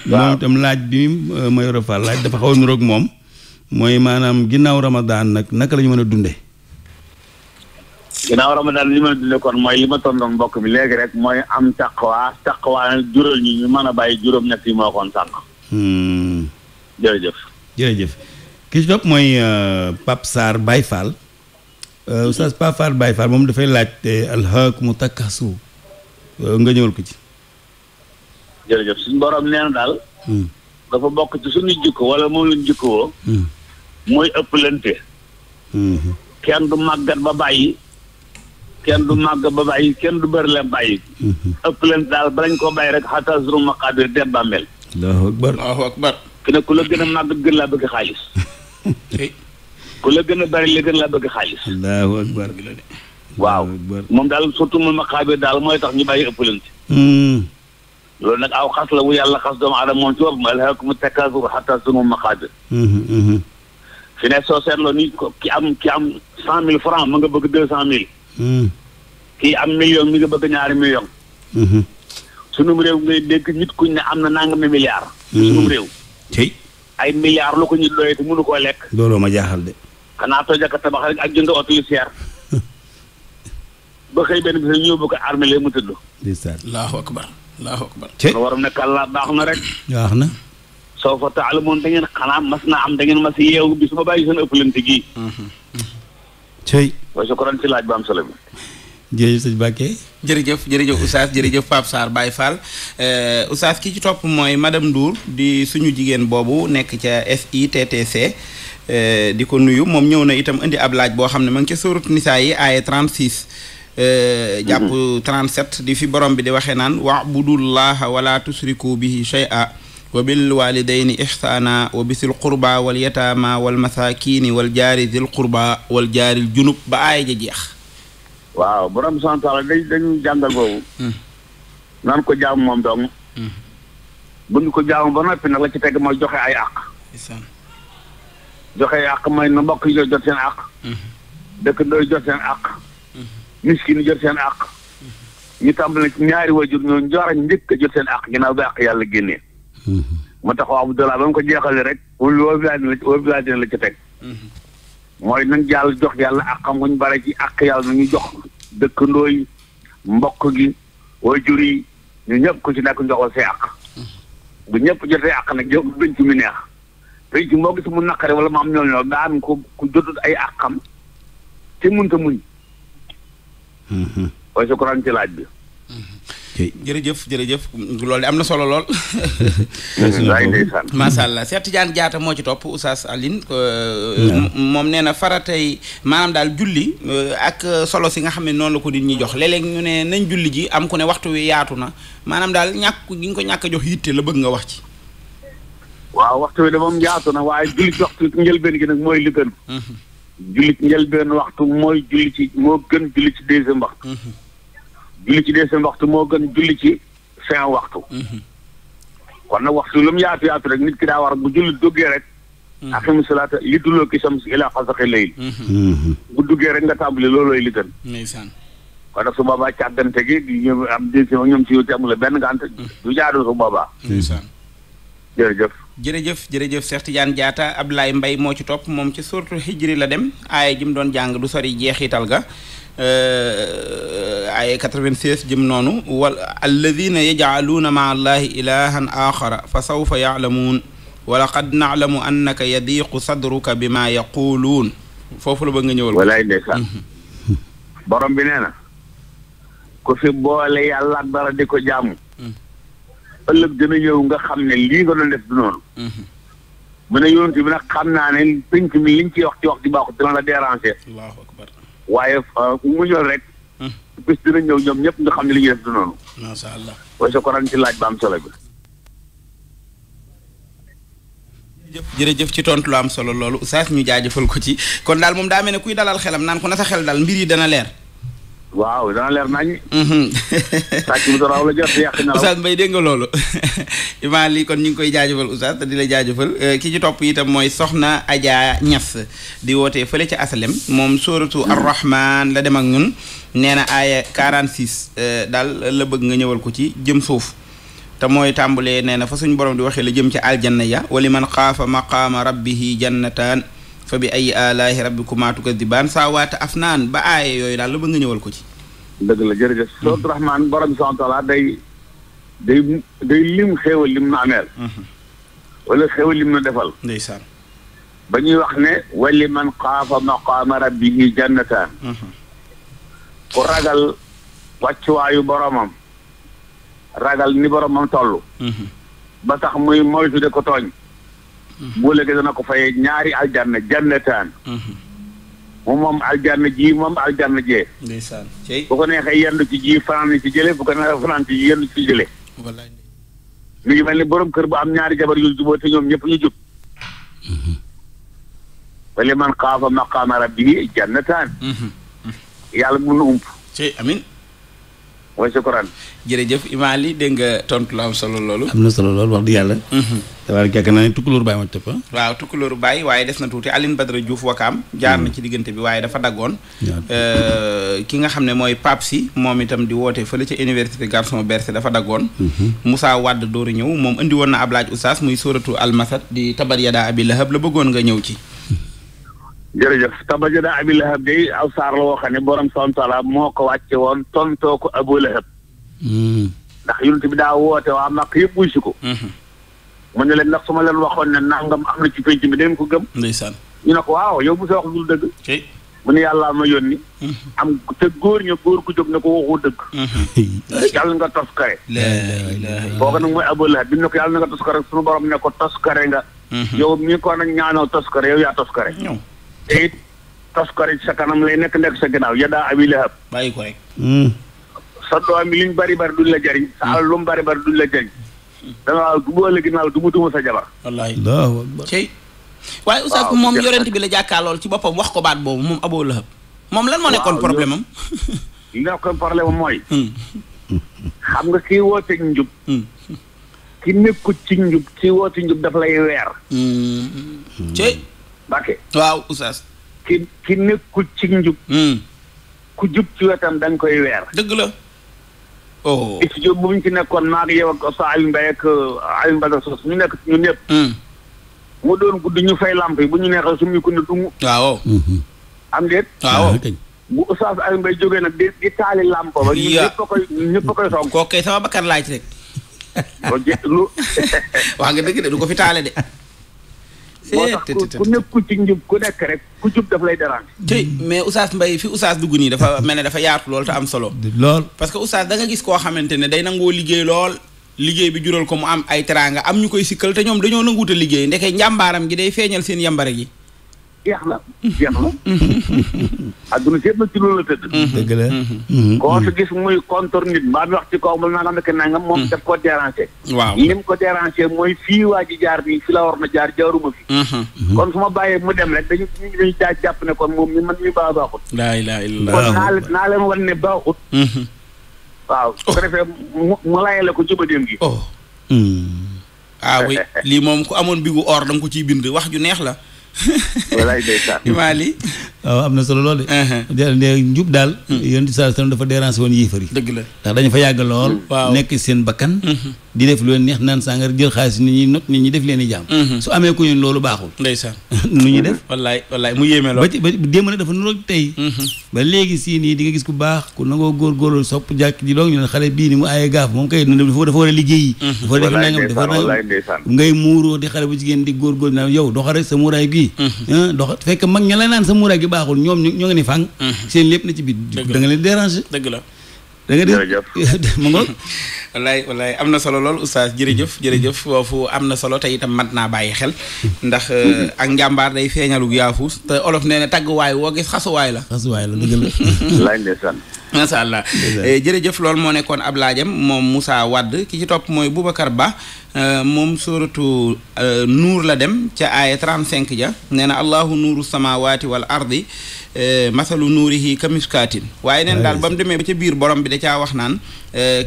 moom itam laaj bi euh, Mayoro laaj dafa xaw a moom mooy maanaam ginnaaw Ramadan nag naka lañu mën a dunde ginnaaw Ramadan li ma dunde kon mooy li ma tontoon mbokk mi léegi rek mooy am taqwa taqwa jural ñu ñu mën a bàyyi juróom-ñett yi moo koon sànq. Hmm. jërëjëf. jërëjëf ki ci topp mooy euh, Pape Sarr Baye Fall. Euh, Oustaz Pape Sarr Baye Fall moom dafay laaj te alhaakumu takaasu euh, nga ñëwal ko ci. jërëjëf suñu borom daal. Hmm. dafa bokk ci suñu jikko wala moom lañ jikko woo hmm. mooy ëpplante mm-hmm. kenn du màggat ba bàyyi kenn du màgg ba bàyyi kenn du bëri leen bàyyi mm-hmm. ëpplante daal ba lañ ko bàyyi rek xataa suru maqaadir dem bàmmeel allahu akbar allahu akbar ki ku la gën a màgg gën laa bëgg xaalis ku la gën a bëri li gën laa bëgg xaalis allahu waaw moom daal surtout mu maqaadir daal mooy tax ñu bàyyi ëpplante mm-hmm. loolu nag aw xas la wu yàlla xas doomu aadama moom ci boppam alhaakumu takaasur xataa suru maqaadir fi soo seetloo ni ki am ki am cent mille franc mu nga bëgg deux cent mille. Hmm. kii am million mi nga bëgg ñaari million. Hmm. sunum réew ngay dégg nit kuñ ne am na nangami milliards. Hmm. sunum réew. tey. ay milliards lu ko ñu doyee te mënu koo lekk. looloo ma jaaxal de. xanaa toj ak tabax rek ak jënd oto yu ba xëy benn bés ñëw bëgg armé lee mu tëdd. allahu akbar allahu akbar. tey waroon ne kàllaa baax na rek. baax na. soo fa taalamoon da ngeen xanaa mas naa am da ngeen mas yeewu bi su ma bàyyi seen ëppalante gii. tey. waaye su ko doon laaj ba solo bi. jërëjëf jërëjëf jërëjëf jërëjëf Pape Sarr Baye Fall eh, Oustaz ki ci topp mooy madame Ndour di suñu jigéen boobu nekk ca SITTC. Eh, di ko nuyu moom ñëw na itam indi ab laaj boo xam ne ma ngi ca sóoratu nisaa yi aaye 36. Eh, jàpp 37 mhm. di fi borom bi di waxee naan wa'budullaha wala tusriku bihi shay'a wa bil walidayni ixsaana wa bisil qurba wal yataama wal masaakiini wal jaari zil qurba wal jaaril junub ba aay ja jeex waaw borom sant la dañ dañu jàngal boobu hmm. nan ko jaam moom dong hmm. bu ñu ko jaamu ba noppi nag la ci teg mooy joxe ay àq joxe ay àq mooy na mbokk yi jot seen àq hmm. dëkk ndooy jot seen àq miskin yi jot seen àq ñu ñaari wajur ñoo njoor a njëkk a jot seen àq ginnaaw yàlla génnee mu taxaw Abdoulaye ba mu ko jeexalee rek. wala wóor bi laa dina la ca teg. mooy nañ jàll jox yàlla ak xam nga ñu bare ci ak yàlla nañu jox dëkkandoo yi mbokk gi waajur yi ñu ñëpp ko ci nekk njoxal see ak bu ñëpp jotee ak nag yow penc mi neex penc moo gis mu naqare wala mu am ñoom ñoom daa am ku ku jotut ay ak xam te mënta muñ. Mm-hmm. waaye su ci laaj bi. Mm-hmm. jërëjëf jërëjëf lool de am na solo lool. macha allah Cheikh Tidiane Diatta moo ci topp Oustaz Alioune. Euh, moom nee na faratay maanaam daal julli euh, ak euh, solo si nga xam ne noonu la ko din ñi jox léeg ñu ne nañ julli ji am ku ne waxtu wi yaatu na maanaam daal ñàkk gi nga ko ñàkk a jox yitte la bëgg nga wax ci. waaw waxtu wi de moom yaatu na waaye julli ci waxtu njëlbeen gi nag mooy li gën. Mm-hmm. julli ci njëlbeen waxtu mooy julli ci moo gën julli ci deuxième waxtu. Mm-hmm. julli ci deuxième waxtu moo gën julli ci fin waxtu. Mhm. kon na waxtu lum mu yaatu yaatu rek nit ki daa war bu julli duggee rek. Mhm. aqimu salaata li dulloo ki sams ilaa xasaqi layl mhm. bu duggee rek nga tàmbali loolooy li gën. ndeysaan. kon nag su boobaa càggante gi di ñoom ñoom ci yow te amul benn gànt du jaadu su boobaa. ndeysaan. jërëjëf. jërëjëf jërëjëf Cheikh jaata ab laay mbay moo ci topp moom ci surtout hijri la dem aaya ji doon jàng du sori jeexital ga. Euh, ay 96 jëm noonu wal alladina yajcaluuna maa allahi ilahan axara fa sawfa yaclamuun wa laqad naclamu annaka yadiqu sadruka bi maa yaquluun foofu la bëgg nga ñëwal walaay ndeysaan borom bi nee na ku fi boole yàlla ak dara di ko jaamu ëllëg dina ñëw nga xam ne lii nga doon def du noonu mm-hmm. mu ne yonent bi nag xam naa ne pénc mi liñ ciy wax ci wax di baaxut dina la déranger allahu akbar waaye euh, mu ñëw rek. Hmm. bis dina ñëw ñoom ñëpp nga xam ne li ñuy def du noonu. macha allah waaye sa koran ci laaj ba am solo bi. jërëjëf ci tontu lu am solo loolu oustaz ñu jaajëfal ko ci kon daal moom daa mel ne kuy dalal xelam naan ko na sa xel daal mbir yi dana leer. waaw dana leer nañ. Mhm. sàcc mu raw Mbaye dégg nga loolu Imaam lii kon ñu ngi koy jaajëfal Oustaz te di la jaajëfal euh, ki ci topp itam mooy Soxna Adja Niass di wootee fële ci Asalem moom sóoratu mhm. Arrahman la dem ak ñun nee na aaya 46 euh, daal la bëgg nga ñëwal ko ci jëm suuf te mooy tàmbalee nee na fa suñu borom di waxee la jëm ci aljanna ya wali xaafa maqaama rabbihi jannataan fa bi ay alaahi rabbikuma tukadibaan saa waata afnaan ba aaye yooyu daal la ba nga ñëwal ko ci dëgg la jërëjëf hmm. sootu rahmaan borom subhaanahu wa taala day day lim xéewal lim na ameel hmm. wala xéewal lim na defal ba ñuy wax ne wali man xaafa maqaama rabbihi jannataan hmm. ku ragal wàccuwaayu boromam ragal ni boromam toll ba tax muy moytu ko tooñ bu ëllëgee dana ko fayee ñaari aljanna jannataan moom moom aljanna ji moom aljanna jee ndeysaan bu ko neexee yendu ci ji fanaan ci jële bu ko neexee fanaan ci yendu ci jële mi ngi mel ni borom kër bu am ñaari jabar yu juboo te ñoom ñëpp ñu jub wala man xaafa maqaama rabbihi jannataan mhm. Mhm. yàlla mun na ump mooy sukuraan. jërëjëf Imaali dégg nga tontu la am solo loolu. am na solo loolu wax dëgg yàlla. Mhm. damaa gàgg naa ne tukkulóoru baay ma tëpp ah. waaw tukkulóoru baay waaye des na tuuti alin Badara Diouf wakaam jaar na mhm. ci diggante bi waaye dafa dagoon euh, ki nga xam ne mooy Pape Si moom itam di woote fële ca université Gaston Berger dafa daggoon. Mhm. Moussa Wade dooru ñëw moom indi woon na ab laaj oustaz muy sóoratu almasad di tabar yadaa abi lahab la bëggoon nga ñëw ci. jërëjëf Tamba Jada Abi Lahab day aw saar la woo xam ne borom subhaanahu wa taala moo ko wàcce woon tontoo ko Abu Lahab hmm. ndax yonent bi daa woote waa Màkk yëpp wuy si ko. mu hmm. ne leen ndax su ma leen waxoon ne nangam am na ci pénc mi dangeen ko gëm. ndeysaan ñu ne ko waaw yow bu soo wax dul dëgg. mu ne yàllaa ma yónni. Hmm. am te góor ña góor gu jóg ne ko waxoo dëgg. yàlla nga tos kare. kooku nag ne Abu Lahab bi ne ko yàlla nga tos kare suñu borom ne ko tos kare nga. yow mii ko nag ñaanoo tos kare yow yaa tos kare. te it tos ko rek sa kanam lay nekk nekk sa ginnaaw yaddaa abi lahab bàyyi ko rek hmm. sa doom yi liñ bari bari duñ la jariñ sa alal lu bari bari duñ la jariñ dangaa boole ginnaaw du mu tumu sa jabar wallaahi waaye oustaz moom yorent bi la jàkkaarlool ci boppam wax ko baat boobu moom aboo lahab moom lan moo nekkoon problème am li nekkoon mooy hmm. xam nga kii woote njub hmm. ki nekkut ci njub kii woote njub daf lay weer cey Mbacke. waaw oustaz. ki ki nekkul ci njub. Hmm. ku jub ci wetam dañ koy weer. dëgg la. oh. ci jub bu ñu ci nekkoon maa ngi yow ak sa Aliou Mbaye euh, ñu nekk ñu ñëpp. Hmm. mu doon gudd ñu fay lamp yi bu ñu neexee suñu ko ne waaw. Hmm. am déet. waaw ah, bu nag di taali lamp ba. ñu ñëpp a koy ñëpp a koy song. kooku kay sama bakkan laaj rek. nga dëgg du ko fi taale de. Eh, te ku nekk ku ci njub ku nekk rek ku jub daf lay tey mais Oustaz mbay fi Oustaz dugg nii dafa mel ne dafa yaatu lool te am solo lool parce que Oustaz danga nga gis koo xamante ne day nangoo liggéey lool liggéey bi jural ko mu am ay teraanga am ñu koy sikkal te ñoom dañoo nanguute liggéey ndeke njàmbaaram gi day feeñal seen yambare gi jeex na jeex na adduna sépp nag ci la tëdd mhm. dëgg la mhm. Mhm. koo fi gis muy contour nit mbaa bi wax ci kaw mën naa naan ak nangam moom daf ko déranger waaw mooy fii waa jaar nii fi la war na jaar jaaruma fi ma bàyyee mu dem rek dañu jàpp ne kon moom mi man naa leen naa leen wan ne ko oh. defee mu mu layale ko oh. hmm. ah lii moom ku amoon bigu or da ko ciy bind wax ju neex la walaay waaw am na solo lool de. Uh-huh. de njub daal. Hmm. yonent bi sallallahu alayhi wasallam dafa déranger woon yéefar yi. dëgg la ndax dañu fa yàgg lool. waaw nekk seen bakkan. Uh-huh. di def lu leen neex naan sàngar jël xaalis ni ñu not ñu def leen i jaam mhm. su amee ku ñun loolu baaxul ndeysaan nu ñuy def wallaay wallaay mu tey mhm. ba léegi sii nii di nga gis ku baax ku nangoo góorgóorlu sopp jàkk ji doog ñu xale bii ni mu a liggéey mhm. dafa def nangam dafa nangam ngay muuroo di xale bu jigéen di góorgóor naan yow doxal rek sa muuraay gii ah, fekk mag ña la naan sa muuraay gi baaxul ñoom ñoo ngi ne fàng seen lépp na ci biir da leen déranger la da nga di am na solo lool oustaz jërëjëf jërëjëf foofu am na solo te itam mat naa bàyyi xel ndax euh, ak njàmbaar day feeñalug yaafus te olof nee na tàgguwaay woo gis xasuwaay la xasuwaay la dëgg la macha allah eh, jërëjëf lool moo nekkoon ab laajam moom musa wadd ki ci topp mooy Boubacar Ba eh, moom suratu eh, nuur la dem ca aaya 35 ja nee na allahu nuuru samawati wal ardi masalu nuurihi kamiskaatin waaye neen daal ba mu demee ba ca biir borom bi da caa wax naan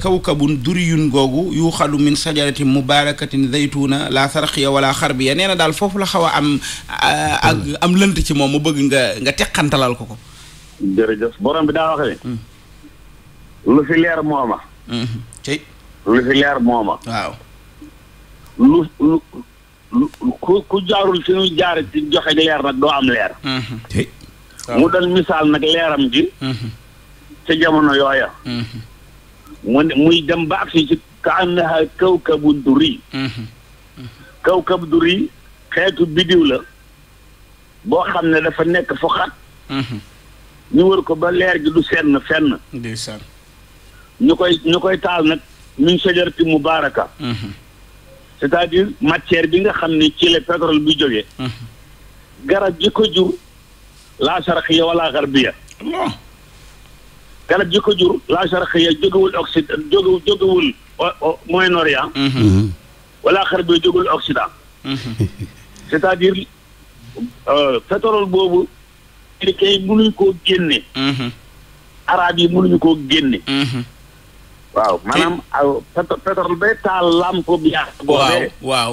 kawkabun duriyun googu yu xalu min sajarati mubarakatin zaytuna la sarqiya wala xarbiya nee na daal foofu la xaw a am ak am lënt ci moom mu bëgg nga nga teqantalal ko ko lu fi leer mooma. tey. Mhm. lu fi leer mooma. waaw. lu lu ku ku jaarul fi jaar joxe leer nag doo am leer. tey. Mhm. mu doon misaal nag leeram ji. Mhm. ca jamono yooya. mu ne muy dem ba agsi ci ka annaha kawkabu duri. duri xeetu bidiw la boo xam ne dafa nekk fu xat. ñu wër ko ba leer gi du senn fenn. ñu koy ñu koy taal nag min sajarati mubaraka mhm. c'est-à-dire matière bi nga xam ne ci la pétrole bi jógee mhm. garab ji ko jur laa sharqiya wala garbiya garab ji ko jur laa sharqiya jógewul Occident jóge jógewul Moyen-Orient mhm. wala garbiya jógewul Occident c'est-à-dire euh, pétrole boobu américains yi mënuñu koo génne arab yi mënuñu koo génne waaw maanaam pétrole ba taal lamp bi yàq boobee waaw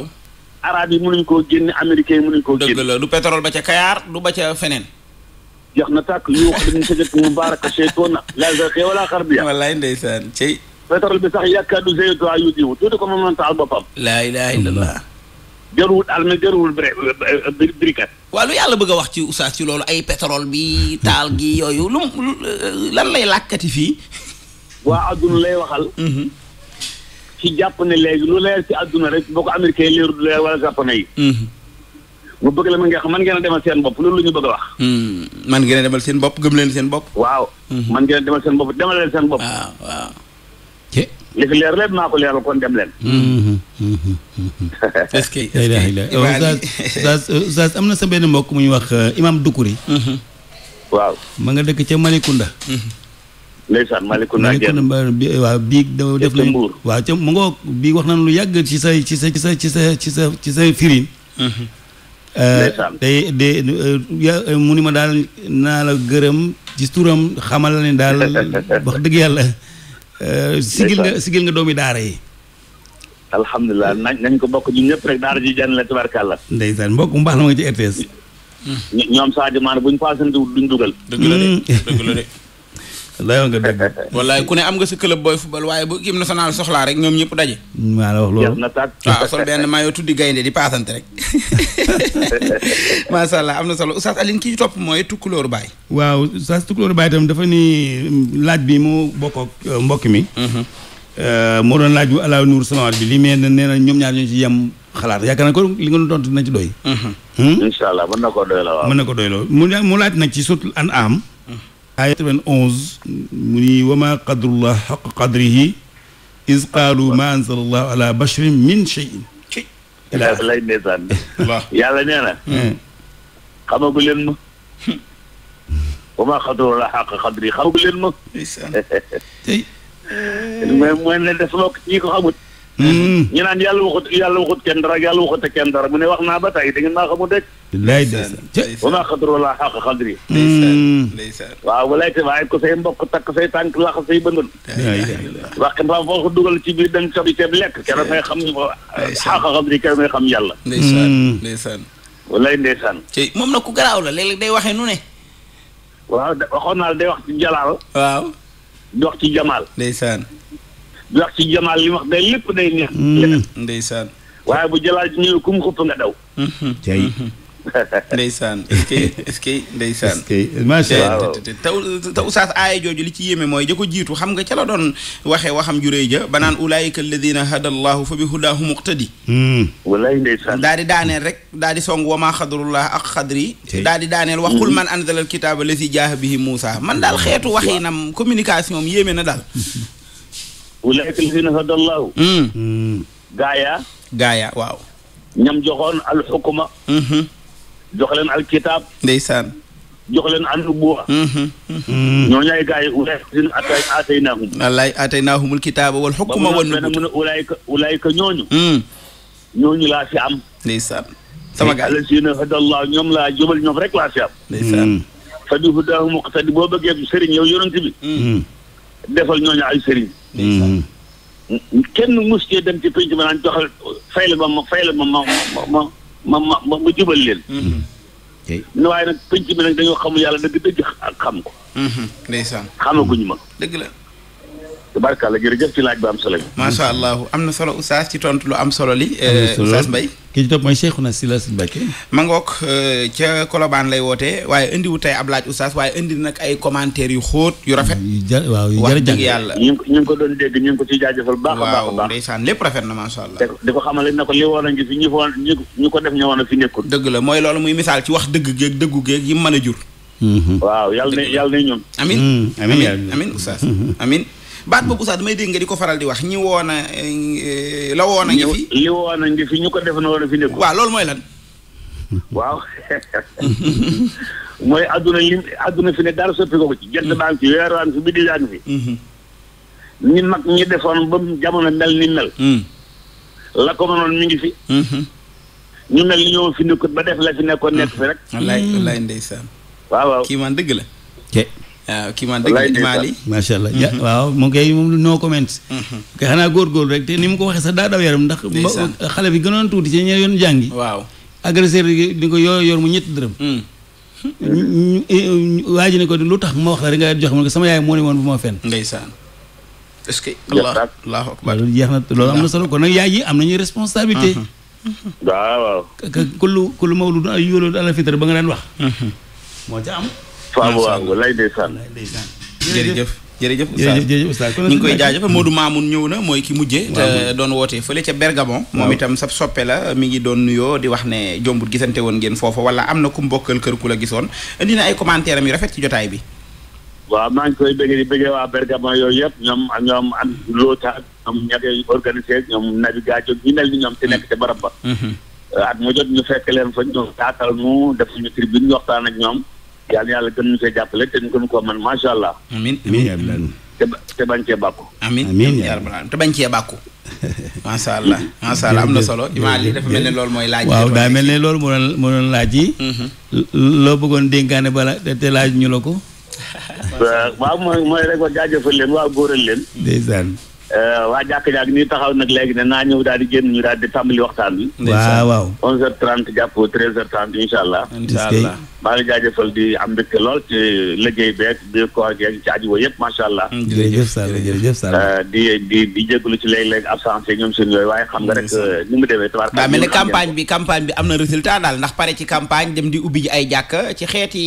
arab yi nuñ koo génne américain yi mënuñ koo génne dëgg du pétrole ba ca Kayaar du ba ca feneen jeex na tàkk yu wax dañu mu mubaraka seytoona laga xee walaa xar bi wallaay ndeysaan cey pétrole bi sax yàkkaadu seyto yu diw tuuti ko moom taal boppam laa ilaha illallah jëruwul alme jëruwul brikat waaw lu yàlla bëgg a wax ci oustaz ci loolu ay pétrole bi taal gi yooyu lu lan lay làkkati fii waa adduna lay waxal. Mm-hmm. ci jàpp ne léegi lu leer ci adduna rek boo ko américain leeru du leer wala japonais yi. Mm-hmm. mu bëgg la man nga xam man ngeen a demal seen bopp loolu la ñu bëgg a wax. Mm-hmm. man ngeen demal seen bopp gëm leen seen bopp. waaw man ngeen demal seen bopp demal seen bopp. Ah, waaw waaw. li fi ko leeral kon dem leen. est-ce que na sa benn mbokk mu ñuy wax euh, Imam Dukuri. waaw ma nga dëkk ca Malicounda. ndeysaan maaleykum naa bi waaw bii da def nañ waaw ca mu ngoog bii wax na lu yàgg ci sa ci sa ci sa ci sa ci sa ci sa firin tey de mu ni ma daal naa la gërëm ci turam xamal la ne daal wax dëgg yàlla euh, sigil nga sigil nga yi daara yi alhamdulilah euh, nañ nañ ko bokk ñun ñëpp rek daara ji jànn la tabarkàlla ndeysaan mbokk mu baax la ma nga ci RTS mm. ñoom Sadio Mané buñ paasante duñ dugal dëgg la mm. lay wax nga dëgg. wallaay ku ne am nga sa club booy football waaye bu équipe nationale soxlaa rek ñoom ñëpp daje. maa la waaw sol benn maa yoo tuddi gaynde di paasante rek macha allah am na solo Oustaz Alioune ki ñu topp mooy tukkulóoru baay. waaw Oustaz tukkulóoru dafa ni laaj bi mu bokk ak euh, mbokk mi. Mm-hmm. Euh, moo doon laaj bu alaaw nuur samawaat bi li mel ne na ñoom ñaar ñoo ci yem xalaat yaakaar ko li nga doon na ci doy. Mm-hmm. Hmm? incha allah mën na ko doy la waaw. mën na mu laaj nag ci suutul an am. aaya 91 mu ni wa maa qadrullah xaq qadrihi is qaalu ma anzala allahu ala bashrin min cheyin lay ndeysaan yàlla nee na hmm. xamagu leen ma hmm. wa maa qadrullah xaq qadrihi xamagu leen ma mooy ne def bokk ñi ko xamut ñu naan yàlla waxut yàlla waxut kenn dara yàlla waxut kenn dara mu ne wax naa ba tey da ngeen maa xamul rek. lay des wa maa xadru laa xaq xadri. Mm. waaw bu lay te waaye ko say mbokk takk say tànk lax say bëndun. wax nga foo ko dugal ci biir dañ sobi ceeb lekk kenn fay xam xaq xadri kenn may xam yàlla. ndeysaan mm. ndeysaan. walaay ndeysaan. ci moom nag ku garaaw la léeg-léeg day waxee nu ne. waaw waxoon naa day wax ci jalaal. waaw. di wax ci jamaal. ndeysaan. di wax ci jamaal li wax day lépp day neex. Hmm. ndeysaan. waaye bu jalaal ji ñëwee ku mu xupp nga daw. jay. Hmm. ndeysaan est-ce que est-ce que jooju li ci yéeme mooy ja ko jiitu xam nga ca la doon waxe waxam ju rëy ja ba naan ulaayika alladina hada allahu fa bi hudaahu muqtadi. Hmm. walaay ndeysaan. daal di daaneel rek daal di song wamaa xadrullah ak xadri. daal di wax waxul man anzala alkitaaba lazi jaaha bihi Muusa man daal xeetu waxinam communication yéeme na daal. ulaa'ika llaziina hadaa llaahu mm. mm. gaaya gaaya waaw ñam joxoon alxukuma mm-hmm. jox leen alkitaab ndeysaan jox leen annubuwa mm-hmm. Mm-hmm. ñooñu ay gaay yi aataynaahum wallaay aataynaahumul kitaaba wal xukma wan mu ne ulaayka ñooñu mm. ñooñu laa si am ndeysaan sama gaay ñoom laa jubal ñoom rek laa si am ndeysaan fa bi muqtadi boo bëggee sëriñ yow yonent bi defal ñooñu ay Mhm. kenn mus cee dem ci pénc ma naan joxal fay la ma ma fay la ma ma ma ma ma ma ma jubal leen. Mhm. ne waaye nag pénc mi nag dañoo xamul yàlla dëgg dëgg xam ko. Mhm. ndeysaan xamaguñu ma. dëgg la. tabarkàlla jërëjëf ci laaj bi am solo bi. macha allah am na solo oustaz ci tontu lu am solo li. oustaz Mbaye ki ci topp mooy Cheikhouna Sylla Sy Mbacké. ma ngoog euh, ca Colobane lay wootee waaye indiwu tey ab laaj oustaz waaye indi nag ay commentaires yu xóot yu rafet. yu ja waaw yu jar a jàng yàlla. ñu ngi ko doon dégg ñu ngi ko ciy jaajëfal. baax a baax a baax ndeysaan lépp rafet na macha allah. di ko xamal ne ko li woon a ngi fi ñi ko ñi ko def ñu woon a fi dëgg la mooy loolu muy misaal ci wax dëgg geeg dëggu geeg yi mu mën a jur. Mhm. waaw yàlla na yàlla na ñoom. amin mhm. baat boobu sax damay dégg nga di ko faral di wax ñi woon eh, eh, la woon a ngi fi. li woon a fi ñu ko def na woon a fi nekk. waaw loolu mooy lan. waaw mooy àdduna li àdduna fi ne dara soppi ko ci. jant baa ngi fi weer waa ngi fi biddi yaa ngi fi. ñi mhm. mag ñi defoon ba jamono mel ni mel. Mm. la ko mënoon mi ngi fi. Mhm. ñu mel ni ñoo fi nekkut ba def la fi nekkoon nekk fi rek. wallaay wallaay ndeysaan. waaw waaw kii man dëgg la. waaw ah, kii man dëgg macha allah mhm. waaw mu koy moom no comment mhm. kay xanaa góor rek te ni mu ko waxee sa daa daw yaram ndax xale bi gënoon tuuti ci ñe yoon jàngi waaw agresseur di ko yor yor mu ñetti dërëm mm. waa ji ne ko lu tax ma wax la rek nga jox ma ko sama yaay moo ne woon bu ma fenn ndeysaan est-ce que allah allahu akbar loolu jeex na loolu am na solo kon nag yaay yi am nañu responsabilité mhm. waaw waaw kullu kullu mawludun ay yóoloolu ba nga daan wax moo ca am Faabu Wango lay ndeysaan jërëjëf jërëjëf jërëjëf oustaz ñu ngi koy jaajëfal Modou Mamoun ñëw na mooy ki mujjee te doon wootee fële ca Bergamo moom itam sab soppe la mi ngi doon nuyoo di wax ne jombut gisante woon ngeen foofa wala am na ku mbokkal kër ku la gisoon indi na ay commentaire am yu rafet ci jotaay bi waaw maa ngi koy bëggee di bëggee waa Bergamo yooyu yëpp ñoom ñoom am loota ñoom ñakoy organisé ñoom nabi gaajo ñu mel ni ñoom te nekk te barab ba mm-hmm. at mu yàlla yàlla gën ñu see jàppale te koo man macha allah. amiin amiin te ba bañ cee bàkku. amiin amiin yàlla te bañ cee bàkku. macha allah macha allah am na solo. imaam li dafa mel ne loolu mooy laaj. waaw daa mel ne loolu moo doon moo doon laaj yi. Mhm. loo bëggoon dénkaane bala te laaj ñu la ko. waaw mooy mooy rek waa jaajëfal leen waa góoral leen. ndeysaan. Euh, waa jàkk jaak nii taxaw nag léegi ne naa ñëw daal di génn ñu daal di tàmbali waxtaan bi. waaw waaw onze heures trente jàpp treize heures trente incha allah. incha allah maa ngi jaajëfal di am mbégte lool ci liggéey beeg biir koor geeg ci aju yëpp macha allah. Mm, jërëjëf Sall jërëjëf Sall. Euh, di di lu jégalu ci léeg-léeg absence ñoom seen yooyu waaye xam nga rek euh, ni mu demee. tabaar daa mel ni campagne bi campagne bi am na résultat daal ndax pare ci campagne dem di ubbi ji ay jàkk ci xeeti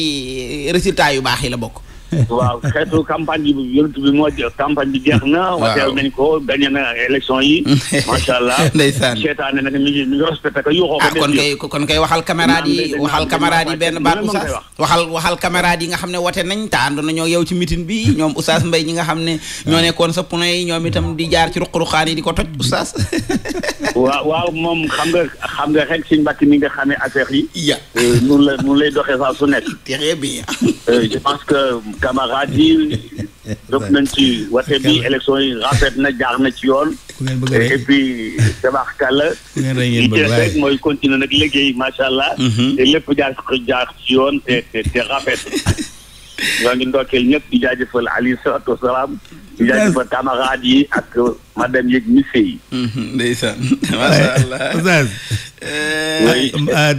résultat yu baax yi la bokk waaw xeetu campagne bi yëngatu bi moo bi jeex na. waaw nañ ko gagné na élection yi. macha allah ndeysaan seetaane nag mi ngi mi ngi respecté ko yuuxoo ko. Ah, kon kay waxal camarades yi waxal camarades yi benn waxal waxal yi nga xam ne wote nañ ta àndoon nañoo yow ci meeting bi ñoom oustaz Mbaye ñi nga xam ne ah. ñoo nekkoon sa point yi ñoom itam di jaar ci ruq-ruqaan yi di ko toj oustaz. waaw waaw moom xam nga xam nga rek suñu mbàkk mi nga xamee affaire yi. ya euh, noonu lay doxee saa su nekk. très bien. Euh, je que. camarades yi dëpp nañ ci wate yi rafet na jaar na ci yoon. et puis tabaxkàlla. li ci rek mooy continuer nag liggéey macha allah. Mm-hmm. te lépp jaar jaar ci yoon te te te rafet. ñoo ngi ndokkeel ñëpp di jaajëfal alayhi salaatu wasalaam jaajëfal camarade yi ak madame yeeg monsieur yi. Mhm, ndeysaan macha allah. Oustaz. Eh. Ah,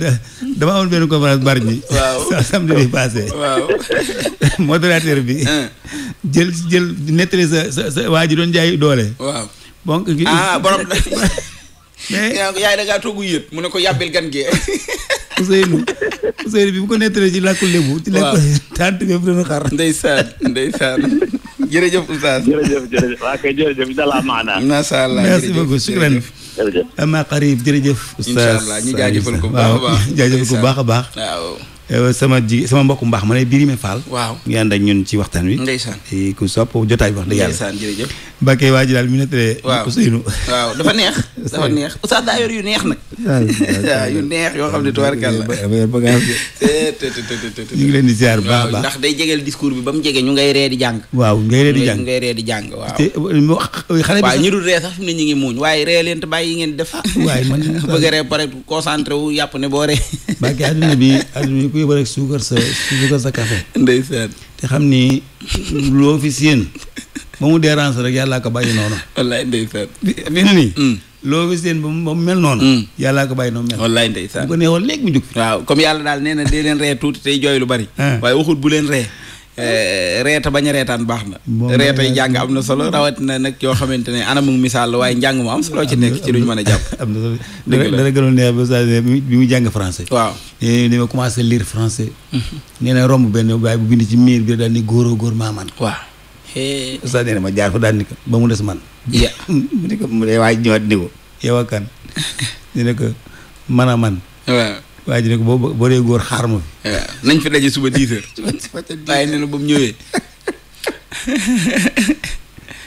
bi bu ko nettalee ci làkku lébu. ci làkku tànt bi doon xar. ndeysaan ndeysaan. jërëjëf oustaz jërëjëf jërëjëf waa kay jërëjëf dala maanaa macha allah merci beaucoup shukran jërëjëf oustaz ñu jaajëfal ko bu baax baax bu baax a baax waaw eh, sama ji sama mbokku mbaax ma ne faal Fall waaw ngi ànd ñun ci waxtaan wi ndeysaan eh, ku sopp jotaay bi wax dëgg yàlla ndeysaan jërëjëf Mbacke waa ji daal mi waaw dafa neex. dafa neex Oustaz daa yor yu neex nag. yu neex yoo xam ne tubaarkàlla. ñu ngi leen di ziar bu baax baax. ndax day jegeel discours bi ba mu jege ñu ngay ree di jàng. waaw ngay ree di jàng ñu ngay ree di jàng waaw. te xale bi waaw ñu dul ree sax fi mu ne ñu ngi muuñ waaye ree leen te bàyyi ngeen def. Ah, waaye man bëgg a ree pare concentré wu yàpp ne boo ree. Mbacke adduna bi adduna bi ku yóbbu rek suukar sa suukar sa café. ndeysaan te xam ni loo fi ba mu dérange rek yàllaa ko bàyyi noonu. wallaay ndeysaan. fi ne mm. loo fi seen ba mu mel noonu. Mm. yàllaa ko bàyyi noonu mel. wallaay ndeysaan bu ko neexoon léegi mu waaw comme yàlla daal nee na dee leen ree tuuti tey jooy lu bari. Ah. waaye waxut bu leen ree. Eh, reeta bañ a reetaan baax na reetay jàng am na solo rawat na nag yoo xamante ne anamu misaal la waaye njàng mu am solo ci nekk ci lu ñu mën a jàpp am a solo dara gënoon neex bi mu jàng français waaw eh, ne ma commencé lire français nee na romb benn waaye bu bind ci miir bi daal ni góoroo góor maaman waaw Eh. ustaas nee na ma jaar fa daan ni ko ba mu des man ya mu ne ko mu ni ko yow kan waa ji ne ko boo boo nañ fi daje suba dix heures waaye nee na ba mu ñëwee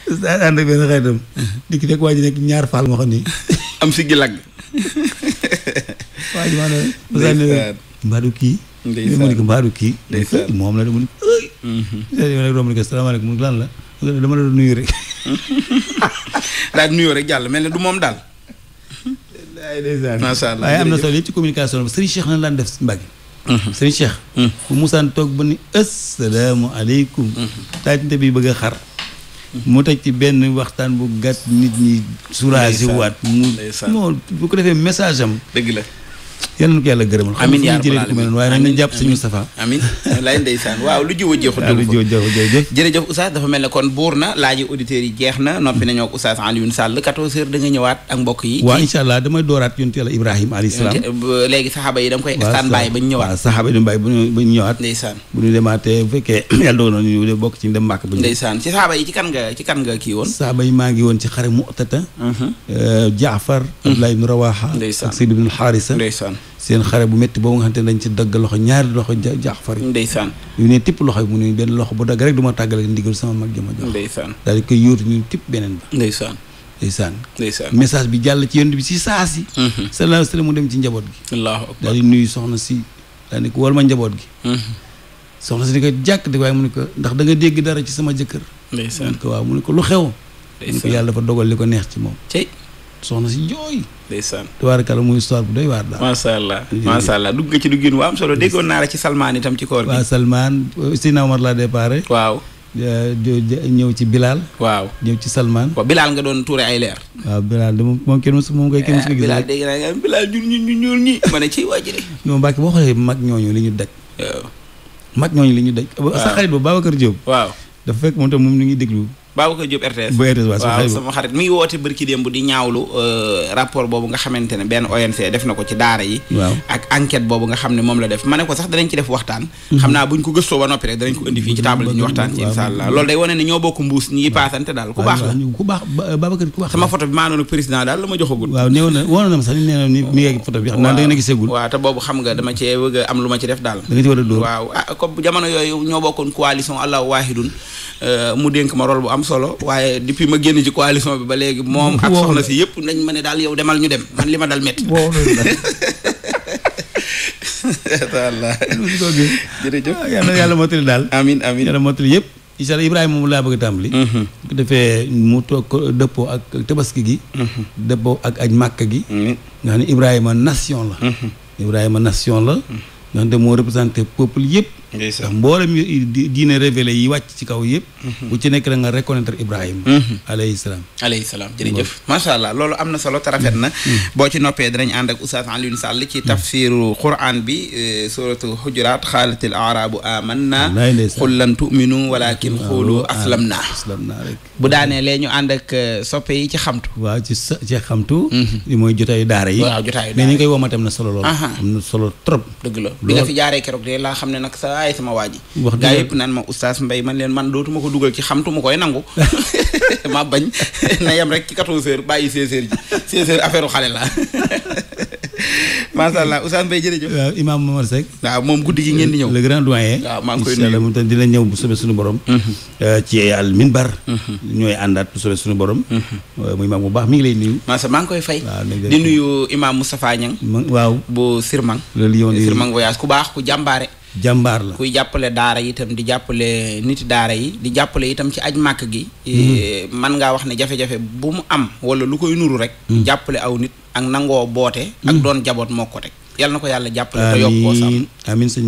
ustaas ànd ak benn xaritam uh-huh. di ki fekk waa ji nekk ñaar faal moo xam ni am si gi lagg waa ne mbaa du kii ndeysaan mu kii. moom la de mu mm-hmm. salaamaaleykum mu la dama la doon nuyu rek. daal di rek jàll mel ne du moom daal. macha allah waaye am na sol yëpp ci communication bi Serigne Cheikh nan laan def Mbacke. Mm-hmm. Serigne Cheikh. bu mm-hmm. musaan toog ba ni asalaamaaleykum. taajante bi bëgg a xar. mu teg ci benn waxtaan bu gàtt nit ñi. surasi waat mu. moo bu ko defee message am. dëgg la. yal na ko yàlla gërëmal amiin yaa rabbal aalamiin waaye nag ndeysaan waaw lu jiw a jeexul lu jiw a jërëjëf jërëjëf Oustaz ne kon buur na laaji auditeurs yi jeex na noppi nañoo ak Oustaz Alioune Sall 14 heures da nga ñëwaat ak mbokk yi waaw incha allah damay dooraat yonent yàlla Ibrahima alayhi salaam léegi saxaaba yi da nga koy staan bàyyi ba ñu ñëwaat saxaaba yi dañ bàyyi ba ñu ñëwaat ndeysaan bu ñu demaatee bu fekkee yàlla dogal na ñu bokk ci dem mbàkk ba ndeysaan ci saxaaba yi ci kan nga ci kan nga kii woon saxaaba yi maa ngi woon ci xare Mu'tata mhm. euh, Jaafar mhm. Abdullah ibn Rawaha ak Sayd ibn Harisa ndeysaan seen xare bu metti boobu nga xam te dañ ci dagg loxo ñaari loxo ja jaaxfar yi. ndeysaan yu ne tipp loxo yi mu ne benn loxo bu dagg rek du ma tàggale ndigal sama mag jama jox. ndeysaan daal di koy yóotu ñu message bi jàll ci yonent bi si saa si. Mm-hmm. sallallahu alayhi wa sallam mu dem ci njaboot gi. allahu akbar daal di nuyu soxna si daal ma njaboot gi. Mm-hmm. soxna si ni ko jàkk mu ne ko ndax da nga dégg dara ci sama jëkkër. ndeysaan mu ko waaw mu ne ko lu xew. mu ne ko yàlla dafa dogal li ko neex ci moom. soxna si jooy. ndeysaan tubaarkalla muy histoire bu doy waar daal. macha allah macha allah dugg nga ci duggin wu am solo déggoon naa la ci Salmaan itam ci koor gi. waaw Salmaan euh, Sina Omar laa euh, ñëw ci Bilal. waaw ñëw ci Salman. waaw Bilal nga doon tuure ay leer. waaw Bilal de moom kenn mosu moom kay kenn mosu ko eh, gis. Bilal dégg naa Bilal ñun ñun ñun ñi ma ne ci waa ji de. ñoom Mbacke boo xoolee mag ñooñu li ñu daj. mag ñooñu li ñu daj. sa xarit ba Babacar Diop. waaw dafa fekk moom tam moom ñu ngi déglu. Babacar Diop RTS bu RTS waaw sama xarit mi ngi woote bërki démb di ñaawlu euh, rapport boobu nga xamante ne benn ONC def na ko ci daara yi ak enquête boobu nga xam ne moom la def ma ne ko sax danañ ci def waxtaan xam naa buñ ko gëstoo ba noppi rek danañ ko fii ci table ñu waxtaan ci insha allah loolu day wane ne ñoo bokk mbuus daal ku baax la ku baax Babacar ku baax noonu président daal la ma joxagul waaw néew na woon na ma sax ni nee ni mi ngi photo bi xam naa da nga gisagul waaw boobu xam nga dama am lu ma ci def daal da nga ci war a dóor waaw ah comme yooyu ñoo bokkoon coalition allah waahidun euh, mu dénk ma rôle bu am am solo waaye depuis ma génn ci coalition bi ba léegi moom ak soxna si yëpp nañ ma ne daal yow demal ñu dem man li ma dal métti walla jërëjëf ah, yàlla yàlla mottali daal amin amin yëpp incha allah moom laa bëgg a tàmbali mhm. bu defee mu toog dëppoo ak tabaski gi mhm. dëppoo ak aj màkk gi nga xam ne Ibrahima nation la mhm. Ibrahima nation la nga xam ne moo représenté peuple yëpp mboolem diine révélé yi wàcc ci kaw yëpp mhm. bu ci nekk da nga reconnaître Ibrahima mhm. alayhi salaam alayhi salaam jërëjëf macha allah loolu am na solo mhm. boo ci noppee danañ ànd ak Oustaz Alioune Sall ci tafsiru Qur'an bi euh, suratu Hujurat xaalatil arabu amanna qul lan tu'minu bu daanee lee ñu ànd ak euh, ci xamtu waaw ci ci xamtu li mooy jotaayu daara yi waaw jotaayu daara mais ñu koy na solo loolu am na trop dëgg la bi nga fi jaaree keroog de laa xam ne nag sa waay sama waa gaa yëpp naan ma oustaz Mbaye man leen man dootuma ko dugal ci xamtuma koy nangu ma bañ na yem rek ci bàyyi seize ji seize heures xale la macha allah Oustaz Mbaye jërëjëf. waaw imaam Momar Seck. waaw moom guddi gi ngeen di ñëw. le grand doyen. waaw maa ngi koy nuyu incha allah moom tamit dina ñëw bu soobee suñu borom. Mhm. Euh, ci al minbar. Mhm. ñooy àndaat bu soobee suñu borom. Mhm. Euh, muy imaam bu baax mi ngi lay nuyu. macha maa ngi koy fay. di nuyu imaam Moustapha Niang. waaw bu Sirmang. loolu yow Sirmang voyage ku baax ku jàmbaare. jàmbaar la kuy jàppale daara yi itam di jàppale nit daara yi di jàppale itam ci aj màkk gi. man mm-hmm. eh, ngaa wax ne jafe-jafe bu mu am wala lu koy nuru rek. Mm-hmm. jàppale aw nit ak nangoo boote. ak mm-hmm. doon jaboot moo ko rek. na ko yàlla jàppale. te yokk koo sàmm amiin sëñ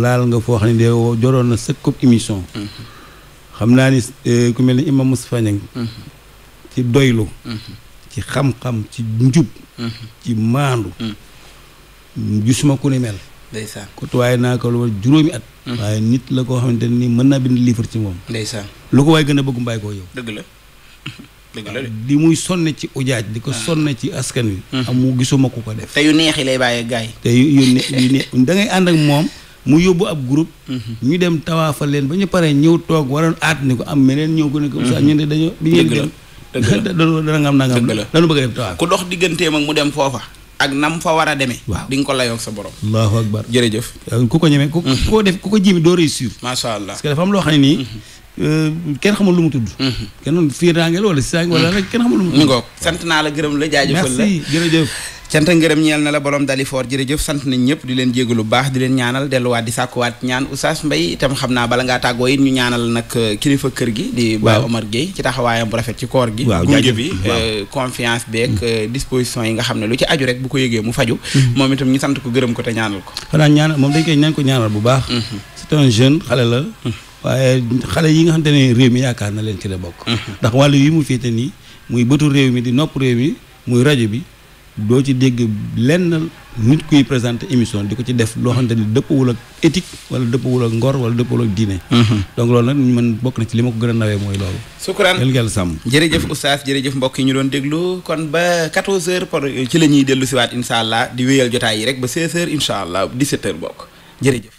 laal nga foo wax ne de joroon na sëkkub émission. xam naa ni eh, ku mel ni imam Moustapha Niang ci doylu ci xam-xam ci njub. ci maandu. suma ku ni mel. ndeysaan waaye naa ko lu juróomi at waaye nit la koo xamante ne nii mën naa bind livre ci moom ndeysaan lu ko waaye gën a bëgg mbaay koo yow dëgg la dëgg la di muy sonne ci ujaaj di ko sonne ci askan wi amu gisuma ku ko def te yu neex lay bàyyee gars yi te yu ne yu da ngay ànd ak moom mu yóbbu ab groupe ñu dem tawaafal leen ba ñu paree ñëw toog waroon aat ni ko am meneen ñëw ko ne ko sa ñu ne dañoo bi ngeen dem dëgg la dana nga am nangam dëgg la dañu bëgg dem tawaaf ku dox digganteem ak mu dem ak na mu fa war a demee. waaw di nga ko layoog sa borom. allahu akbar jërëjëf. Euh, ku ko ñemee mhm. ku ko def ku ko ji doo réussir. macha allah parce que dafa loo xam ne nii. Mhm. Euh, kenn xamul lu mu tudd. Mhm. kenn fiiraange la wala si saa wala rek kenn xamul lu mu tudd. mu sant naa la gërëm la jaajëfal la merci jërëjëf. cant ngërëm ñeel na la borom Dalifoor jëf sant nañ ñëpp di leen jégalu baax di leen ñaanal delluwaat di sàkkuwaat ñaan Oustaz Mbaye itam xam naa bala ngaa tàggoo it ñu ñaanal nag euh, kilifa kër gi di Baye Omar Gueye ci taxawaayam bu rafet ci koor gi gunge bi euh, confiance beeg mm. euh, disposition yi nga xam ne lu ci aju rek bu ko yëgee mu faju mm. moom itam ñu sant ko gërëm ko te ñaanal ko xanaa ñaanal moom dañ koy ñaan ko ñaanal bu mm-hmm. un jeune xale la mm. waaye xale yi nga xam te ne réew mi yaakaar na leen ci la bokk mm-hmm. ndax wàllu yi mu te nii muy bëtu réew mi di nopp réew mi muy rajo bi doo ci dégg lenn nit kuy présenté émission di ko ci def loo xamante ni dëppawul ak éthique wala dëppawul ak ngor wala dëppawul ak diine mm-hmm. donc lool nag man bokk na ci li ma ko gën a nawee mooy loolu sukkuraan yàlla yàlla sàmm jërëjëf oustaz jërëjëf mbokk yi ñu doon déglu kon ba 14 heures par ci la ñuy dellu siwaat insha allah di wéyal jotaay yi rek ba 16 heures insha allah 17 heures bokk jërëjëf